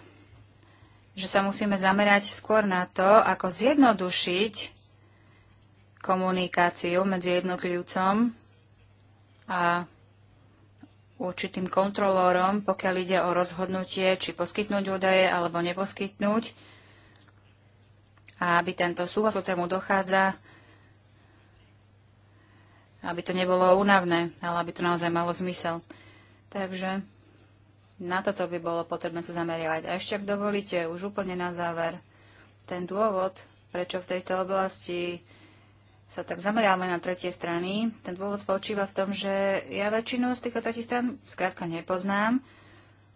že sa musíme zamerať skôr na to, ako zjednodušiť komunikáciu medzi jednotlivcom a určitým kontrolórom, pokiaľ ide o rozhodnutie, či poskytnúť údaje alebo neposkytnúť. A aby tento súhlas o tému dochádza, aby to nebolo únavné, ale aby to naozaj malo zmysel. Takže na toto by bolo potrebné sa zameriavať. A ešte, ak dovolíte, už úplne na záver, ten dôvod, prečo v tejto oblasti sa tak zameriavame na tretie strany. Ten dôvod spočíva v tom, že ja väčšinu z týchto tretich stran zkrátka nepoznám.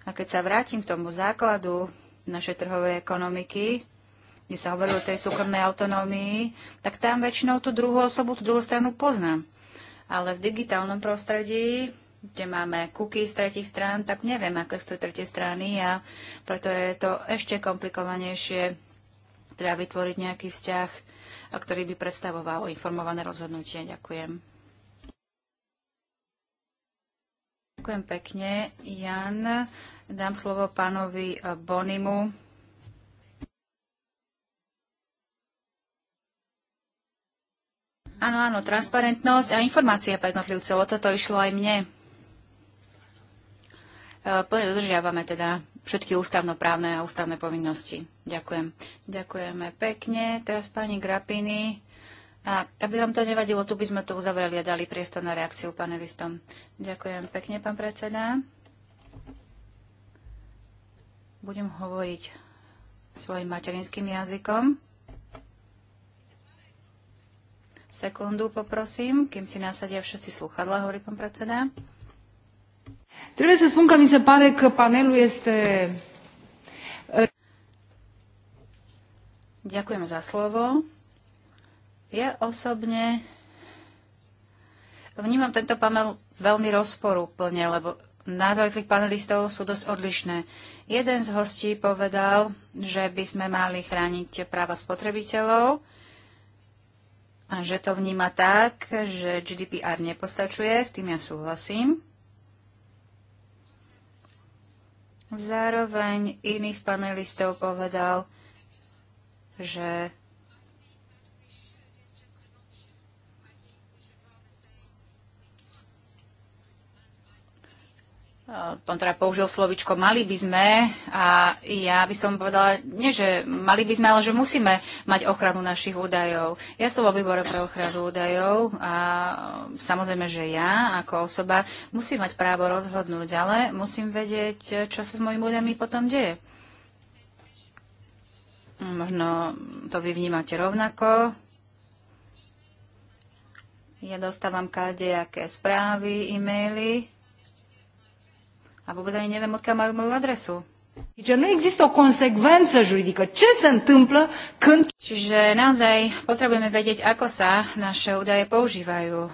A keď sa vrátim k tomu základu našej trhovej ekonomiky, kde sa hovorí o tej súkromnej autonómii, tak tam väčšinou tú druhú osobu, tú druhú stranu poznám. Ale v digitálnom prostredí, kde máme kuky z tretich strán, tak neviem, aké sú tretie strany a preto je to ešte komplikovanejšie, treba vytvoriť nejaký vzťah ktorý by predstavoval informované rozhodnutie. Ďakujem. Ďakujem pekne, Jan. Dám slovo pánovi Bonimu. Áno, áno, transparentnosť a informácia pre jednotlivcov. O toto išlo aj mne. E, plne dodržiavame teda všetky ústavnoprávne a ústavné povinnosti. Ďakujem. Ďakujeme pekne. Teraz pani Grapiny. A aby vám to nevadilo, tu by sme to uzavreli a dali priestor na reakciu panelistom. Ďakujem pekne, pán predseda. Budem hovoriť svojim materinským jazykom. Sekundu poprosím, kým si nasadia všetci sluchadla, hovorí pán predseda. Trebuie să spun că mi se pare că panelul este... E, ďakujem za slovo. Ja osobne vnímam tento panel veľmi rozporúplne, lebo názory tých panelistov sú dosť odlišné. Jeden z hostí povedal, že by sme mali chrániť práva spotrebiteľov a že to vníma tak, že GDPR nepostačuje, s tým ja súhlasím. Zároveň iný z panelistov povedal, že Eh, on teda použil slovičko mali by sme a ja by som povedala, nie že mali by sme, ale že musíme mať ochranu našich údajov. Ja som vo výbore pre ochranu údajov a eh, samozrejme, že ja ako osoba musím mať právo rozhodnúť, ale musím vedieť, eh, čo sa s mojimi údajmi potom deje. Možno to vy vnímate rovnako, ja dostávam kadejaké správy, e-maily a vôbec ani neviem, odkiaľ majú moju adresu. Čiže nu există o consecvență juridică. Ce se întâmplă când... Čiže naozaj potrebujeme vedieť, ako sa naše údaje používajú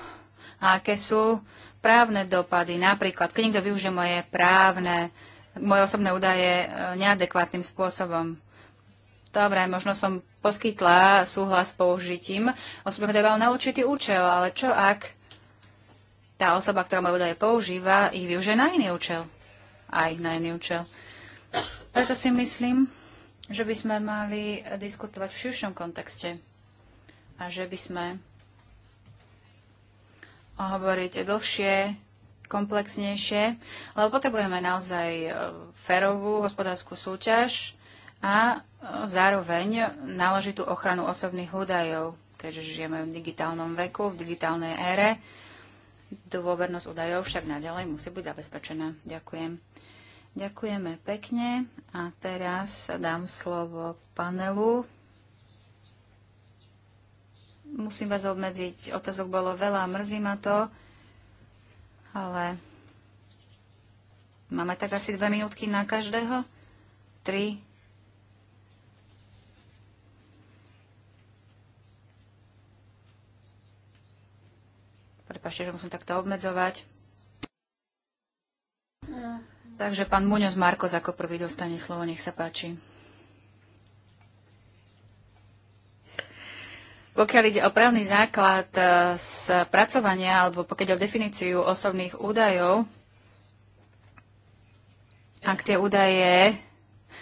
a aké sú právne dopady. Napríklad, keď niekto využije moje právne, moje osobné údaje e, neadekvátnym spôsobom. Dobre, možno som poskytla súhlas s použitím osobných údajov na určitý účel, ale čo ak tá osoba, ktorá moje údaje používa, ich využije na iný účel? aj na iný účel. Preto si myslím, že by sme mali diskutovať v širšom kontexte a že by sme hovoriť dlhšie, komplexnejšie, lebo potrebujeme naozaj e, férovú hospodárskú súťaž a e, zároveň náležitú ochranu osobných údajov, keďže žijeme v digitálnom veku, v digitálnej ére. Dôvernosť údajov však naďalej musí byť zabezpečená. Ďakujem. Ďakujeme pekne a teraz dám slovo panelu. Musím vás obmedziť, otázok bolo veľa, mrzí ma to, ale máme tak asi dve minútky na každého. Tri. Prepašte, že musím takto obmedzovať. Yeah. Takže pán Muňoz Markoz ako prvý dostane slovo, nech sa páči. Pokiaľ ide o právny základ e, z pracovania alebo pokiaľ o definíciu osobných údajov, ak tie údaje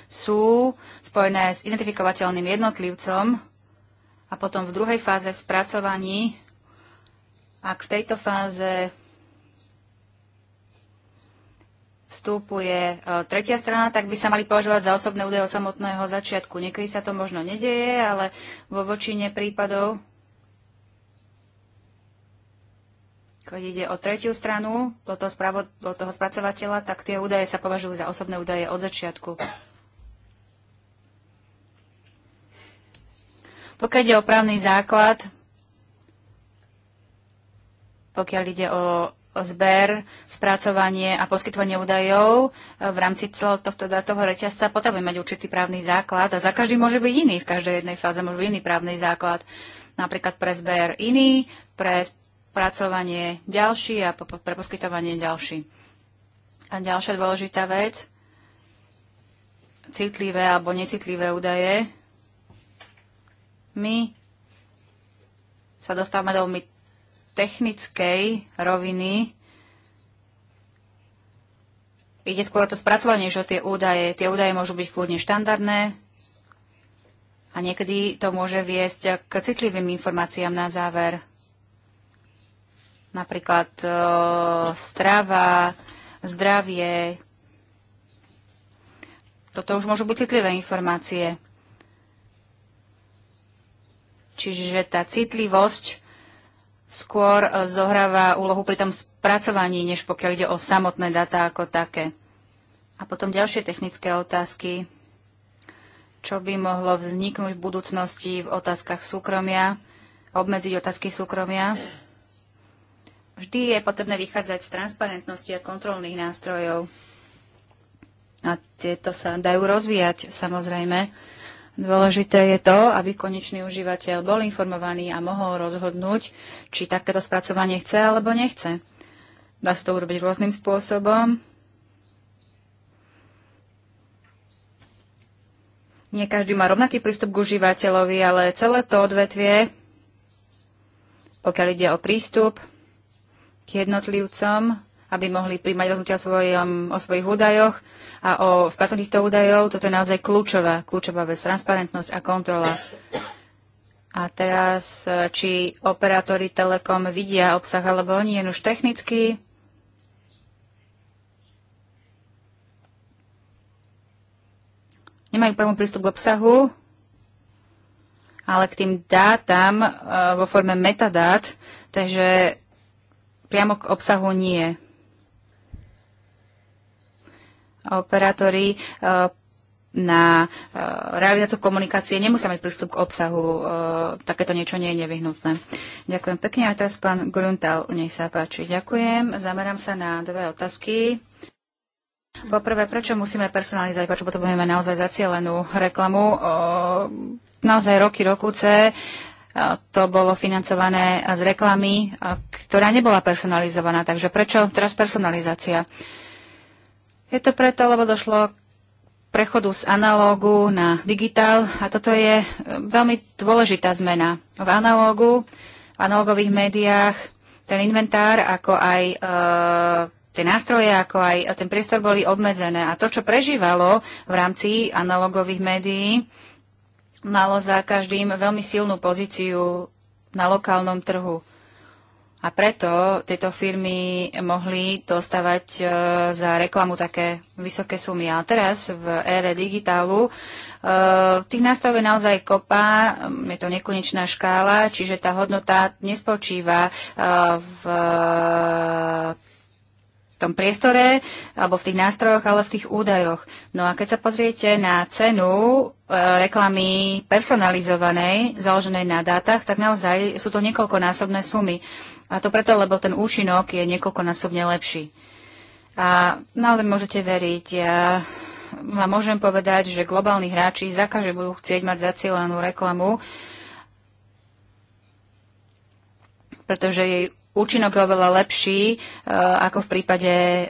sú spojené s identifikovateľným jednotlivcom a potom v druhej fáze v spracovaní, ak v tejto fáze vstupuje e, tretia strana, tak by sa mali považovať za osobné údaje od samotného začiatku. Niekedy sa to možno nedeje, ale vo vočine prípadov, keď ide o tretiu stranu, do toho, spravo, do toho spracovateľa, tak tie údaje sa považujú za osobné údaje od začiatku. Pokiaľ ide o právny základ, pokiaľ ide o zber, spracovanie a poskytovanie údajov e, v rámci celého tohto dátového reťazca potrebujeme mať určitý právny základ a za každý môže byť iný. V každej jednej fáze môže byť iný právny základ. Napríklad pre zber iný, pre spracovanie ďalší a pre poskytovanie ďalší. A ďalšia dôležitá vec, citlivé alebo necitlivé údaje, my sa dostávame do technickej roviny ide skôr o to spracovanie, že tie údaje, tie údaje môžu byť kľudne štandardné a niekedy to môže viesť k citlivým informáciám na záver. Napríklad e, strava, zdravie. Toto už môžu byť citlivé informácie. Čiže tá citlivosť skôr e, zohráva úlohu pri tom spracovaní, než pokiaľ ide o samotné dáta ako také. A potom ďalšie technické otázky. Čo by mohlo vzniknúť v budúcnosti v otázkach súkromia, obmedziť otázky súkromia? Vždy je potrebné vychádzať z transparentnosti a kontrolných nástrojov. A tieto sa dajú rozvíjať, samozrejme. Dôležité je to, aby konečný užívateľ bol informovaný a mohol rozhodnúť, či takéto spracovanie chce alebo nechce. Dá sa to urobiť rôznym spôsobom. Nie každý má rovnaký prístup k užívateľovi, ale celé to odvetvie, pokiaľ ide o prístup k jednotlivcom, aby mohli príjmať rozhodnutia o, svojom, o svojich údajoch a o spracovaní týchto údajov. Toto je naozaj kľúčová, kľúčová vec, transparentnosť a kontrola. A teraz, e, či operátori Telekom vidia obsah alebo oni je no už technicky nemajú prvom prístup k obsahu, ale k tým dátam e, vo forme metadát, takže priamo k obsahu nie operátori e, na e, realizáciu komunikácie nemusia mať prístup k obsahu. E, takéto niečo nie je nevyhnutné. Ďakujem pekne. A teraz pán Gruntal, nech sa páči. Ďakujem. Zamerám sa na dve otázky. Poprvé, prečo musíme personalizovať, prečo potrebujeme naozaj zacielenú reklamu? Naozaj roky, rokuce to bolo financované z reklamy, ktorá nebola personalizovaná. Takže prečo teraz personalizácia? Je to preto, lebo došlo k prechodu z analógu na digitál a toto je e, veľmi dôležitá zmena. V analógu, v analógových médiách ten inventár, ako aj e, tie nástroje, ako aj ten priestor boli obmedzené. A to, čo prežívalo v rámci analógových médií, malo za každým veľmi silnú pozíciu na lokálnom trhu. A preto tieto firmy mohli dostávať e, za reklamu také vysoké sumy. A teraz v ére digitálu e, tých nástrojov je naozaj kopa, je to nekonečná škála, čiže tá hodnota nespočíva e, v v tom priestore alebo v tých nástrojoch, ale v tých údajoch. No a keď sa pozriete na cenu e, reklamy personalizovanej, založenej na dátach, tak naozaj sú to niekoľkonásobné sumy. A to preto, lebo ten účinok je niekoľkonásobne lepší. A naozaj môžete veriť, ja vám môžem povedať, že globálni hráči za každé budú chcieť mať zacielanú reklamu, pretože jej účinok je oveľa lepší e, ako v prípade e,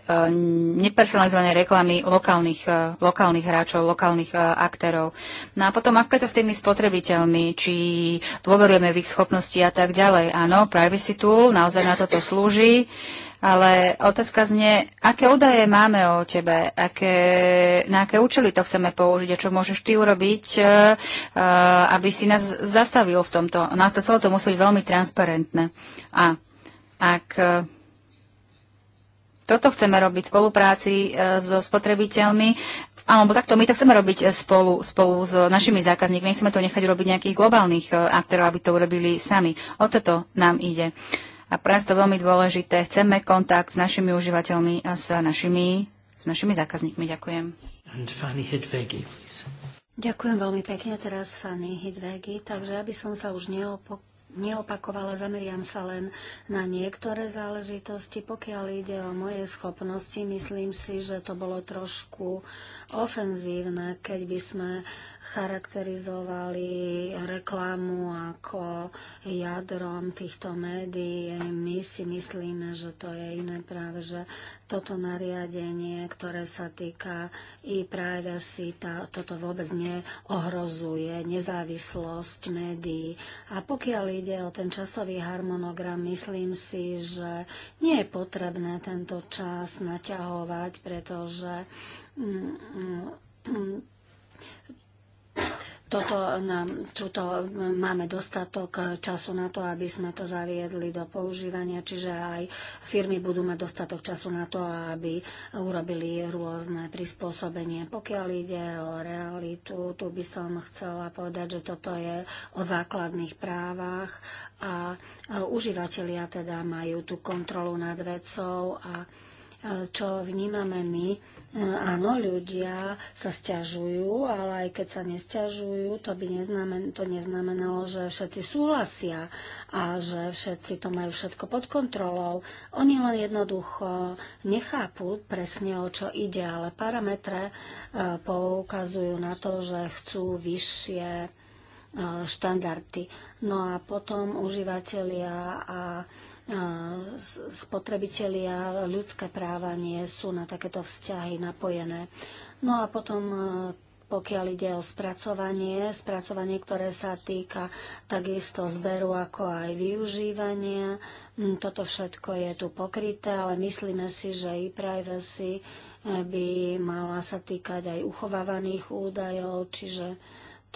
nepersonalizovanej reklamy lokálnych, e, lokálnych hráčov, lokálnych aktérov. No a potom ako to s tými spotrebiteľmi, či dôverujeme v ich schopnosti a tak ďalej. Áno, privacy tool naozaj na toto slúži. Ale otázka znie, aké údaje máme o tebe, aké, na aké účely to chceme použiť a čo môžeš ty urobiť, aby si nás zastavil v tomto. Nás to celé to musí byť veľmi transparentné. A ak e, toto chceme robiť v spolupráci e, so spotrebiteľmi, alebo takto my to chceme robiť spolu, spolu s našimi zákazníkmi. Nechceme to nechať robiť nejakých globálnych e, aktorov, aby to urobili sami. O toto nám ide. A pre nás to veľmi dôležité. Chceme kontakt s našimi užívateľmi a s našimi, s našimi zákazníkmi. Ďakujem. And Fanny Hedvegi, Ďakujem veľmi pekne teraz Fanny Hidvegi, takže aby som sa už neopok neopakovala, zameriam sa len na niektoré záležitosti. Pokiaľ ide o moje schopnosti, myslím si, že to bolo trošku ofenzívne, keď by sme charakterizovali reklamu ako jadrom týchto médií. My si myslíme, že to je iné práve, že toto nariadenie, ktoré sa týka i privacy, tá, toto vôbec neohrozuje nezávislosť médií. A pokiaľ ide o ten časový harmonogram, myslím si, že nie je potrebné tento čas naťahovať, pretože mm, mm, toto nám, tuto máme dostatok času na to, aby sme to zaviedli do používania, čiže aj firmy budú mať dostatok času na to, aby urobili rôzne prispôsobenie. Pokiaľ ide o realitu, tu by som chcela povedať, že toto je o základných právach a užívateľia teda majú tú kontrolu nad vecou a čo vnímame my, Áno, ľudia sa stiažujú, ale aj keď sa nestiažujú, to by neznamen, to neznamenalo, že všetci súhlasia a že všetci to majú všetko pod kontrolou. Oni len jednoducho nechápu presne, o čo ide, ale parametre e, poukazujú na to, že chcú vyššie e, štandardy. No a potom užívateľia a spotrebitelia, ľudské práva nie sú na takéto vzťahy napojené. No a potom e, pokiaľ ide o spracovanie, spracovanie, ktoré sa týka takisto zberu ako aj využívania. Toto všetko je tu pokryté, ale myslíme si, že e-privacy e, by mala sa týkať aj uchovávaných údajov, čiže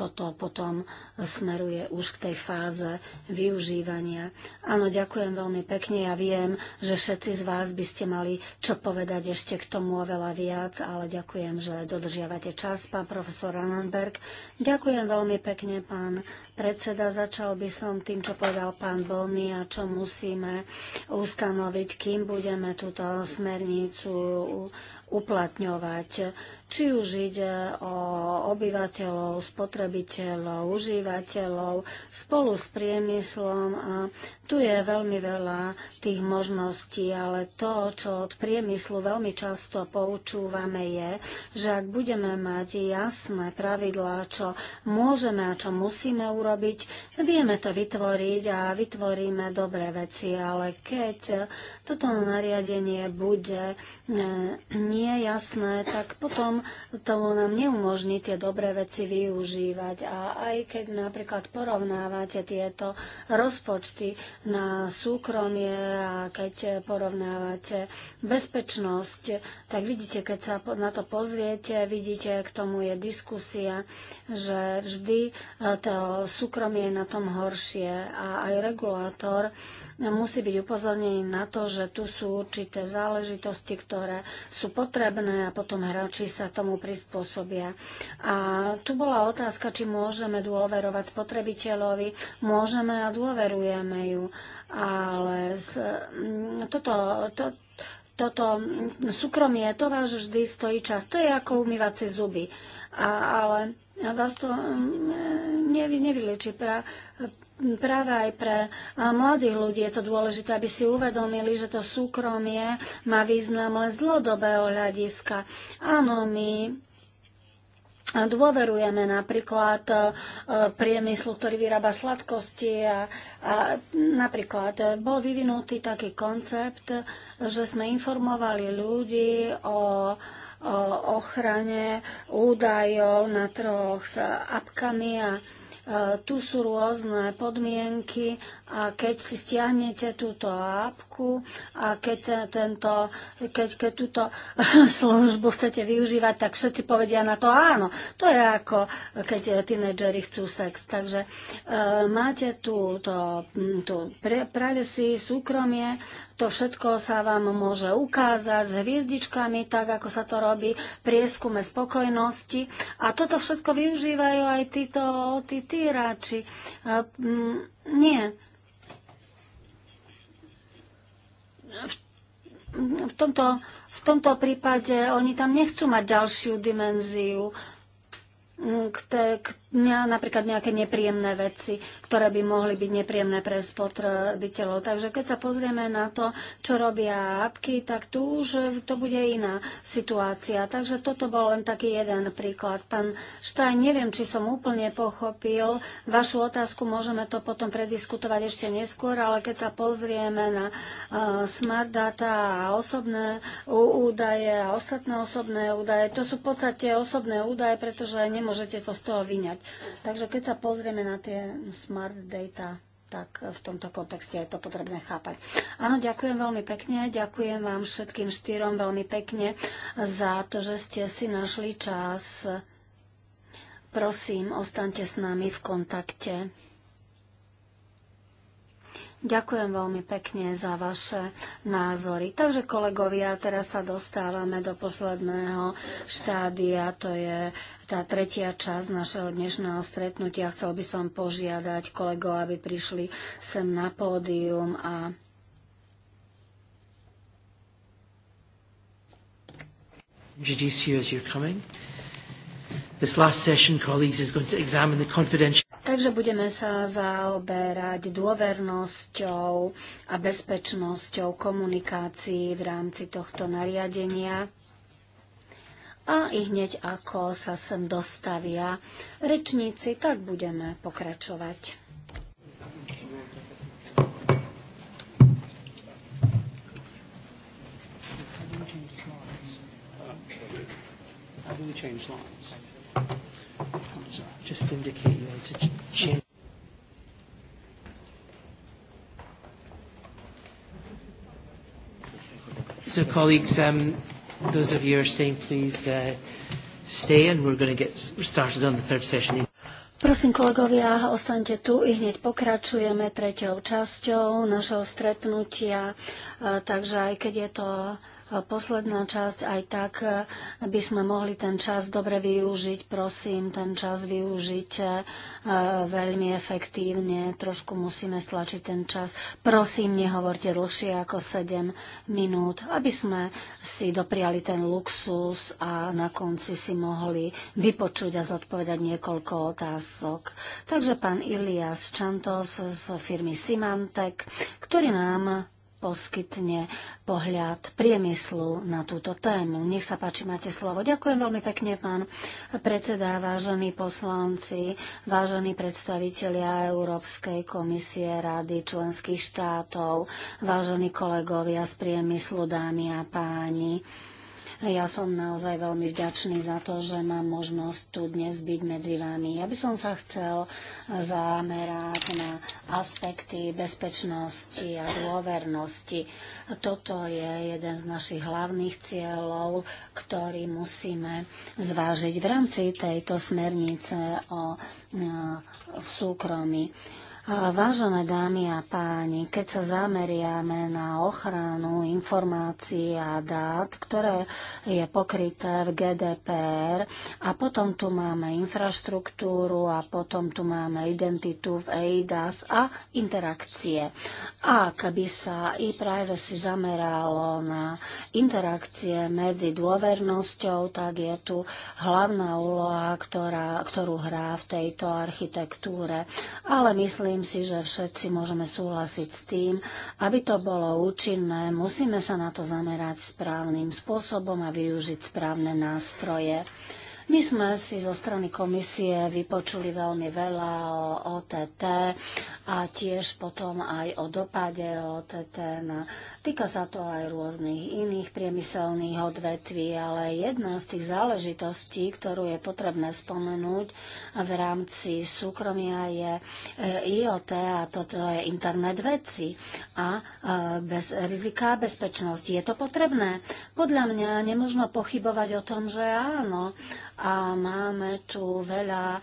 toto potom smeruje už k tej fáze využívania. Áno, ďakujem veľmi pekne. Ja viem, že všetci z vás by ste mali čo povedať ešte k tomu oveľa viac, ale ďakujem, že dodržiavate čas, pán profesor Annenberg. Ďakujem veľmi pekne, pán predseda. Začal by som tým, čo povedal pán Bolný a čo musíme ustanoviť, kým budeme túto smernicu uplatňovať či už ide o obyvateľov, spotrebiteľov, užívateľov, spolu s priemyslom. A tu je veľmi veľa tých možností, ale to, čo od priemyslu veľmi často poučúvame, je, že ak budeme mať jasné pravidlá, čo môžeme a čo musíme urobiť, vieme to vytvoriť a vytvoríme dobré veci. Ale keď toto nariadenie bude eh, nejasné, tak potom to nám neumožní tie dobré veci využívať. A aj keď napríklad porovnávate tieto rozpočty na súkromie a keď porovnávate bezpečnosť, tak vidíte, keď sa na to pozriete, vidíte, k tomu je diskusia, že vždy e, to súkromie je na tom horšie a aj regulátor musí byť upozornený na to, že tu sú určité záležitosti, ktoré sú potrebné a potom hráči sa tomu prispôsobia. A tu bola otázka, či môžeme dôverovať spotrebiteľovi. Môžeme a dôverujeme ju, ale z, mm, toto, to, toto súkromie, to vás vždy stojí čas. To je ako umývať si zuby. A, ale vás to mm, nevy, nevyleči práve aj pre mladých ľudí je to dôležité, aby si uvedomili, že to súkromie má význam len z dlhodobého hľadiska. Áno, my dôverujeme napríklad e, priemyslu, ktorý vyrába sladkosti a, a napríklad bol vyvinutý taký koncept, že sme informovali ľudí o o ochrane údajov na troch s apkami a E, tu sú rôzne podmienky a keď si stiahnete túto apku a keď, tento, keď, keď túto [LAUGHS] službu chcete využívať, tak všetci povedia na to áno. To je ako keď tínedžeri chcú sex. Takže e, máte tu to, to privacy, súkromie, to všetko sa vám môže ukázať s hviezdičkami, tak ako sa to robí prieskume spokojnosti. A toto všetko využívajú aj títo tí týrači. E, nie. V, v tomto v tomto prípade oni tam nechcú mať ďalšiu dimenziu, k, te, k napríklad nejaké nepríjemné veci, ktoré by mohli byť nepríjemné pre spotrebiteľov. Takže keď sa pozrieme na to, čo robia apky, tak tu už to bude iná situácia. Takže toto bol len taký jeden príklad. Pán Štaj, neviem, či som úplne pochopil vašu otázku, môžeme to potom prediskutovať ešte neskôr, ale keď sa pozrieme na uh, smart data a osobné údaje a ostatné osobné údaje, to sú v podstate osobné údaje, pretože nemôžete to z toho vyňať. Takže keď sa pozrieme na tie smart data, tak v tomto kontexte je to potrebné chápať. Áno, ďakujem veľmi pekne, ďakujem vám všetkým štyrom veľmi pekne za to, že ste si našli čas. Prosím, ostaňte s nami v kontakte. Ďakujem veľmi pekne za vaše názory. Takže kolegovia, teraz sa dostávame do posledného štádia, to je tá tretia časť našeho dnešného stretnutia. Chcel by som požiadať kolegov, aby prišli sem na pódium a Takže budeme sa zaoberať dôvernosťou a bezpečnosťou komunikácií v rámci tohto nariadenia a i hneď ako sa sem dostavia rečníci, tak budeme pokračovať. So colleagues, um, Those of you who are staying, please uh, stay and we're going to get started on the third session. Prosím kolegovia, ostaňte tu i hneď pokračujeme tretiou časťou našeho stretnutia, takže aj keď je to posledná časť, aj tak e, by sme mohli ten čas dobre využiť. Prosím, ten čas využiť e, veľmi efektívne. Trošku musíme stlačiť ten čas. Prosím, nehovorte dlhšie ako 7 minút, aby sme si dopriali ten luxus a na konci si mohli vypočuť a zodpovedať niekoľko otázok. Takže pán Ilias Čantos z firmy Symantec, ktorý nám poskytne pohľad priemyslu na túto tému. Nech sa páči, máte slovo. Ďakujem veľmi pekne, pán predseda, vážení poslanci, vážení predstavitelia Európskej komisie, rady členských štátov, vážení kolegovia z priemyslu, dámy a páni. Ja som naozaj veľmi vďačný za to, že mám možnosť tu dnes byť medzi vami. Ja by som sa chcel zamerať na aspekty bezpečnosti a dôvernosti. Toto je jeden z našich hlavných cieľov, ktorý musíme zvážiť v rámci tejto smernice o e, súkromí. Vážené dámy a páni, keď sa zameriame na ochranu informácií a dát, ktoré je pokryté v GDPR, a potom tu máme infraštruktúru a potom tu máme identitu v EIDAS a interakcie. Ak by sa e-privacy zameralo na interakcie medzi dôvernosťou, tak je tu hlavná úloha, ktorá, ktorú hrá v tejto architektúre. Ale myslím, Myslím si, že všetci môžeme súhlasiť s tým, aby to bolo účinné, musíme sa na to zamerať správnym spôsobom a využiť správne nástroje. My sme si zo strany komisie vypočuli veľmi veľa o OTT a tiež potom aj o dopade OTT. Na, týka sa to aj rôznych iných priemyselných odvetví, ale jedna z tých záležitostí, ktorú je potrebné spomenúť v rámci súkromia je e, IoT a toto je internet veci a e, bez rizika bezpečnosti. Je to potrebné? Podľa mňa nemožno pochybovať o tom, že áno a máme tu veľa e,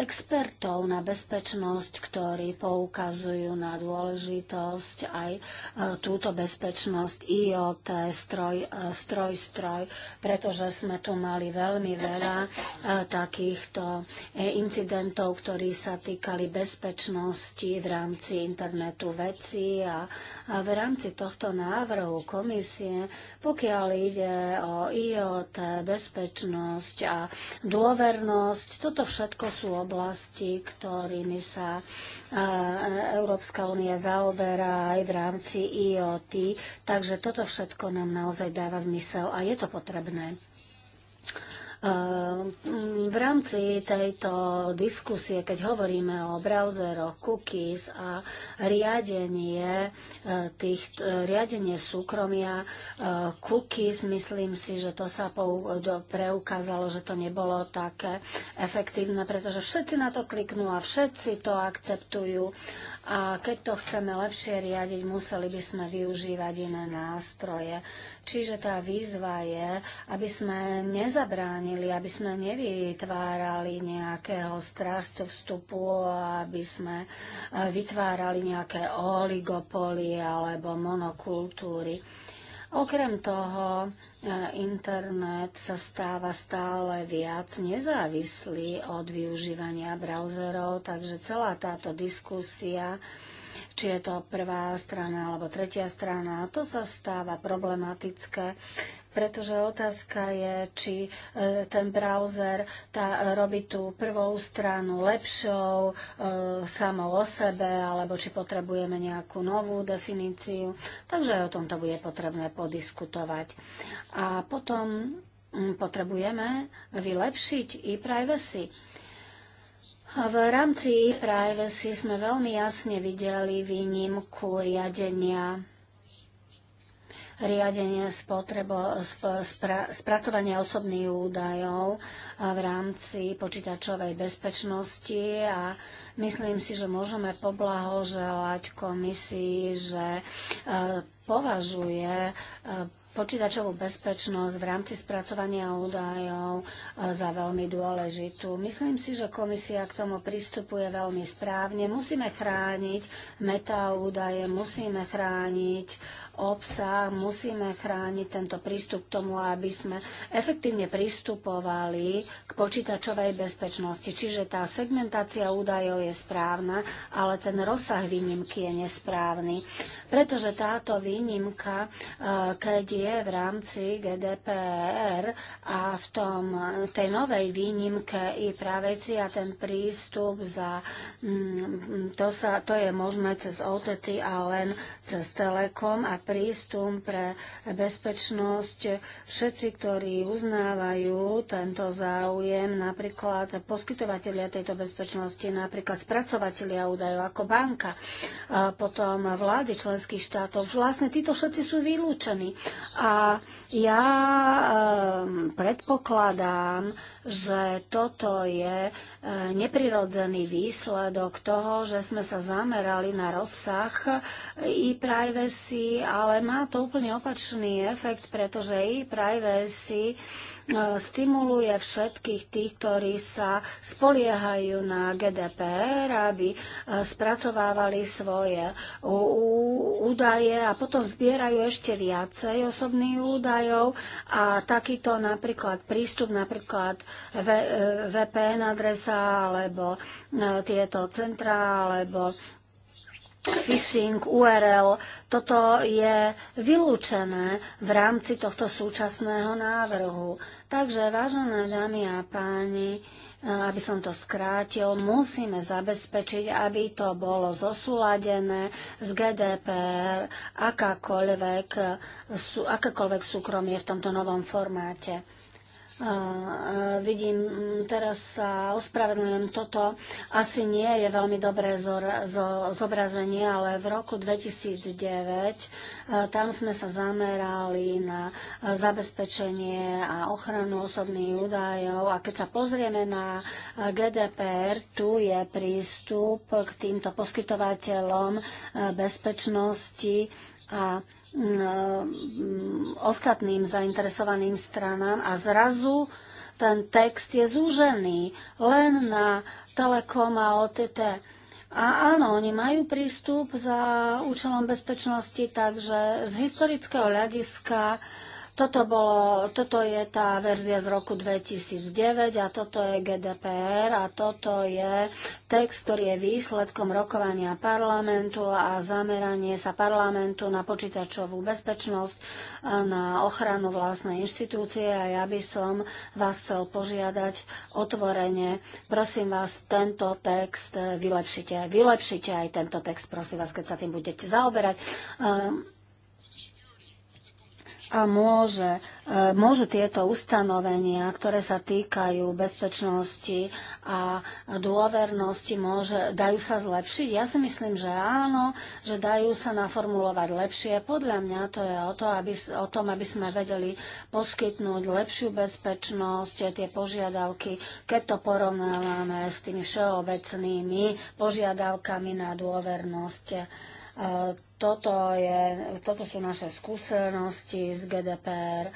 expertov na bezpečnosť, ktorí poukazujú na dôležitosť aj e, túto bezpečnosť IoT, stroj, e, stroj, stroj, pretože sme tu mali veľmi veľa takýchto incidentov, ktorí sa týkali bezpečnosti v rámci internetu vecí a v rámci tohto návrhu komisie, pokiaľ ide o IoT, bezpečnosť a dôvernosť. Toto všetko sú oblasti, ktorými sa Európska únia zaoberá aj v rámci IoT. Takže toto všetko nám naozaj dáva zmysel a je to potrebné. Ehm, v rámci tejto diskusie, keď hovoríme o browseroch, cookies a riadenie, eh, tých, eh, riadenie súkromia, eh, cookies, myslím si, že to sa preukázalo, že to nebolo také efektívne, pretože všetci na to kliknú a všetci to akceptujú. A keď to chceme lepšie riadiť, museli by sme využívať iné nástroje. Čiže tá výzva je, aby sme nezabránili, aby sme nevytvárali nejakého strážcu vstupu, aby sme e, vytvárali nejaké oligopoly alebo monokultúry. Okrem toho, internet sa stáva stále viac nezávislý od využívania browserov, takže celá táto diskusia či je to prvá strana alebo tretia strana, to sa stáva problematické pretože otázka je, či e, ten browser tá, e, robí tú prvou stranu lepšou e, samo o sebe, alebo či potrebujeme nejakú novú definíciu. Takže aj o tomto bude potrebné podiskutovať. A potom mm, potrebujeme vylepšiť e-privacy. V rámci e-privacy sme veľmi jasne videli výnimku riadenia riadenie spotrebo, spra, spracovania osobných údajov v rámci počítačovej bezpečnosti a myslím si, že môžeme poblahoželať komisii, že e, považuje e, počítačovú bezpečnosť v rámci spracovania údajov e, za veľmi dôležitú. Myslím si, že komisia k tomu pristupuje veľmi správne. Musíme chrániť metaúdaje, musíme chrániť obsah, musíme chrániť tento prístup k tomu, aby sme efektívne pristupovali k počítačovej bezpečnosti. Čiže tá segmentácia údajov je správna, ale ten rozsah výnimky je nesprávny. Pretože táto výnimka, e, keď je v rámci GDPR a v tom, tej novej výnimke i práveci a ten prístup za, mm, to, sa, to je možné cez OTT a len cez Telekom a prístup pre bezpečnosť. Všetci, ktorí uznávajú tento záujem, napríklad poskytovateľia tejto bezpečnosti, napríklad spracovatelia údajov ako banka, potom vlády členských štátov, vlastne títo všetci sú vylúčení. A ja ehm, predpokladám, že toto je e, neprirodzený výsledok toho, že sme sa zamerali na rozsah e, e-privacy, ale má to úplne opačný efekt, pretože e-privacy E, stimuluje všetkých tých, ktorí sa spoliehajú na GDPR, aby e, spracovávali svoje údaje a potom zbierajú ešte viacej osobných údajov a takýto napríklad prístup, napríklad VPN e, adresa alebo tieto centrá alebo phishing, URL, toto je vylúčené v rámci tohto súčasného návrhu. Takže, vážené dámy a páni, eh, aby som to skrátil, musíme zabezpečiť, aby to bolo zosúladené z GDPR, akákoľvek, eh, akékoľvek súkromie v tomto novom formáte vidím, mm, teraz sa ospravedlňujem, toto asi nie je veľmi dobré zo, zobrazenie, ale v roku 2009 tam sme sa zamerali na zabezpečenie a ochranu osobných údajov a keď sa pozrieme na GDPR, tu je prístup k týmto poskytovateľom bezpečnosti a No, mm, ostatným zainteresovaným stranám a zrazu ten text je zúžený len na Telekom a OTT. A áno, oni majú prístup za účelom bezpečnosti, takže z historického hľadiska toto, bolo, toto je tá verzia z roku 2009 a toto je GDPR a toto je text, ktorý je výsledkom rokovania parlamentu a zameranie sa parlamentu na počítačovú bezpečnosť, a na ochranu vlastnej inštitúcie a ja by som vás chcel požiadať otvorene, prosím vás, tento text vylepšite. Vylepšite aj tento text, prosím vás, keď sa tým budete zaoberať. Um, a môže, e, môžu tieto ustanovenia, ktoré sa týkajú bezpečnosti a dôvernosti, môže, dajú sa zlepšiť? Ja si myslím, že áno, že dajú sa naformulovať lepšie. Podľa mňa to je o, to, aby, o tom, aby sme vedeli poskytnúť lepšiu bezpečnosť, e, tie požiadavky, keď to porovnávame s tými všeobecnými požiadavkami na dôvernosť toto, je, toto sú naše skúsenosti z GDPR e,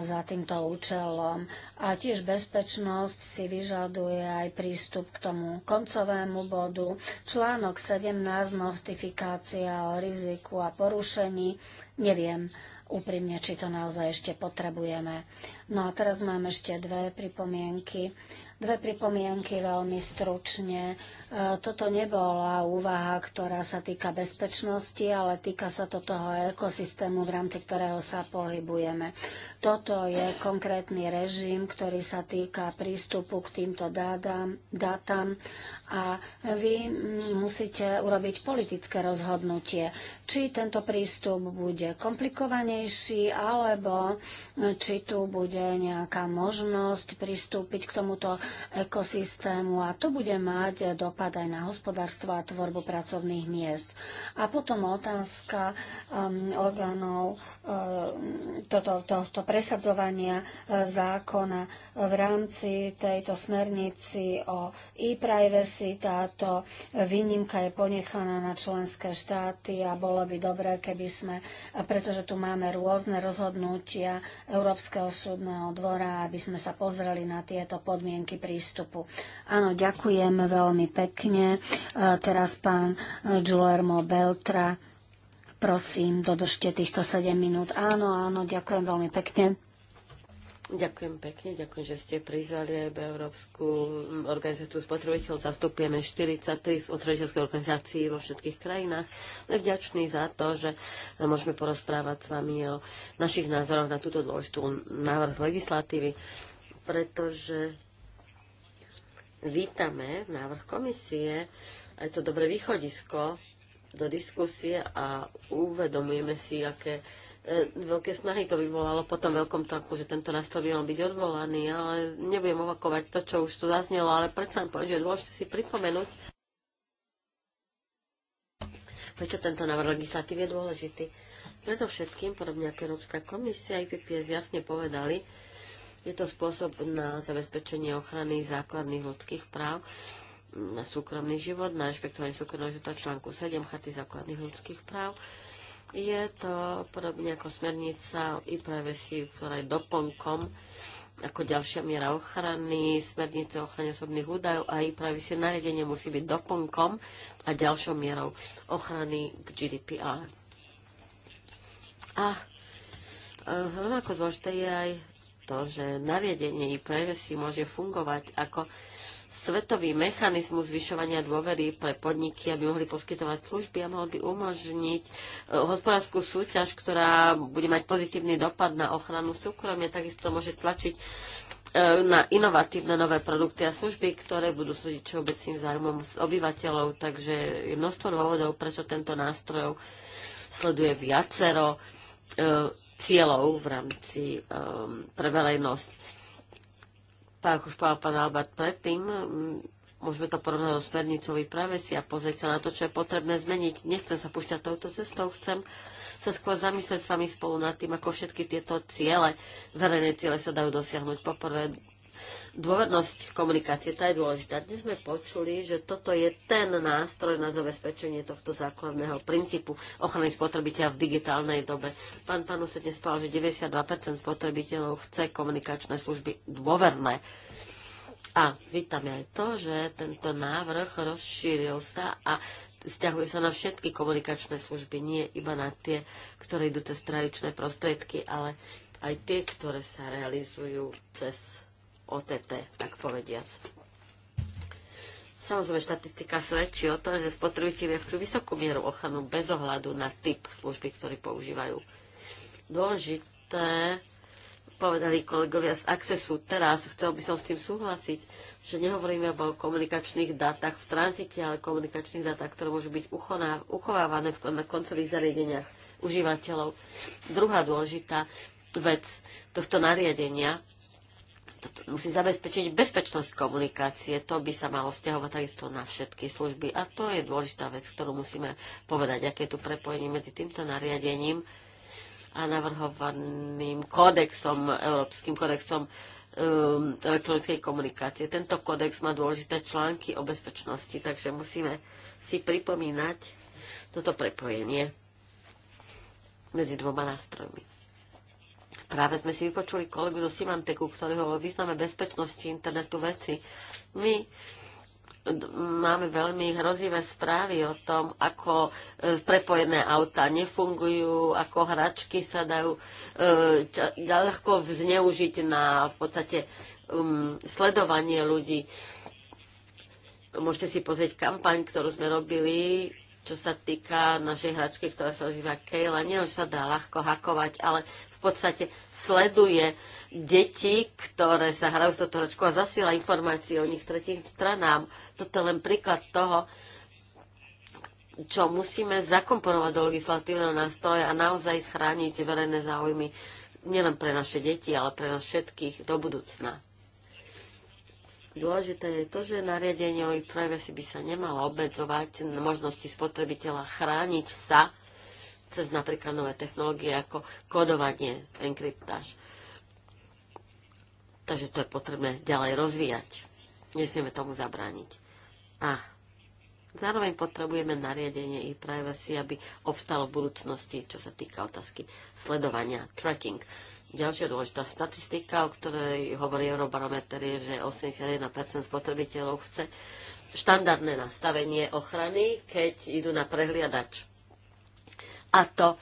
za týmto účelom. A tiež bezpečnosť si vyžaduje aj prístup k tomu koncovému bodu. Článok 17, notifikácia o riziku a porušení. Neviem úprimne, či to naozaj ešte potrebujeme. No a teraz mám ešte dve pripomienky. Dve pripomienky veľmi stručne. E, toto nebola úvaha, ktorá sa týka bezpečnosti, ale týka sa to toho ekosystému, v rámci ktorého sa pohybujeme. Toto je konkrétny režim, ktorý sa týka prístupu k týmto dádam, dátam a vy musíte urobiť politické rozhodnutie, či tento prístup bude komplikovanejší, alebo či tu bude nejaká možnosť pristúpiť k tomuto ekosystému a to bude mať do dopad aj na hospodárstvo a tvorbu pracovných miest. A potom otázka um, orgánov um, to, to presadzovania uh, zákona v rámci tejto smernici o e-privacy. Táto výnimka je ponechaná na členské štáty a bolo by dobré, keby sme, pretože tu máme rôzne rozhodnutia Európskeho súdneho dvora, aby sme sa pozreli na tieto podmienky prístupu. Áno, ďakujem veľmi pekne pekne. E, teraz pán Giulermo Beltra. Prosím, dodržte týchto 7 minút. Áno, áno, ďakujem veľmi pekne. Ďakujem pekne, ďakujem, že ste prizvali aj Európsku organizáciu spotrebiteľov. Zastupujeme 43 spotrebiteľských organizácií vo všetkých krajinách. Sme vďační za to, že môžeme porozprávať s vami o našich názoroch na túto dôležitú návrh legislatívy, pretože vítame návrh komisie a je to dobré východisko do diskusie a uvedomujeme si, aké e, veľké snahy to vyvolalo po tom veľkom tlaku, že tento nástroj by mal byť odvolaný, ale nebudem opakovať to, čo už tu zaznelo, ale predsa len poviem, že je dôležité si pripomenúť, prečo tento návrh legislatívy je dôležitý. Preto všetkým, podobne ako Európska komisia, IPPS jasne povedali, je to spôsob na zabezpečenie ochrany základných ľudských práv na súkromný život, na rešpektovanie súkromného života článku 7 Charty základných ľudských práv. Je to podobne ako smernica o e-privacy, ktorá je doplnkom ako ďalšia miera ochrany, smernice o ochrane osobných údajov a i privacy si nariadenie musí byť doplnkom a ďalšou mierou ochrany k GDPR. A rovnako dôležité je aj to, že nariadenie i prevesy môže fungovať ako svetový mechanizmus zvyšovania dôvery pre podniky, aby mohli poskytovať služby a mohol by umožniť e, hospodárskú súťaž, ktorá bude mať pozitívny dopad na ochranu súkromia, takisto môže tlačiť e, na inovatívne nové produkty a služby, ktoré budú súdiť všeobecným záujmom obyvateľov. Takže je množstvo dôvodov, prečo tento nástroj sleduje viacero e, cieľov v rámci um, pre verejnosť. Tak ako už povedal pán Albert predtým, mm, môžeme to porovnať so smernicou vypravesi a pozrieť sa na to, čo je potrebné zmeniť. Nechcem sa púšťať touto cestou, chcem sa skôr zamyslieť s vami spolu nad tým, ako všetky tieto ciele, verejné ciele sa dajú dosiahnuť. Poprvé, Dôvernosť komunikácie, tá je dôležitá. Dnes sme počuli, že toto je ten nástroj na zabezpečenie tohto základného princípu ochrany spotrebiteľa v digitálnej dobe. Pán Panu sa dnes povedal, že 92% spotrebiteľov chce komunikačné služby dôverné. A vítame aj to, že tento návrh rozšíril sa a vzťahuje sa na všetky komunikačné služby, nie iba na tie, ktoré idú cez tradičné prostriedky, ale aj tie, ktoré sa realizujú cez OTT, tak povediac. Samozrejme, štatistika svedčí o tom, že spotrebitelia chcú vysokú mieru ochranu bez ohľadu na typ služby, ktorý používajú. Dôležité, povedali kolegovia z Accessu teraz, chcel by som s tým súhlasiť, že nehovoríme o komunikačných dátach v tranzite, ale komunikačných dátach, ktoré môžu byť uchovávané na koncových zariadeniach užívateľov. Druhá dôležitá vec tohto nariadenia musí zabezpečiť bezpečnosť komunikácie. To by sa malo vzťahovať takisto na všetky služby. A to je dôležitá vec, ktorú musíme povedať, aké je tu prepojenie medzi týmto nariadením a navrhovaným kódexom, Európskym kódexom um, elektronickej komunikácie. Tento kódex má dôležité články o bezpečnosti, takže musíme si pripomínať toto prepojenie medzi dvoma nástrojmi. Práve sme si vypočuli kolegu do Simanteku, ktorý hovoril o význame bezpečnosti internetu veci. My máme veľmi hrozivé správy o tom, ako e, prepojené auta nefungujú, ako hračky sa dajú e, ľahko zneužiť na v podstate um, sledovanie ľudí. Môžete si pozrieť kampaň, ktorú sme robili, čo sa týka našej hračky, ktorá sa ozýva Kejla. Nie, že sa dá ľahko hakovať, ale podstate sleduje deti, ktoré sa hrajú v toto hračku a zasiela informácie o nich tretím stranám. Toto je len príklad toho, čo musíme zakomponovať do legislatívneho nástroja a naozaj chrániť verejné záujmy nielen pre naše deti, ale pre nás všetkých do budúcna. Dôležité je to, že nariadenie o e-privacy by sa nemalo obmedzovať možnosti spotrebiteľa chrániť sa cez napríklad nové technológie ako kodovanie, enkryptáž. Takže to je potrebné ďalej rozvíjať. Nesmieme tomu zabrániť. A zároveň potrebujeme nariadenie i privacy, aby obstalo v budúcnosti, čo sa týka otázky sledovania, tracking. Ďalšia dôležitá štatistika, o ktorej hovorí Eurobarometer, je, že 81% spotrebiteľov chce štandardné nastavenie ochrany, keď idú na prehliadač a to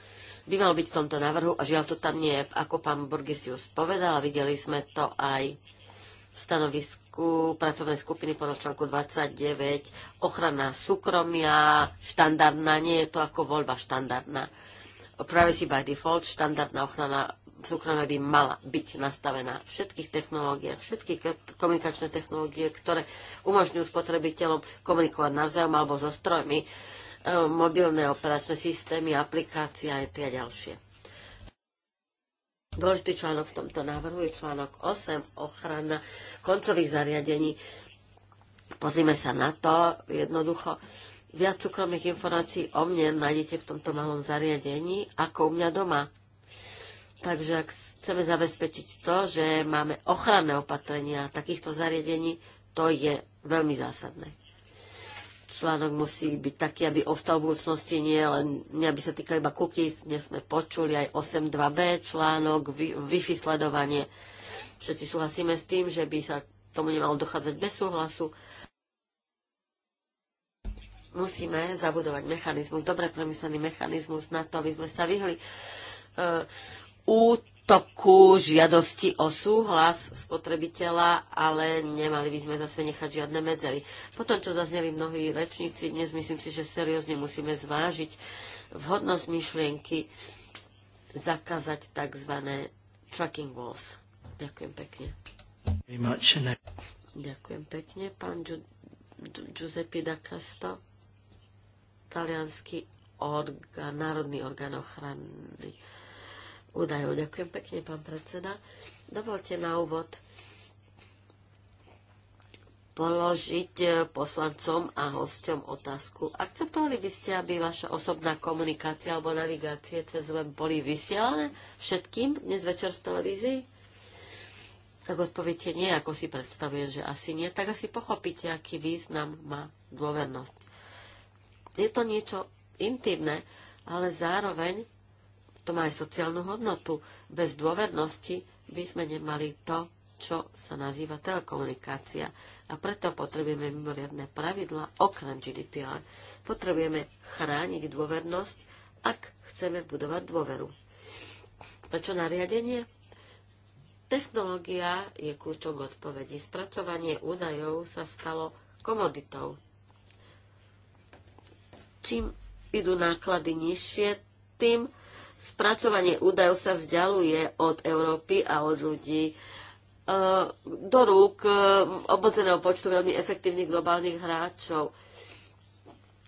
by malo byť v tomto návrhu a žiaľ to tam nie je, ako pán Borgesius povedal, videli sme to aj v stanovisku pracovnej skupiny podľa článku 29, ochrana súkromia, štandardná, nie je to ako voľba štandardná. Privacy by default, štandardná ochrana súkromia by mala byť nastavená v všetkých technológiách, všetky komunikačné technológie, ktoré umožňujú spotrebiteľom komunikovať navzájom alebo so strojmi, E, mobilné operačné systémy, aplikácie a tie ďalšie. Dôležitý článok v tomto návrhu je článok 8, ochrana koncových zariadení. Pozrime sa na to jednoducho. Viac súkromných informácií o mne nájdete v tomto malom zariadení ako u mňa doma. Takže ak chceme zabezpečiť to, že máme ochranné opatrenia takýchto zariadení, to je veľmi zásadné článok musí byť taký, aby ostal v budúcnosti nie len, aby sa týka iba cookies, dnes sme počuli aj 8.2b článok, Wi-Fi sledovanie. Všetci súhlasíme s tým, že by sa tomu nemalo dochádzať bez súhlasu. Musíme zabudovať mechanizmus, dobre premyslený mechanizmus na to, aby sme sa vyhli uh, toku žiadosti o súhlas spotrebiteľa, ale nemali by sme zase nechať žiadne medzery. Potom, čo zazneli mnohí rečníci, dnes myslím si, že seriózne musíme zvážiť vhodnosť myšlienky zakázať tzv. tracking walls. Ďakujem pekne. Ďakujem pekne, pán Giu- Gi Giuseppe da Casto, talianský orgán, národný orgán ochrany údajov. Ďakujem pekne, pán predseda. Dovolte na úvod položiť eh, poslancom a hosťom otázku. Akceptovali by ste, aby vaša osobná komunikácia alebo navigácie cez web boli vysielané všetkým dnes večer v televízii? Tak odpoviete nie, ako si predstavujem, že asi nie, tak asi pochopíte, aký význam má dôvernosť. Je to niečo intimné, ale zároveň to má aj sociálnu hodnotu. Bez dôvernosti by sme nemali to, čo sa nazýva telekomunikácia. A preto potrebujeme mimoriadne pravidla okrem GDPR. Potrebujeme chrániť dôvernosť, ak chceme budovať dôveru. Prečo nariadenie? Technológia je kľúčom odpovedí. Spracovanie údajov sa stalo komoditou. Čím idú náklady nižšie, tým Spracovanie údajov sa vzdialuje od Európy a od ľudí e, do rúk e, obmedzeného počtu veľmi efektívnych globálnych hráčov.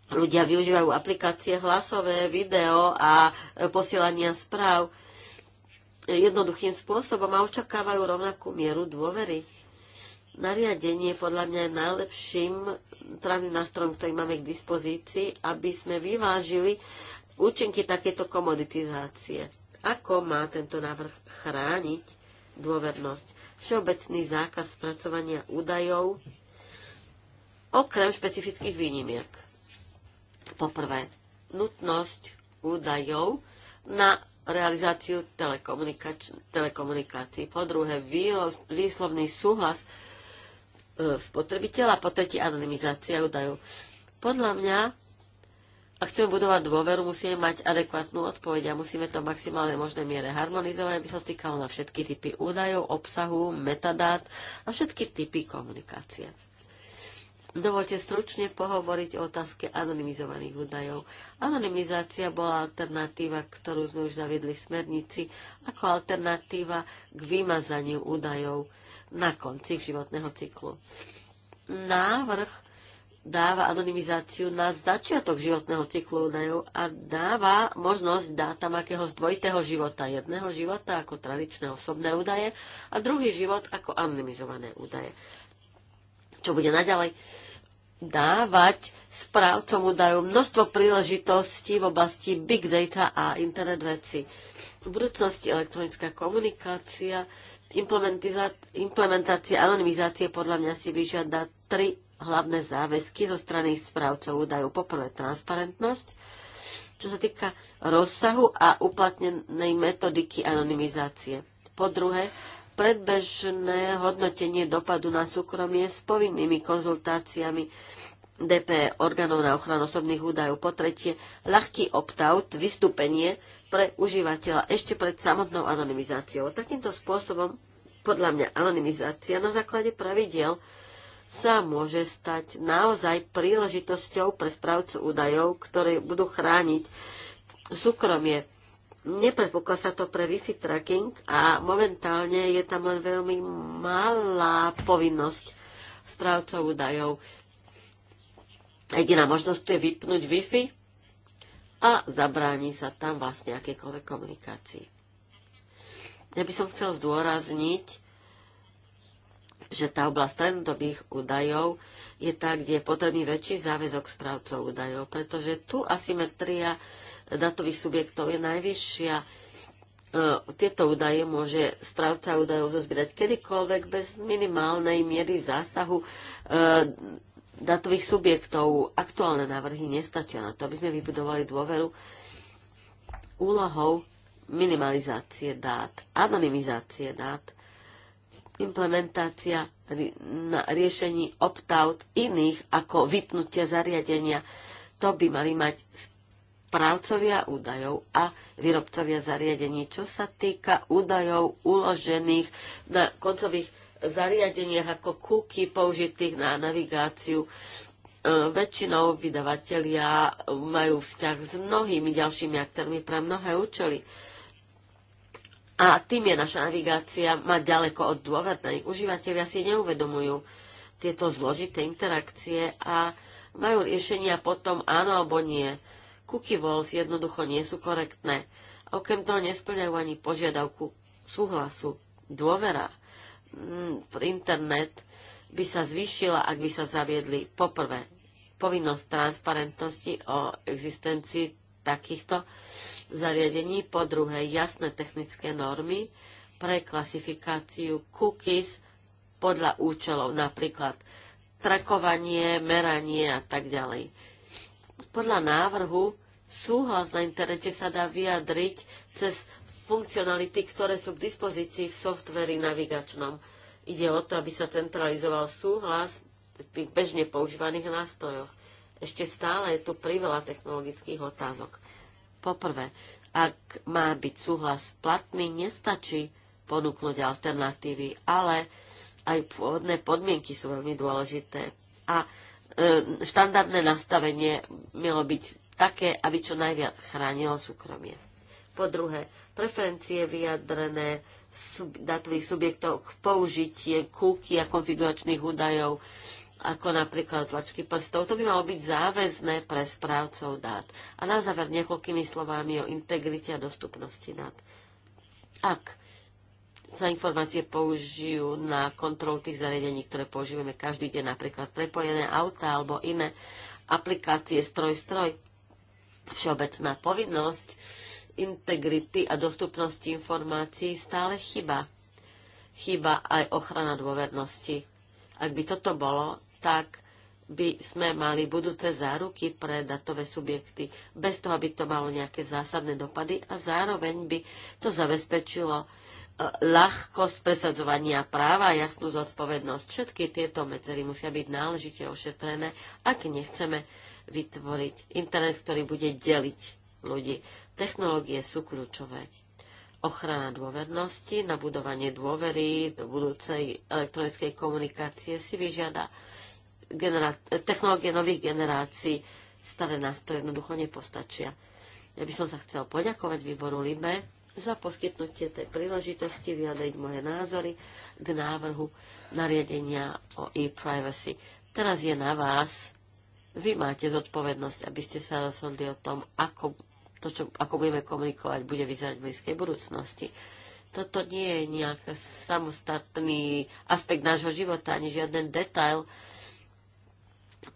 Ľudia využívajú aplikácie hlasové, video a e, posielania správ jednoduchým spôsobom a očakávajú rovnakú mieru dôvery. Nariadenie je podľa mňa najlepším právnym nástrojom, ktorý máme k dispozícii, aby sme vyvážili účinky takéto komoditizácie. Ako má tento návrh chrániť dôvernosť? Všeobecný zákaz spracovania údajov okrem špecifických výnimiek. Poprvé, nutnosť údajov na realizáciu telekomunikácií. Po druhé, výslovný súhlas e, spotrebiteľa. Po tretie, anonymizácia údajov. Podľa mňa ak chceme budovať dôveru, musíme mať adekvátnu odpoveď a musíme to v maximálnej možnej miere harmonizovať, aby sa týkalo na všetky typy údajov, obsahu, metadát a všetky typy komunikácie. Dovolte stručne pohovoriť o otázke anonymizovaných údajov. Anonymizácia bola alternatíva, ktorú sme už zaviedli v smernici, ako alternatíva k vymazaniu údajov na konci životného cyklu. Návrh dáva anonymizáciu na začiatok životného cyklu údajov a dáva možnosť dátam akého dvojitého života. Jedného života ako tradičné osobné údaje a druhý život ako anonymizované údaje. Čo bude naďalej? dávať správcom údajov množstvo príležitostí v oblasti big data a internet veci. V budúcnosti elektronická komunikácia, implementácia anonymizácie podľa mňa si vyžiada tri hlavné záväzky zo strany správcov údajov. Poprvé transparentnosť, čo sa týka rozsahu a uplatnenej metodiky anonymizácie. Po druhé, predbežné hodnotenie dopadu na súkromie s povinnými konzultáciami DP orgánov na ochranu osobných údajov. Po tretie, ľahký opt-out, vystúpenie pre užívateľa ešte pred samotnou anonymizáciou. Takýmto spôsobom, podľa mňa, anonymizácia na základe pravidiel sa môže stať naozaj príležitosťou pre správcu údajov, ktoré budú chrániť súkromie. Nepredpokladá sa to pre Wi-Fi tracking a momentálne je tam len veľmi malá povinnosť správcov údajov. Jediná možnosť tu je vypnúť Wi-Fi a zabráni sa tam vlastne akékoľvek komunikácii. Ja by som chcel zdôrazniť, že tá oblasť trendových údajov je tá, kde je potrebný väčší záväzok správcov údajov, pretože tu asymetria datových subjektov je najvyššia. E, tieto údaje môže správca údajov zozbierať kedykoľvek bez minimálnej miery zásahu e, datových subjektov. Aktuálne návrhy nestačia na to, aby sme vybudovali dôveru úlohou minimalizácie dát, anonymizácie dát implementácia na riešení opt-out iných ako vypnutia zariadenia. To by mali mať správcovia údajov a výrobcovia zariadení. Čo sa týka údajov uložených na koncových zariadeniach ako kúky použitých na navigáciu, e, väčšinou vydavatelia majú vzťah s mnohými ďalšími aktérmi pre mnohé účely a tým je naša navigácia mať ďaleko od dôvernej. Užívateľia si neuvedomujú tieto zložité interakcie a majú riešenia potom áno alebo nie. Cookie walls jednoducho nie sú korektné. Okrem toho nesplňajú ani požiadavku súhlasu, dôvera. Mm, internet by sa zvýšila, ak by sa zaviedli poprvé povinnosť transparentnosti o existencii takýchto zariadení, po druhé jasné technické normy pre klasifikáciu cookies podľa účelov, napríklad trakovanie, meranie a tak ďalej. Podľa návrhu súhlas na internete sa dá vyjadriť cez funkcionality, ktoré sú k dispozícii v softveri navigačnom. Ide o to, aby sa centralizoval súhlas v tých bežne používaných nástrojoch. Ešte stále je tu priveľa technologických otázok. Poprvé, ak má byť súhlas platný, nestačí ponúknuť alternatívy, ale aj pôvodné podmienky sú veľmi dôležité. A e, štandardné nastavenie malo byť také, aby čo najviac chránilo súkromie. Po druhé, preferencie vyjadrené sub, datových subjektov k použitie kúky a konfiguračných údajov ako napríklad tlačky prstov. To by malo byť záväzné pre správcov dát. A na záver niekoľkými slovami o integrite a dostupnosti dát. Ak sa informácie použijú na kontrolu tých zariadení, ktoré používame každý deň, napríklad prepojené auta alebo iné aplikácie stroj-stroj. Všeobecná povinnosť integrity a dostupnosti informácií stále chyba. Chyba aj ochrana dôvernosti. Ak by toto bolo tak by sme mali budúce záruky pre datové subjekty, bez toho, aby to malo nejaké zásadné dopady a zároveň by to zabezpečilo e, ľahkosť presadzovania práva a jasnú zodpovednosť. Všetky tieto medzery musia byť náležite ošetrené, ak nechceme vytvoriť internet, ktorý bude deliť ľudí. Technológie sú kľúčové. Ochrana dôvernosti, nabudovanie dôvery do budúcej elektronickej komunikácie si vyžiada technológie nových generácií. Staré nástroje jednoducho nepostačia. Ja by som sa chcel poďakovať výboru LIBE za poskytnutie tej príležitosti vyjadriť moje názory k návrhu nariadenia o e-privacy. Teraz je na vás. Vy máte zodpovednosť, aby ste sa rozhodli o tom, ako to, čo, ako budeme komunikovať, bude vyzerať v blízkej budúcnosti. Toto nie je nejaký samostatný aspekt nášho života, ani žiaden detail,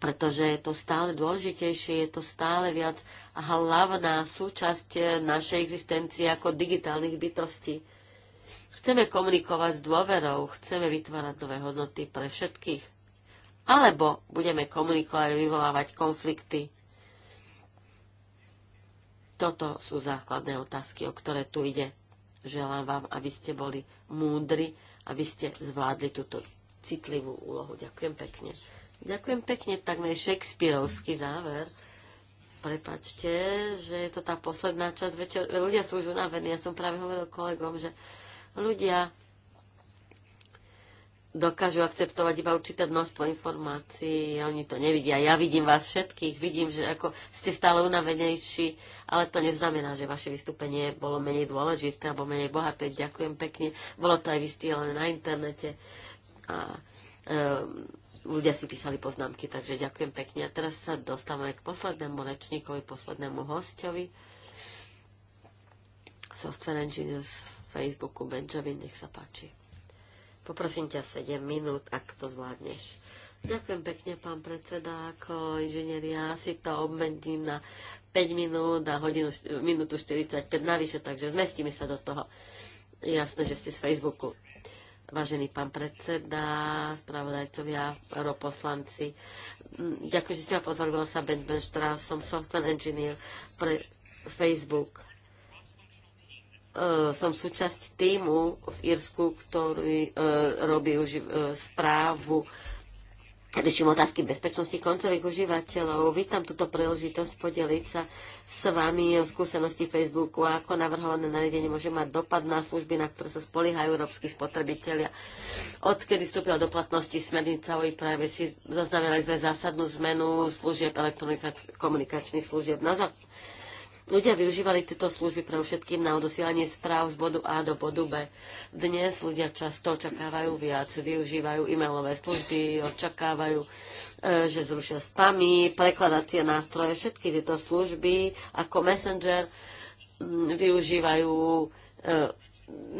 pretože je to stále dôležitejšie, je to stále viac hlavná súčasť našej existencie ako digitálnych bytostí. Chceme komunikovať s dôverou, chceme vytvárať nové hodnoty pre všetkých. Alebo budeme komunikovať a vyvolávať konflikty. Toto sú základné otázky, o ktoré tu ide. Želám vám, aby ste boli múdri, aby ste zvládli túto citlivú úlohu. Ďakujem pekne. Ďakujem pekne, takmer Shakespeareovský záver. Prepačte, že je to tá posledná časť večer. Ľudia sú už unavení. Ja som práve hovoril kolegom, že ľudia dokážu akceptovať iba určité množstvo informácií. Oni to nevidia. Ja vidím vás všetkých. Vidím, že ako ste stále unavenejší, ale to neznamená, že vaše vystúpenie bolo menej dôležité alebo menej bohaté. Ďakujem pekne. Bolo to aj vystielené na internete. A, um, ľudia si písali poznámky, takže ďakujem pekne. A teraz sa dostávame k poslednému rečníkovi, poslednému hostovi. Software Engineer z Facebooku Benjamin, nech sa páči. Poprosím ťa 7 minút, ak to zvládneš. Ďakujem pekne, pán predseda, ako inžinier, ja si to obmedím na 5 minút a hodinu, minútu 45 navyše, takže zmestíme sa do toho. Jasné, že ste z Facebooku. Vážený pán predseda, spravodajcovia, europoslanci, ďakujem, že ste ma pozvali, volám sa Ben Benštra, som software engineer pre Facebook. E, som súčasť týmu v Írsku, ktorý e, robí už e, správu riešim otázky bezpečnosti koncových užívateľov. Vítam túto príležitosť podeliť sa s vami o skúsenosti Facebooku a ako navrhované nariadenie môže mať dopad na služby, na ktoré sa spoliehajú európsky spotrebitelia. Odkedy vstúpila do platnosti smernica o e-privacy, zaznamenali sme zásadnú zmenu služieb komunikačných služieb. Na, Ľudia využívali tieto služby pre všetkým na odosielanie správ z bodu A do bodu B. Dnes ľudia často očakávajú viac, využívajú e-mailové služby, očakávajú, e, že zrušia spamy, prekladacie nástroje, všetky tieto služby ako Messenger mm, využívajú e,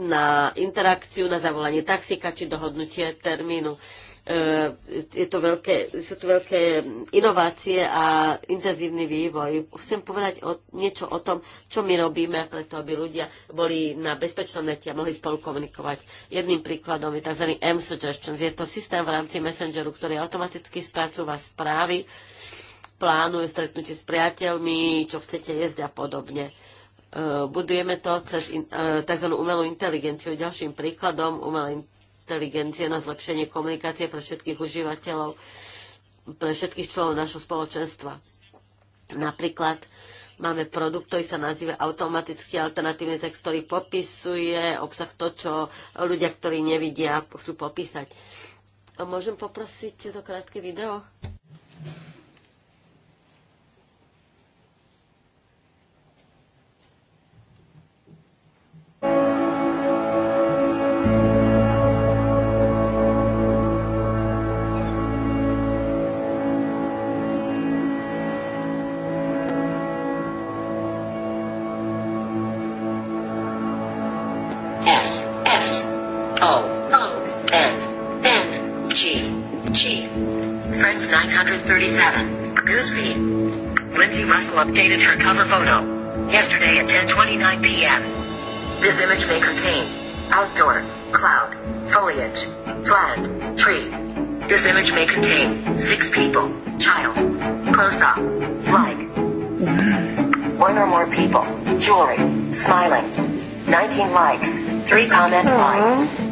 na interakciu, na zavolanie taxíka či dohodnutie termínu E, je to veľké, sú tu veľké inovácie a intenzívny vývoj. Chcem povedať o, niečo o tom, čo my robíme, preto aby ľudia boli na bezpečnom nete a mohli spolu komunikovať. Jedným príkladom je tzv. M-Suggestions. Je to systém v rámci Messengeru, ktorý automaticky spracúva správy, plánuje stretnutie s priateľmi, čo chcete jesť a podobne e, budujeme to cez e, tzv. umelú inteligenciu. Ďalším príkladom umelej inteligencie na zlepšenie komunikácie pre všetkých užívateľov, pre všetkých členov našho spoločenstva. Napríklad máme produkt, ktorý sa nazýva automatický alternatívny text, ktorý popisuje obsah to, čo ľudia, ktorí nevidia, chcú popísať. A môžem poprosiť to krátke video? 937. Newsfeed. Lindsay Russell updated her cover photo. Yesterday at 10.29 p.m. This image may contain outdoor, cloud, foliage, flat, tree. This image may contain six people, child, close up, like, one or more people, jewelry, smiling, 19 likes, three comments Aww. like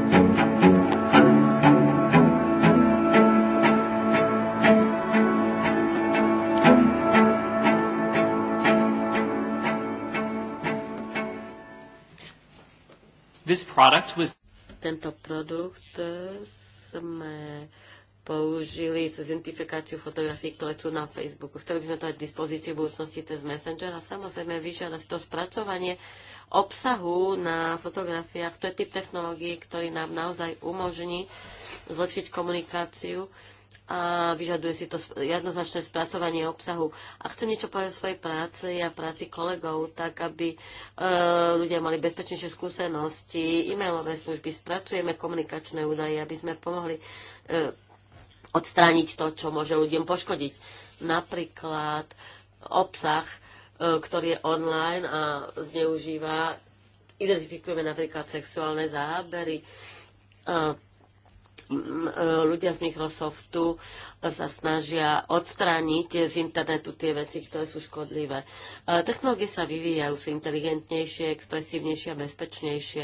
product was... Tento produkt sme použili cez identifikáciu fotografií, ktoré sú na Facebooku. Chceli by sme to v dispozícii v budúcnosti cez Messenger a samozrejme vyžiada si to spracovanie obsahu na fotografiách. To je typ technológií, ktorý nám naozaj umožní zlepšiť komunikáciu a vyžaduje si to jednoznačné spracovanie obsahu. A chcem niečo povedať o svojej práci a práci kolegov, tak aby e, ľudia mali bezpečnejšie skúsenosti, e-mailové služby, spracujeme komunikačné údaje, aby sme pomohli e, odstrániť to, čo môže ľuďom poškodiť. Napríklad obsah, e, ktorý je online a zneužíva, identifikujeme napríklad sexuálne zábery, e, E, ľudia z Microsoftu sa snažia odstrániť z internetu tie veci, ktoré sú škodlivé. E, technológie sa vyvíjajú, sú inteligentnejšie, expresívnejšie a bezpečnejšie.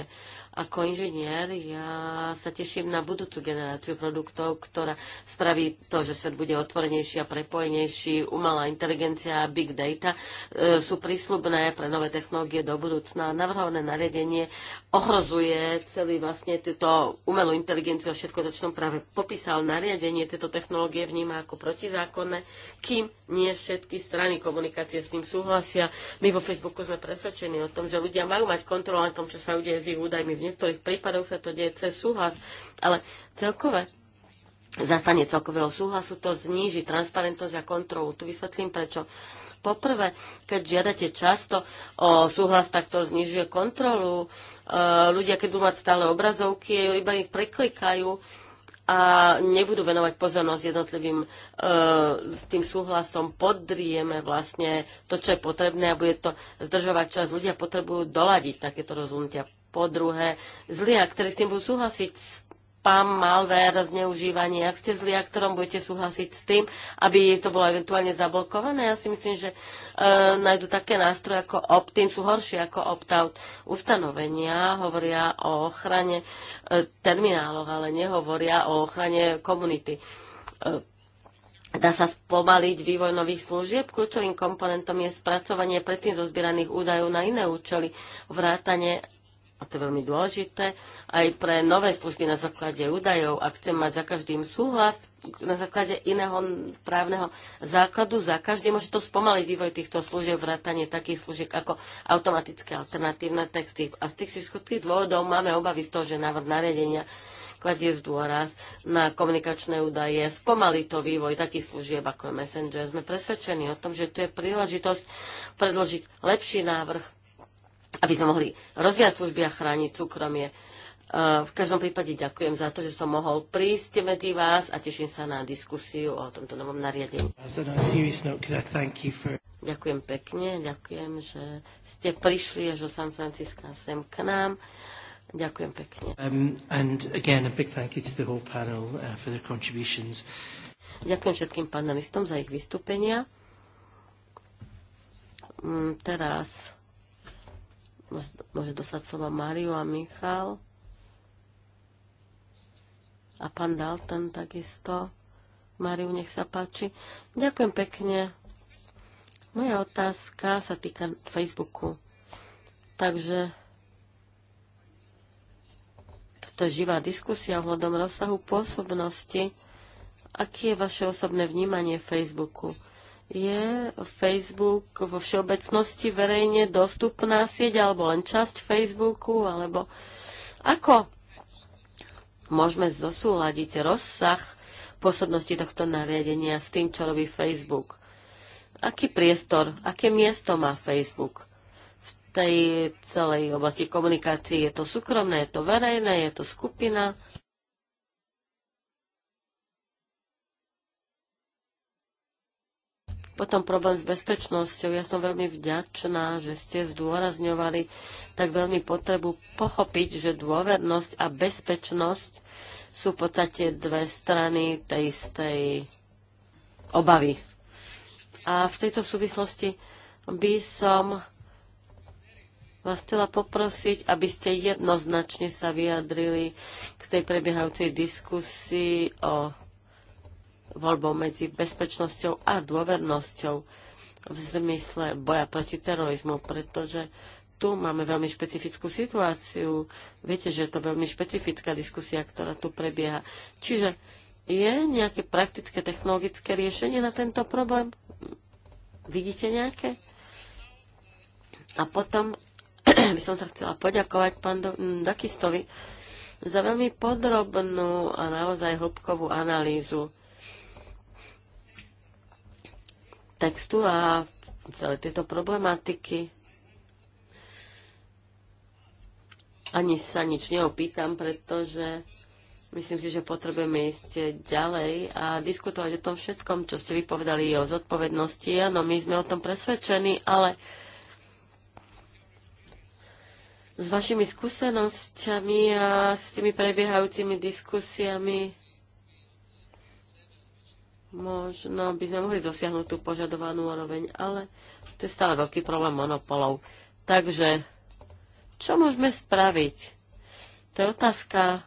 Ako inžinier ja sa teším na budúcu generáciu produktov, ktorá spraví to, že svet bude otvorenejší a prepojenejší, umalá inteligencia a big data e, sú prísľubné pre nové technológie do budúcna. Navrhované nariadenie ohrozuje celý vlastne túto umelú inteligenciu a všetko to, čo som práve popísal, nariadenie tieto technológie vníma ako protizákonné, kým nie všetky strany komunikácie s tým súhlasia. My vo Facebooku sme presvedčení o tom, že ľudia majú mať kontrolu na tom, čo sa udeje s ich údajmi. V niektorých prípadoch sa to deje cez súhlas, ale celkové zastanie celkového súhlasu to zníži transparentnosť a kontrolu. Tu vysvetlím prečo. Poprvé, keď žiadate často o súhlas, tak to znižuje kontrolu Eh, ľudia, keď budú mať stále obrazovky, iba ich preklikajú a nebudú venovať pozornosť jednotlivým uh, tým súhlasom, podrieme vlastne to, čo je potrebné a bude to zdržovať čas. Ľudia potrebujú doladiť takéto rozhodnutia. Po druhé, zlí ktorí s tým budú súhlasiť spam, malware, zneužívanie. Ak ste zlí aktorom, budete súhlasiť s tým, aby to bolo eventuálne zablokované. Ja si myslím, že e, nájdu také nástroje ako opt-in, sú horšie ako opt-out. Ustanovenia hovoria o ochrane e, termináloch, ale nehovoria o ochrane komunity. E, Dá sa spomaliť vývoj nových služieb. Kľúčovým komponentom je spracovanie predtým zozbieraných údajov na iné účely, vrátanie a to je veľmi dôležité, aj pre nové služby na základe údajov, ak chcem mať za každým súhlas na základe iného právneho základu, za každý môže to spomaliť vývoj týchto služieb, vrátanie takých služieb ako automatické alternatívne texty. A z tých všetkých dôvodov máme obavy z toho, že návrh nariadenia kladie dôraz na komunikačné údaje, spomalí to vývoj takých služieb ako Messenger. Sme presvedčení o tom, že tu je príležitosť predložiť lepší návrh aby sme mohli rozvíjať služby a chrániť súkromie. E, v každom prípade ďakujem za to, že som mohol prísť medzi vás a teším sa na diskusiu o tomto novom nariadení. Ďakujem pekne, ďakujem, že ste prišli až do San Francisca sem k nám. Ďakujem pekne. Um, uh, ďakujem všetkým panelistom za ich vystúpenia. Mm, teraz Môže dostať slova Máriu a Michal. A pán Dalton takisto. Mariu nech sa páči. Ďakujem pekne. Moja otázka sa týka Facebooku. Takže toto je živá diskusia ohľadom rozsahu pôsobnosti. Aké je vaše osobné vnímanie Facebooku? Je Facebook vo všeobecnosti verejne dostupná sieť alebo len časť Facebooku? Alebo ako môžeme zosúľadiť rozsah pôsobnosti tohto nariadenia s tým, čo robí Facebook? Aký priestor, aké miesto má Facebook? V tej celej oblasti komunikácií je to súkromné, je to verejné, je to skupina? Potom problém s bezpečnosťou. Ja som veľmi vďačná, že ste zdôrazňovali tak veľmi potrebu pochopiť, že dôvernosť a bezpečnosť sú v podstate dve strany tej istej obavy. A v tejto súvislosti by som vás chcela poprosiť, aby ste jednoznačne sa vyjadrili k tej prebiehajúcej diskusii o voľbou medzi bezpečnosťou a dôvernosťou v zmysle boja proti terorizmu, pretože tu máme veľmi špecifickú situáciu. Viete, že je to veľmi špecifická diskusia, ktorá tu prebieha. Čiže je nejaké praktické technologické riešenie na tento problém? Vidíte nejaké? A potom [CLEARS THROAT] by som sa chcela poďakovať pán Dakistovi za veľmi podrobnú a naozaj hĺbkovú analýzu textu a celé tieto problematiky. Ani sa nič neopýtam, pretože myslím si, že potrebujeme ísť ďalej a diskutovať o tom všetkom, čo ste vypovedali o zodpovednosti. Áno, my sme o tom presvedčení, ale s vašimi skúsenosťami a s tými prebiehajúcimi diskusiami možno by sme mohli dosiahnuť tú požadovanú úroveň, ale to je stále veľký problém monopolov. Takže, čo môžeme spraviť? To je otázka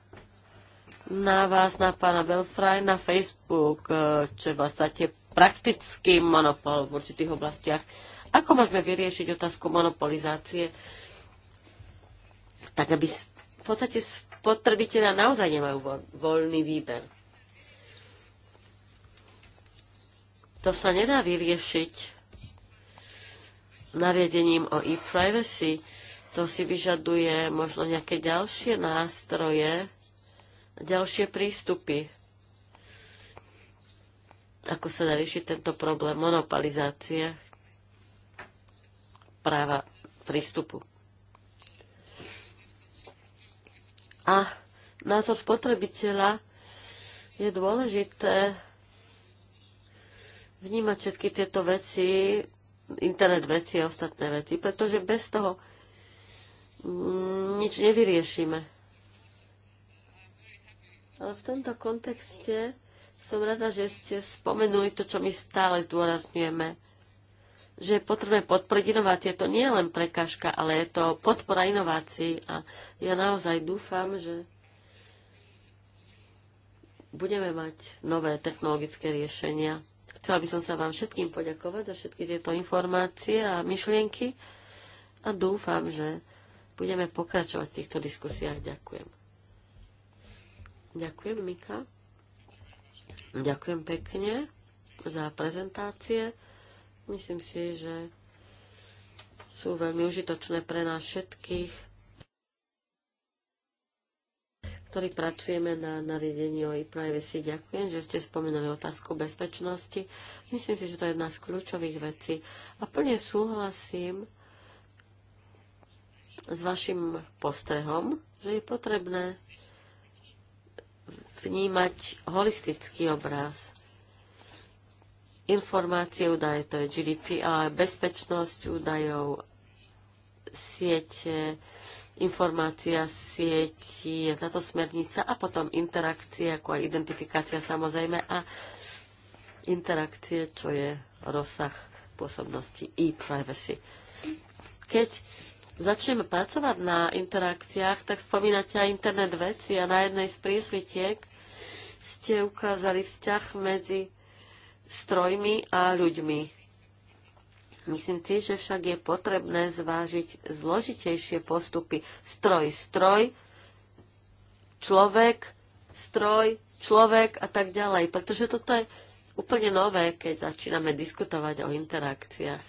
na vás, na pána Belfry, na Facebook, eh, čo je vlastne praktický monopol v určitých oblastiach. Ako môžeme vyriešiť otázku monopolizácie, tak aby v podstate spotrebitelia naozaj nemajú voľný výber? To sa nedá vyriešiť nariadením o e-privacy. To si vyžaduje možno nejaké ďalšie nástroje, ďalšie prístupy, ako sa dá riešiť tento problém monopolizácie práva prístupu. A názor spotrebiteľa je dôležité vnímať všetky tieto veci, internet veci a ostatné veci, pretože bez toho mm, nič nevyriešime. Ale v tomto kontexte som rada, že ste spomenuli to, čo my stále zdôrazňujeme, že je potrebné podporiť inovácie. To nie je len prekažka, ale je to podpora inovácií a ja naozaj dúfam, že budeme mať nové technologické riešenia Chcela by som sa vám všetkým poďakovať za všetky tieto informácie a myšlienky a dúfam, že budeme pokračovať v týchto diskusiách. Ďakujem. Ďakujem, Mika. Ďakujem pekne za prezentácie. Myslím si, že sú veľmi užitočné pre nás všetkých ktorý pracujeme na nariadení o e-privacy. Ďakujem, že ste spomenuli otázku bezpečnosti. Myslím si, že to je jedna z kľúčových vecí. A plne súhlasím s vašim postrehom, že je potrebné vnímať holistický obraz informácie údaje, to je GDP a bezpečnosť údajov, siete, informácia sieti, táto smernica a potom interakcie, ako aj identifikácia samozrejme a interakcie, čo je rozsah pôsobnosti e-privacy. Keď začneme pracovať na interakciách, tak spomínate aj internet veci a na jednej z priesvitiek ste ukázali vzťah medzi strojmi a ľuďmi Myslím si, že však je potrebné zvážiť zložitejšie postupy. Stroj, stroj, človek, stroj, človek a tak ďalej. Pretože toto je úplne nové, keď začíname diskutovať o interakciách.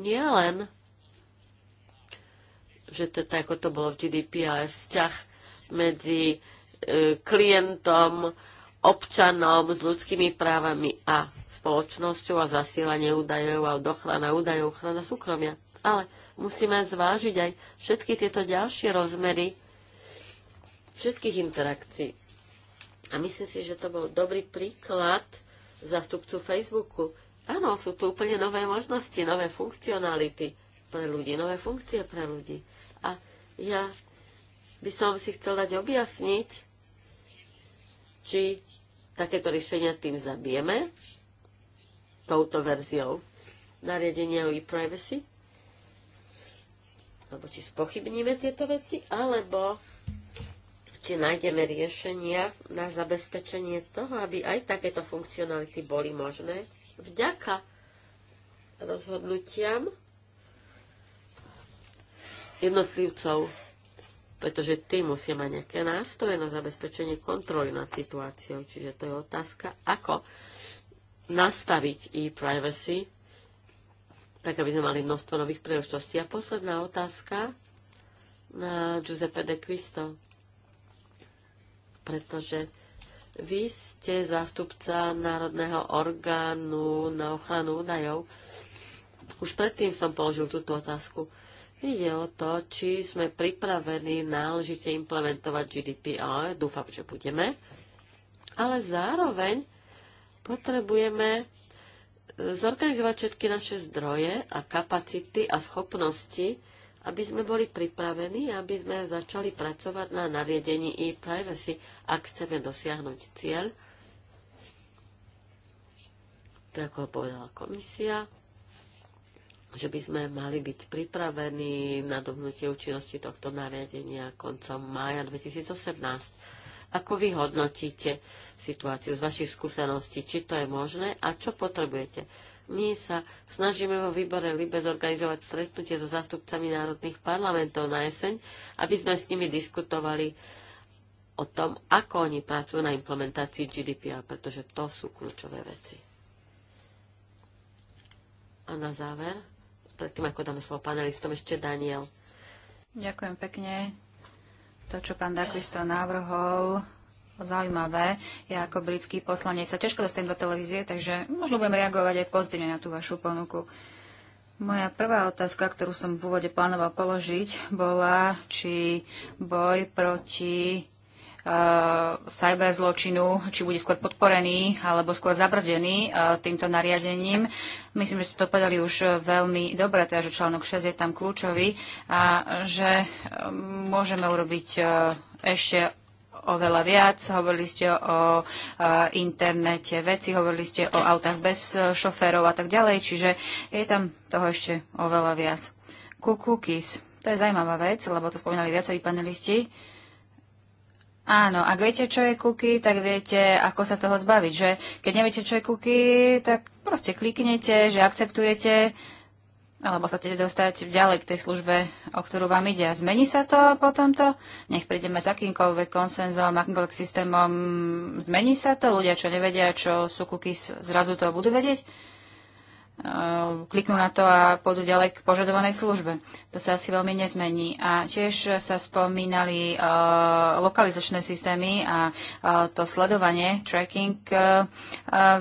Nie len, že to je tak, ako to bolo v GDPR, vzťah medzi e, klientom, občanom s ľudskými právami a spoločnosťou a zasielanie údajov a dochrana údajov, ochrana súkromia. Ale musíme zvážiť aj všetky tieto ďalšie rozmery všetkých interakcií. A myslím si, že to bol dobrý príklad zástupcu Facebooku. Áno, sú tu úplne nové možnosti, nové funkcionality pre ľudí, nové funkcie pre ľudí. A ja by som si chcel dať objasniť, či takéto riešenia tým zabijeme, touto verziou nariadenia o e-privacy, alebo či spochybníme tieto veci, alebo či nájdeme riešenia na zabezpečenie toho, aby aj takéto funkcionality boli možné vďaka rozhodnutiam jednotlivcov, pretože tí musia mať nejaké nástroje na zabezpečenie kontroly nad situáciou. Čiže to je otázka, ako nastaviť e-privacy, tak aby sme mali množstvo nových príležitostí. A posledná otázka na Giuseppe de Quisto, pretože vy ste zástupca Národného orgánu na ochranu údajov. Už predtým som položil túto otázku. Ide o to, či sme pripravení náležite implementovať GDPR, dúfam, že budeme, ale zároveň Potrebujeme e, zorganizovať všetky naše zdroje a kapacity a schopnosti, aby sme boli pripravení, aby sme začali pracovať na nariadení e-privacy, ak chceme dosiahnuť cieľ, tak ako povedala komisia, že by sme mali byť pripravení na dobnutie účinnosti tohto nariadenia koncom mája 2018. Ako vy hodnotíte situáciu z vašich skúseností? Či to je možné a čo potrebujete? My sa snažíme vo výbore LIBE zorganizovať stretnutie so zástupcami národných parlamentov na jeseň, aby sme s nimi diskutovali o tom, ako oni pracujú na implementácii GDPR, pretože to sú kľúčové veci. A na záver, predtým ako dáme slovo panelistom, ešte Daniel. Ďakujem pekne. To, čo pán Dakvisto navrhol, zaujímavé. Ja ako britský poslanec sa ťažko dostanem do televízie, takže možno budem reagovať aj pozitívne na tú vašu ponuku. Moja prvá otázka, ktorú som v úvode plánoval položiť, bola, či boj proti E, cyberzločinu, či bude skôr podporený alebo skôr zabrzdený e, týmto nariadením. Myslím, že ste to povedali už veľmi dobre, teda, že článok 6 je tam kľúčový a že e, môžeme urobiť ešte oveľa viac. Hovorili ste o internete veci, hovorili ste o autách bez šoférov a tak ďalej, čiže je tam toho ešte oveľa viac. Cookies. To je zaujímavá vec, lebo to spomínali viacerí panelisti. Uh, Áno, ak viete, čo je kuky, tak viete, ako sa toho zbaviť, že? Keď neviete, čo je cookie, tak proste kliknete, že akceptujete, alebo sa chcete dostať ďalej k tej službe, o ktorú vám ide. A zmení sa to po tomto? Nech prídeme s akýmkoľvek konsenzom, akýmkoľvek systémom. Zmení sa to? Ľudia, čo nevedia, čo sú kuky, zrazu to budú vedieť? Ehm, kliknú na to a pôjdu ďalej k požadovanej službe. To sa asi veľmi nezmení. A tiež sa spomínali ehm, lokalizačné systémy a ehm, to sledovanie, tracking,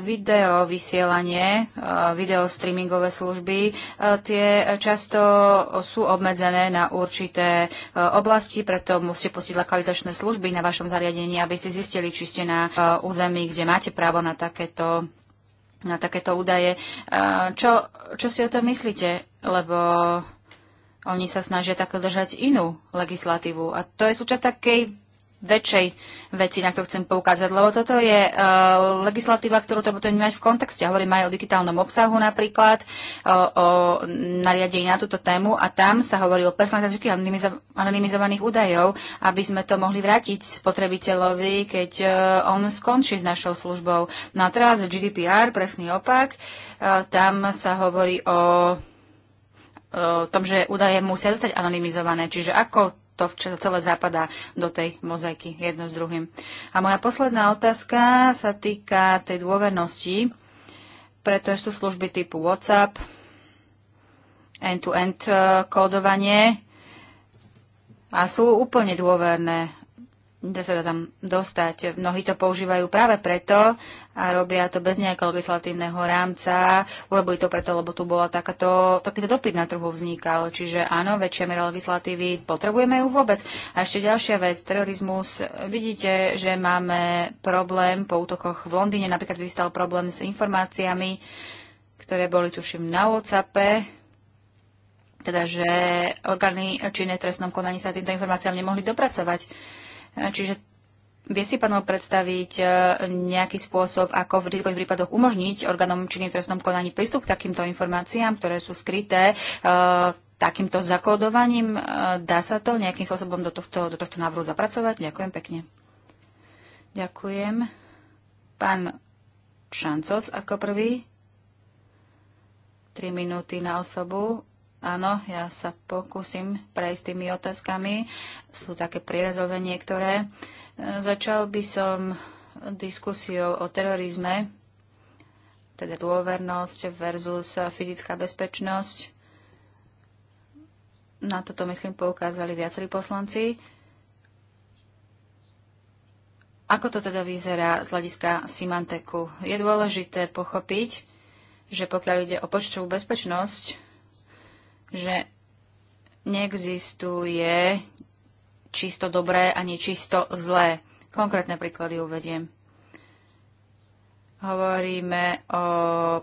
video vysielanie, video streamingové služby, tie často sú obmedzené na určité oblasti, preto musíte pustiť lokalizačné služby na vašom zariadení, aby si zistili, či ste na území, kde máte právo na takéto na takéto údaje. Čo, čo si o tom myslíte? Lebo oni sa snažia takto držať inú legislatívu. A to je súčasť takej väčšej veci, na ktorú chcem poukázať, lebo toto je uh, legislatíva, ktorú treba mať v kontexte. Hovorím aj o digitálnom obsahu napríklad, o, o nariadení na túto tému a tam sa hovorí o personalizácii anonymizovaných údajov, aby sme to mohli vrátiť spotrebiteľovi, keď uh, on skončí s našou službou. No a teraz GDPR, presný opak, uh, tam sa hovorí o o tom, že údaje musia zostať anonymizované. Čiže ako to celé zapadá do tej mozaiky jedno s druhým. A moja posledná otázka sa týka tej dôvernosti, pretože sú služby typu WhatsApp, end-to-end -end eh, kódovanie a sú úplne dôverné dá sa to tam dostať. Mnohí to používajú práve preto a robia to bez nejakého legislatívneho rámca. Urobili to preto, lebo tu bola takáto, takýto dopyt na trhu vznikal. Čiže áno, väčšia miera legislatívy, potrebujeme ju vôbec. A ešte ďalšia vec, terorizmus. Vidíte, že máme problém po útokoch v Londýne, napríklad vystal problém s informáciami, ktoré boli, tuším, na WhatsAppe, teda že orgány činné trestnom konaní sa týmto informáciám nemohli dopracovať. E, čiže vie si pánov predstaviť e, nejaký spôsob, ako v rizikových prípadoch umožniť orgánom činným v trestnom konaní prístup k takýmto informáciám, ktoré sú skryté e, takýmto zakódovaním? Dá sa to nejakým spôsobom do tohto, do tohto návrhu zapracovať? Ďakujem pekne. Ďakujem. Pán Šancos ako prvý. Tri minúty na osobu Áno, ja sa pokúsim prejsť tými otázkami. Sú také prierezové niektoré. E, začal by som diskusiou o terorizme, teda dôvernosť versus fyzická bezpečnosť. Na toto, myslím, poukázali viacerí poslanci. Ako to teda vyzerá z hľadiska Symanteku? Je dôležité pochopiť, že pokiaľ ide o počtovú bezpečnosť, že neexistuje čisto dobré ani čisto zlé. Konkrétne príklady uvediem hovoríme o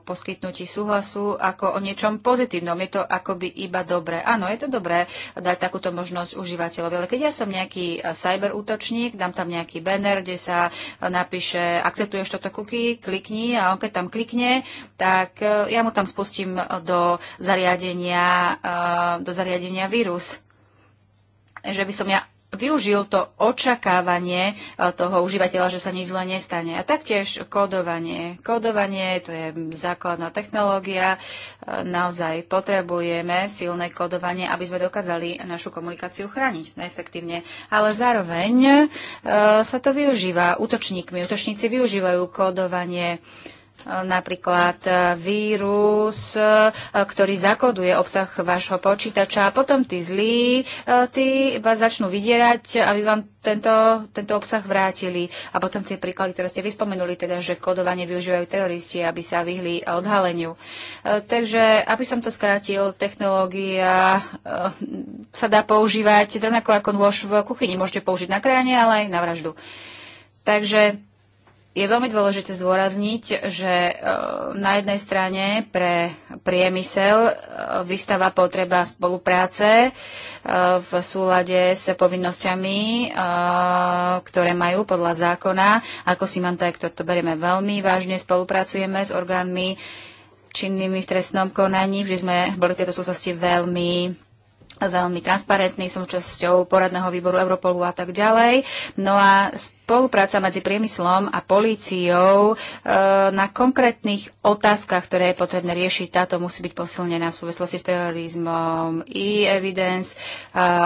poskytnutí súhlasu ako o niečom pozitívnom. Je to akoby iba dobré. Áno, je to dobré dať takúto možnosť užívateľovi. Ale keď ja som nejaký eh, cyberútočník, dám tam nejaký banner, kde sa eh, napíše, akceptuješ toto cookie, klikni a on keď tam klikne, tak eh, ja mu tam spustím do zariadenia, do zariadenia vírus že by som ja využil to očakávanie e, toho užívateľa, že sa nič zle nestane. A taktiež kódovanie. Kódovanie to je základná technológia. E, naozaj potrebujeme silné kódovanie, aby sme dokázali našu komunikáciu chrániť efektívne. Ale zároveň e, sa to využíva útočníkmi. Útočníci využívajú kódovanie napríklad e, vírus, e, ktorý zakoduje obsah vášho počítača a potom tí zlí, e, tí vás začnú vydierať, aby vám tento, tento obsah vrátili. A potom tie príklady, ktoré ste vyspomenuli, teda, že kodovanie využívajú teroristi, aby sa vyhli odhaleniu. Takže, aby som to skrátil, technológia sa dá používať rovnako ako nôž v kuchyni. Môžete použiť na krajanie, ale aj na vraždu. Takže je veľmi dôležité zdôrazniť, že e, na jednej strane pre priemysel e, vystáva potreba spolupráce e, v súlade s povinnosťami, ktoré majú podľa zákona. Ako si mám tak, toto berieme veľmi vážne, spolupracujeme s orgánmi činnými v trestnom konaní, vždy sme boli v tejto súvislosti veľmi veľmi transparentný, súčasťou poradného výboru Europolu a tak ďalej. No a spolupráca medzi priemyslom a políciou e, na konkrétnych otázkach, ktoré je potrebné riešiť, táto musí byť posilnená v súvislosti s terorizmom, e-evidence a, e,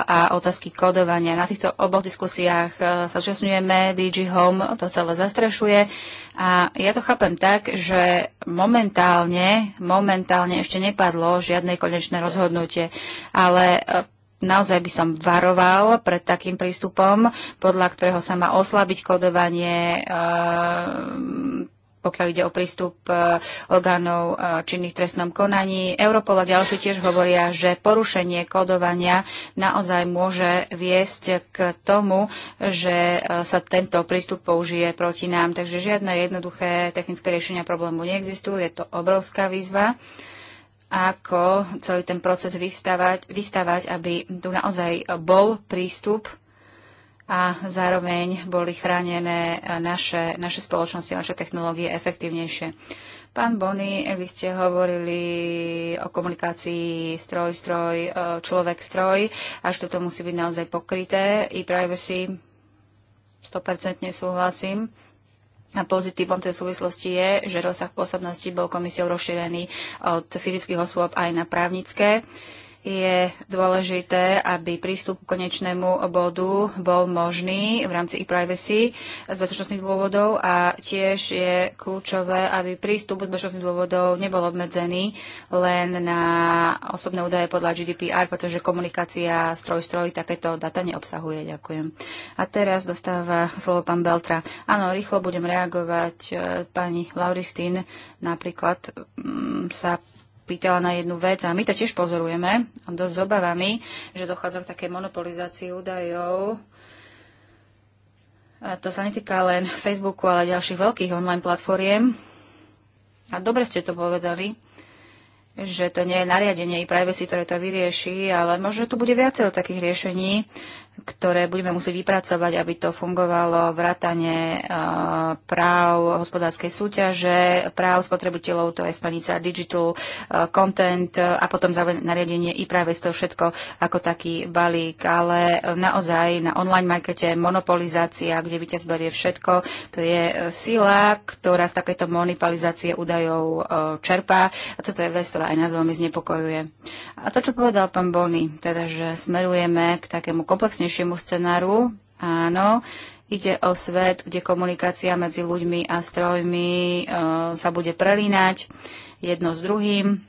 a otázky kodovania. Na týchto oboch diskusiách e, sa časňujeme, DG Home to celé zastrešuje a ja to chápem tak, že momentálne, momentálne ešte nepadlo žiadne konečné rozhodnutie, ale e, naozaj by som varoval pred takým prístupom, podľa ktorého sa má oslabiť kodovanie, e, pokiaľ ide o prístup e, orgánov e, činných trestnom konaní. Europol a ďalší tiež hovoria, že porušenie kodovania naozaj môže viesť k tomu, že e, sa tento prístup použije proti nám. Takže žiadne jednoduché technické riešenia problému neexistujú. Je to obrovská výzva ako celý ten proces vystavať, vystavať aby tu naozaj bol prístup a zároveň boli chránené naše, naše spoločnosti, naše technológie efektívnejšie. Pán Bony, vy ste hovorili o komunikácii stroj-stroj, e, človek-stroj, až toto musí byť naozaj pokryté. I privacy 100% súhlasím. A pozitívom tej súvislosti je, že rozsah pôsobnosti bol komisiou rozšírený od fyzických osôb aj na právnické. Uh, je dôležité, aby prístup k konečnému bodu bol možný v rámci e-privacy z bezpečnostných dôvodov a tiež je kľúčové, aby prístup z bezpečnostných dôvodov nebol obmedzený len na osobné údaje podľa GDPR, pretože komunikácia stroj-stroj takéto data neobsahuje. Ďakujem. A teraz dostáva slovo pán Beltra. Áno, rýchlo budem reagovať. E, pani Lauristín napríklad mm, sa pýtala na jednu vec a my to tiež pozorujeme a dosť s obavami, že dochádza k takej monopolizácii údajov. A to sa netýka len Facebooku, ale ďalších veľkých online platformiem. A dobre ste to povedali, že to nie je nariadenie i privacy, ktoré to vyrieši, ale možno tu bude viacero takých riešení, ktoré budeme musieť vypracovať, aby to fungovalo vrátane eh, práv hospodárskej súťaže, práv spotrebiteľov, to je spanica digital eh, content eh, a potom nariadenie i práve to všetko ako taký balík. Ale naozaj na online markete monopolizácia, kde vyťaz berie všetko, to je sila, ktorá z takéto monopolizácie údajov čerpá a toto je vec, ktorá aj nás veľmi znepokojuje. A to, čo povedal pán Bony, teda, že smerujeme k takému komplexnému najnebezpečnejšiemu scenáru. Áno, ide o svet, kde komunikácia medzi ľuďmi a strojmi e, sa bude prelínať jedno s druhým.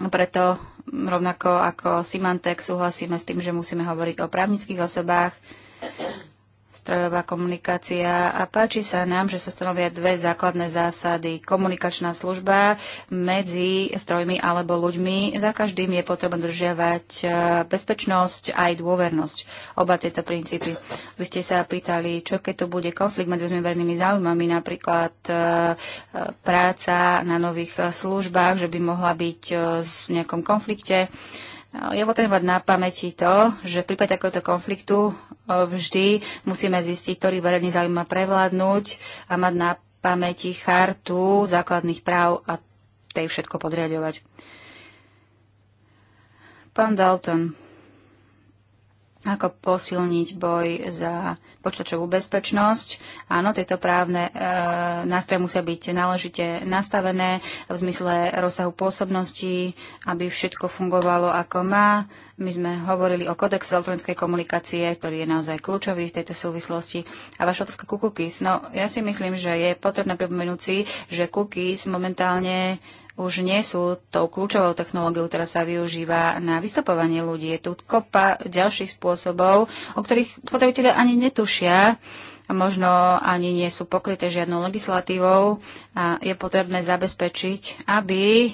Preto rovnako ako Symantec súhlasíme s tým, že musíme hovoriť o právnických osobách strojová komunikácia a páči sa nám, že sa stanovia dve základné zásady. Komunikačná služba medzi strojmi alebo ľuďmi. Za každým je potrebné držiavať e, bezpečnosť a aj dôvernosť. Oba tieto princípy. Vy ste sa pýtali, čo keď tu bude konflikt medzi verejnými záujmami, napríklad e, e, práca na nových službách, že by mohla byť v nejakom konflikte. Je potrebné mať na pamäti to, že v prípade takéhoto konfliktu vždy musíme zistiť, ktorý verejný záujem má prevládnuť a mať na pamäti chartu základných práv a tej všetko podriadovať. Pán Dalton, ako posilniť boj za počítačovú bezpečnosť. Áno, tieto právne e, nástroje musia byť náležite nastavené v zmysle rozsahu pôsobnosti, aby všetko fungovalo ako má. My sme hovorili o kodexe elektronickej komunikácie, ktorý je naozaj kľúčový v tejto súvislosti. A vaša otázka ku cookies. No, ja si myslím, že je potrebné pripomenúť si, že cookies momentálne už nie sú tou kľúčovou technológiou, ktorá sa využíva na vystupovanie ľudí. Je tu kopa ďalších spôsobov, o ktorých spotrebitelia ani netušia, možno ani nie sú pokryté žiadnou legislatívou a je potrebné zabezpečiť, aby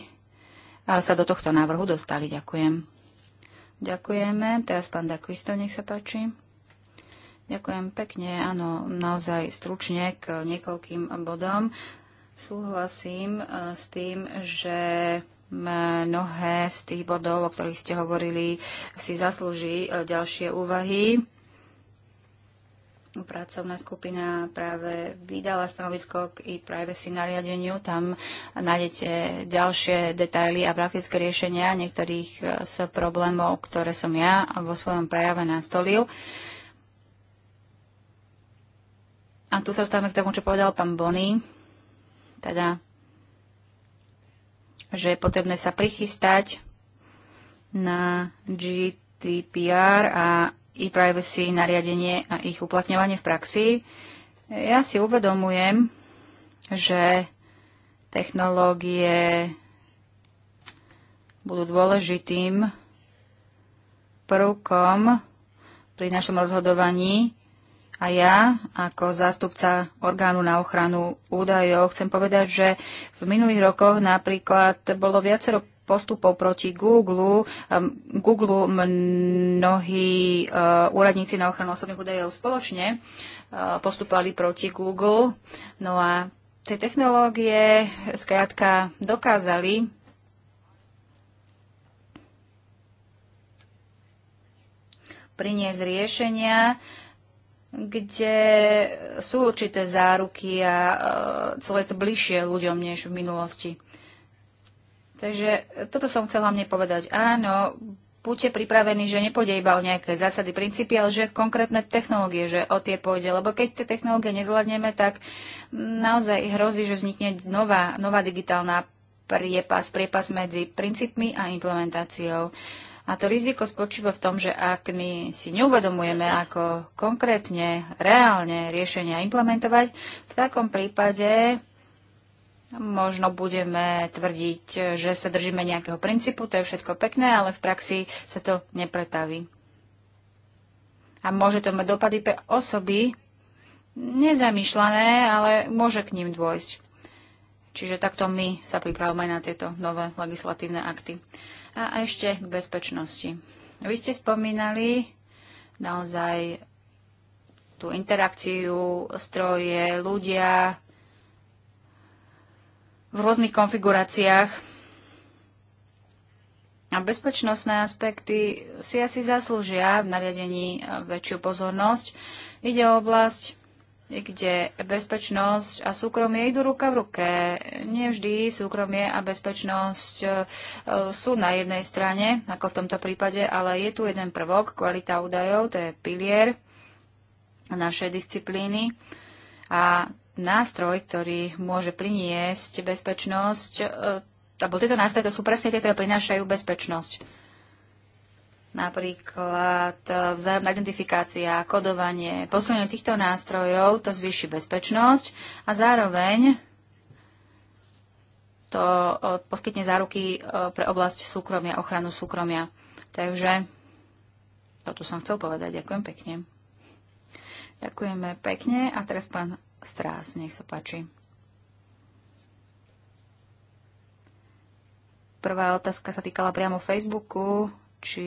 sa do tohto návrhu dostali. Ďakujem. Ďakujeme. Teraz pán Dakvisto, nech sa páči. Ďakujem pekne. Áno, naozaj stručne k niekoľkým bodom. Súhlasím e, s tým, že mnohé z tých bodov, o ktorých ste hovorili, si zaslúži e, ďalšie úvahy. Pracovná skupina práve vydala stanovisko k e-privacy nariadeniu. Tam nájdete ďalšie detaily a praktické riešenia niektorých e, z problémov, ktoré som ja vo svojom prejave nastolil. A tu sa dostávame k tomu, čo povedal pán Bonny teda, že je potrebné sa prichystať na GDPR a e-privacy nariadenie a ich uplatňovanie v praxi. Ja si uvedomujem, že technológie budú dôležitým prvkom pri našom rozhodovaní a ja, ako zástupca orgánu na ochranu údajov, chcem povedať, že v minulých rokoch napríklad bolo viacero postupov proti Google. Um, Google mnohí uh, úradníci na ochranu osobných údajov spoločne uh, postupovali proti Google. No a tie technológie skrátka dokázali priniesť riešenia, kde sú určité záruky a celé to bližšie ľuďom než v minulosti. Takže toto som chcela mne povedať. Áno, buďte pripravení, že nepôjde iba o nejaké zásady, princípy, ale že konkrétne technológie, že o tie pôjde. Lebo keď tie technológie nezvládneme, tak naozaj hrozí, že vznikne nová, nová digitálna priepas, priepas medzi princípmi a implementáciou. Uh, a to riziko spočíva v tom, že ak my si neuvedomujeme, ako konkrétne, reálne riešenia implementovať, v takom prípade možno budeme tvrdiť, že sa držíme nejakého princípu, to je všetko pekné, ale v praxi sa to nepretaví. A môže to mať dopady pre osoby nezamýšľané, ale môže k ním dôjsť. Čiže takto my sa pripravujeme na tieto nové legislatívne akty. A ešte k bezpečnosti. Vy ste spomínali naozaj tú interakciu stroje, ľudia v rôznych konfiguráciách. A bezpečnostné aspekty si asi zaslúžia v nariadení väčšiu pozornosť. Ide o oblasť, kde bezpečnosť a súkromie idú ruka v ruke. Nevždy súkromie a bezpečnosť e, sú na jednej strane, ako v tomto prípade, ale je tu jeden prvok, kvalita údajov, to je pilier našej disciplíny. A nástroj, ktorý môže priniesť bezpečnosť, e, alebo tieto nástroje to sú presne tie, ktoré prinášajú bezpečnosť napríklad eh, vzájomná identifikácia, kodovanie, posilnenie týchto nástrojov, to zvýši bezpečnosť a zároveň to eh, poskytne záruky eh, pre oblasť súkromia, ochranu súkromia. Takže toto som chcel povedať. Ďakujem pekne. Ďakujeme pekne. A teraz pán Strás, nech sa páči. Prvá otázka sa týkala priamo Facebooku či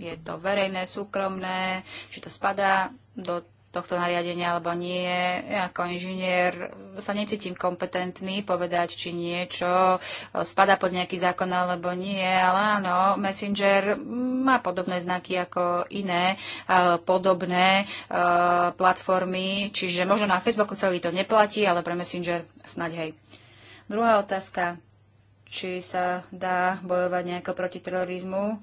je to verejné, súkromné, či to spadá do tohto nariadenia alebo nie. Ja ako inžinier sa necítim kompetentný povedať, či niečo e, spada pod nejaký zákon alebo nie, ale áno, Messenger má podobné znaky ako iné e, podobné e, platformy, čiže možno na Facebooku celý to neplatí, ale pre Messenger snaď hej. Druhá otázka či sa dá bojovať nejako proti terorizmu.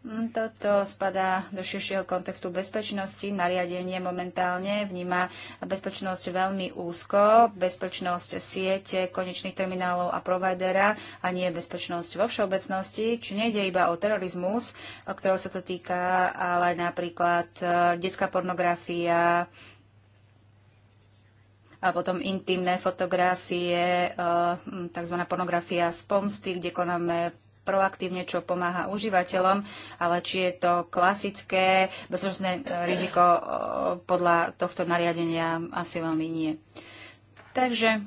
Mm, Toto spadá do širšieho kontextu bezpečnosti. Nariadenie momentálne vníma bezpečnosť veľmi úzko, bezpečnosť siete, konečných terminálov a providera a nie bezpečnosť vo všeobecnosti. Či nejde iba o terorizmus, o ktorého sa to týka, ale napríklad e, detská pornografia, a potom intimné fotografie, e, tzv. pornografia z pomsty, kde konáme proaktívne, čo pomáha užívateľom, ale či je to klasické bezpečnostné e, riziko e, podľa tohto nariadenia asi veľmi nie. Takže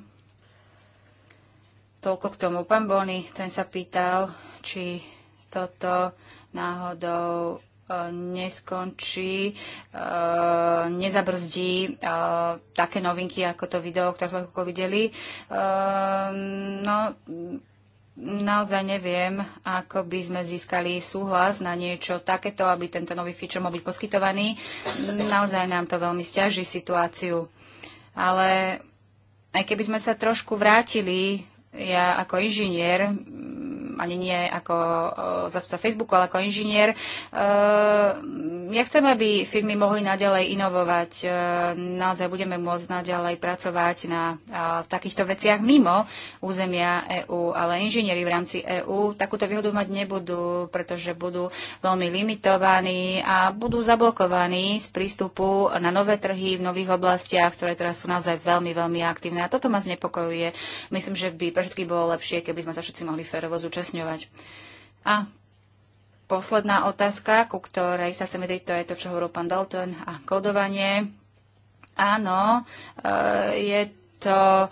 toľko k tomu. Pán Bony, ten sa pýtal, či toto náhodou E, neskončí, e, nezabrzdí e, také novinky, ako to video, ktoré sme ako videli. No, naozaj neviem, ako by sme získali súhlas na niečo takéto, aby tento nový feature mohol byť poskytovaný. Naozaj nám to veľmi stiaží situáciu. Ale aj keby sme sa trošku vrátili, ja ako inžinier ani nie ako e, zastupca Facebooku, ale ako inžinier. E, ja chcem, aby firmy mohli naďalej inovovať. E, naozaj budeme môcť naďalej pracovať na takýchto veciach mimo územia EÚ, ale inžinieri v rámci EÚ takúto výhodu mať nebudú, pretože budú veľmi limitovaní a budú zablokovaní z prístupu na nové trhy v nových oblastiach, ktoré teraz sú naozaj veľmi, veľmi aktívne. A toto ma znepokojuje. Myslím, že by pre všetkých bolo lepšie, keby sme sa všetci mohli férovo zúčastniť upresňovať. A posledná otázka, ku ktorej sa chcem vedieť, to je to, čo hovoril pán Dalton a kodovanie. Áno, e, je to e,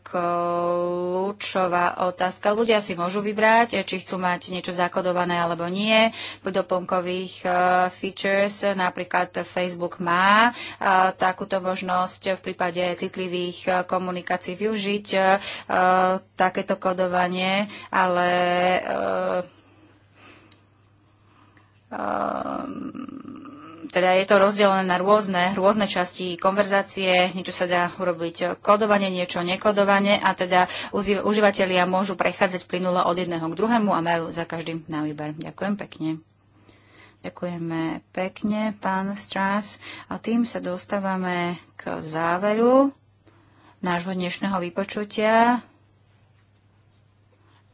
kľúčová otázka. Ľudia si môžu vybrať, e, či chcú mať niečo zakodované alebo nie. V doplnkových e, features napríklad Facebook má takúto možnosť v prípade citlivých komunikácií využiť takéto kodovanie, ale um, teda je to rozdelené na rôzne, rôzne časti konverzácie, niečo sa dá urobiť kodovanie, niečo nekodovanie a teda užívateľia môžu prechádzať plynulo od jedného k druhému a majú za každým na výber. Ďakujem pekne. Ďakujeme pekne, pán Stras. A tým sa dostávame k záveru nášho dnešného vypočutia.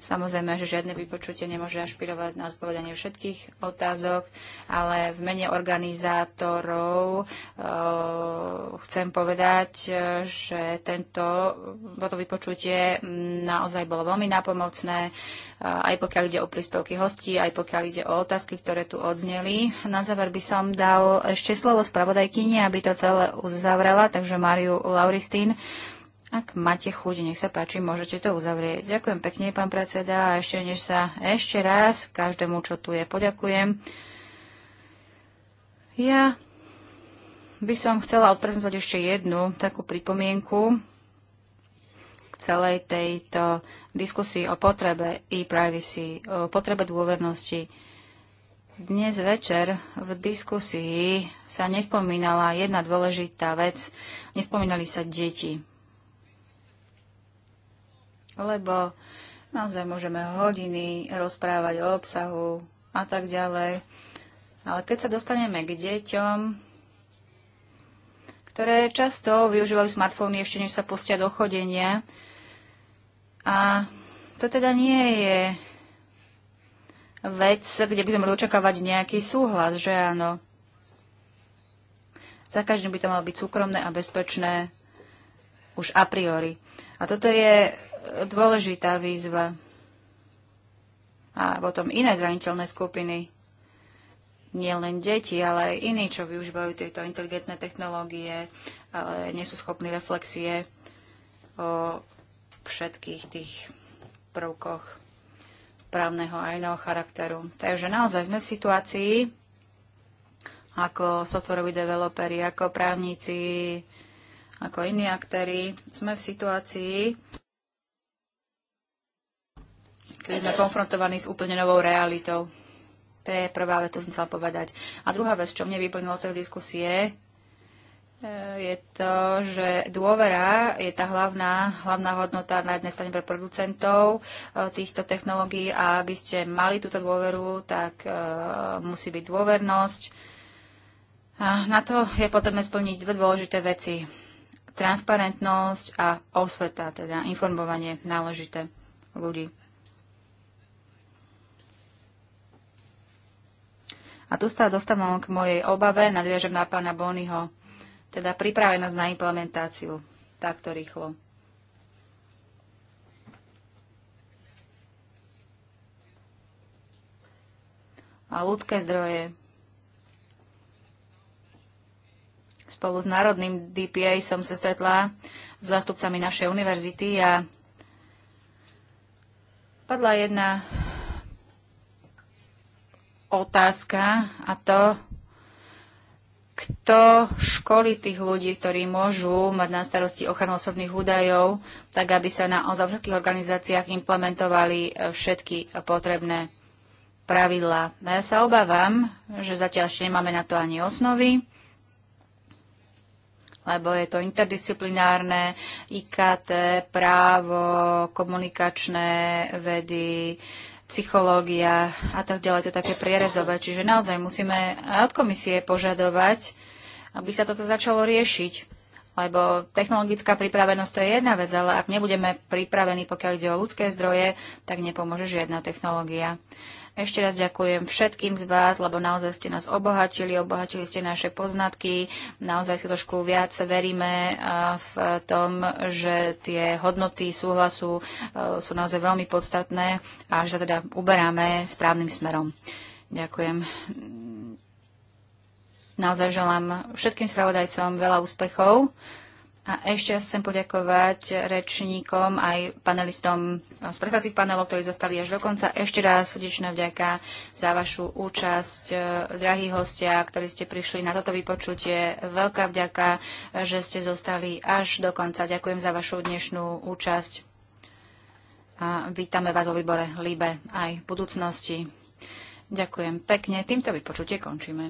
Samozrejme, že žiadne vypočutie nemôže ašpirovať na odpovedanie všetkých otázok, ale v mene organizátorov uh, chcem povedať, e, že tento, toto vypočutie naozaj bolo veľmi uh, aj pokiaľ ide o príspevky hostí, aj pokiaľ ide o otázky, ktoré tu odzneli. Na záver by som dal ešte slovo spravodajkyni, aby to celé uzavrela, takže Mariu Lauristín. Ak máte chuť, nech sa páči, môžete to uzavrieť. Ďakujem pekne, pán predseda, a ešte než sa ešte raz každému, čo tu je, poďakujem. Ja by som chcela odprezentovať ešte jednu takú pripomienku k celej tejto diskusii o potrebe e-privacy, o potrebe dôvernosti. Dnes večer v diskusii sa nespomínala jedna dôležitá vec, nespomínali sa deti lebo naozaj môžeme hodiny rozprávať o obsahu a tak ďalej. Ale keď sa dostaneme k deťom, ktoré často využívajú smartfóny ešte než sa pustia do chodenia, a to teda nie je vec, kde by sme mali očakávať nejaký súhlas, že áno. Za každým by to malo byť súkromné a bezpečné už a priori. A toto je dôležitá výzva. A potom iné zraniteľné skupiny, nielen deti, ale aj iní, čo využívajú tieto inteligentné technológie, ale nie sú schopní reflexie o všetkých tých prvkoch právneho a iného charakteru. Takže naozaj sme v situácii, ako softwaroví developeri, ako právnici, ako iní aktéry, sme v situácii, keď sme konfrontovaní s úplne novou realitou. To je prvá vec, to som chcela povedať. A druhá vec, čo mne vyplnilo z tej diskusie, e, je to, že dôvera je tá hlavná, hlavná hodnota na jednej strane pre producentov e, týchto technológií a aby ste mali túto dôveru, tak uh, musí byť dôvernosť. A na to je potrebné splniť dve dôležité veci. Transparentnosť a osveta, teda informovanie náležité ľudí. A tu sa dostávam k mojej obave, nadviažem na pána Bonyho, teda pripravenosť na implementáciu takto rýchlo. A ľudské zdroje spolu s Národným DPA som sa stretla s zástupcami našej univerzity a padla jedna otázka a to, kto školí tých ľudí, ktorí môžu mať na starosti ochranu osobných údajov, tak aby sa na všetkých organizáciách implementovali e, všetky potrebné pravidlá. Ja sa obávam, že zatiaľ ešte nemáme na to ani osnovy, lebo je to interdisciplinárne, IKT, právo, komunikačné vedy, psychológia a tak ďalej, to je také prierezové. Čiže naozaj musíme aj od komisie požadovať, aby sa toto začalo riešiť. Lebo technologická pripravenosť to je jedna vec, ale ak nebudeme pripravení, pokiaľ ide o ľudské zdroje, tak nepomôže žiadna technológia. Ešte raz ďakujem všetkým z vás, lebo naozaj ste nás obohatili, obohatili ste naše poznatky, naozaj si trošku viac veríme v tom, že tie hodnoty súhlasu e, sú naozaj veľmi podstatné a že sa teda uberáme správnym smerom. Ďakujem. Naozaj želám všetkým spravodajcom veľa úspechov a ešte chcem poďakovať rečníkom aj panelistom z prechádzajúcich panelov, ktorí zostali až do konca. Ešte raz srdečná vďaka za vašu účasť, eh, drahí hostia, ktorí ste prišli na toto vypočutie. Veľká vďaka, že ste zostali až do konca. Ďakujem za vašu dnešnú účasť. A vítame vás vo výbore LIBE aj v budúcnosti. Ďakujem pekne. Týmto vypočutie končíme.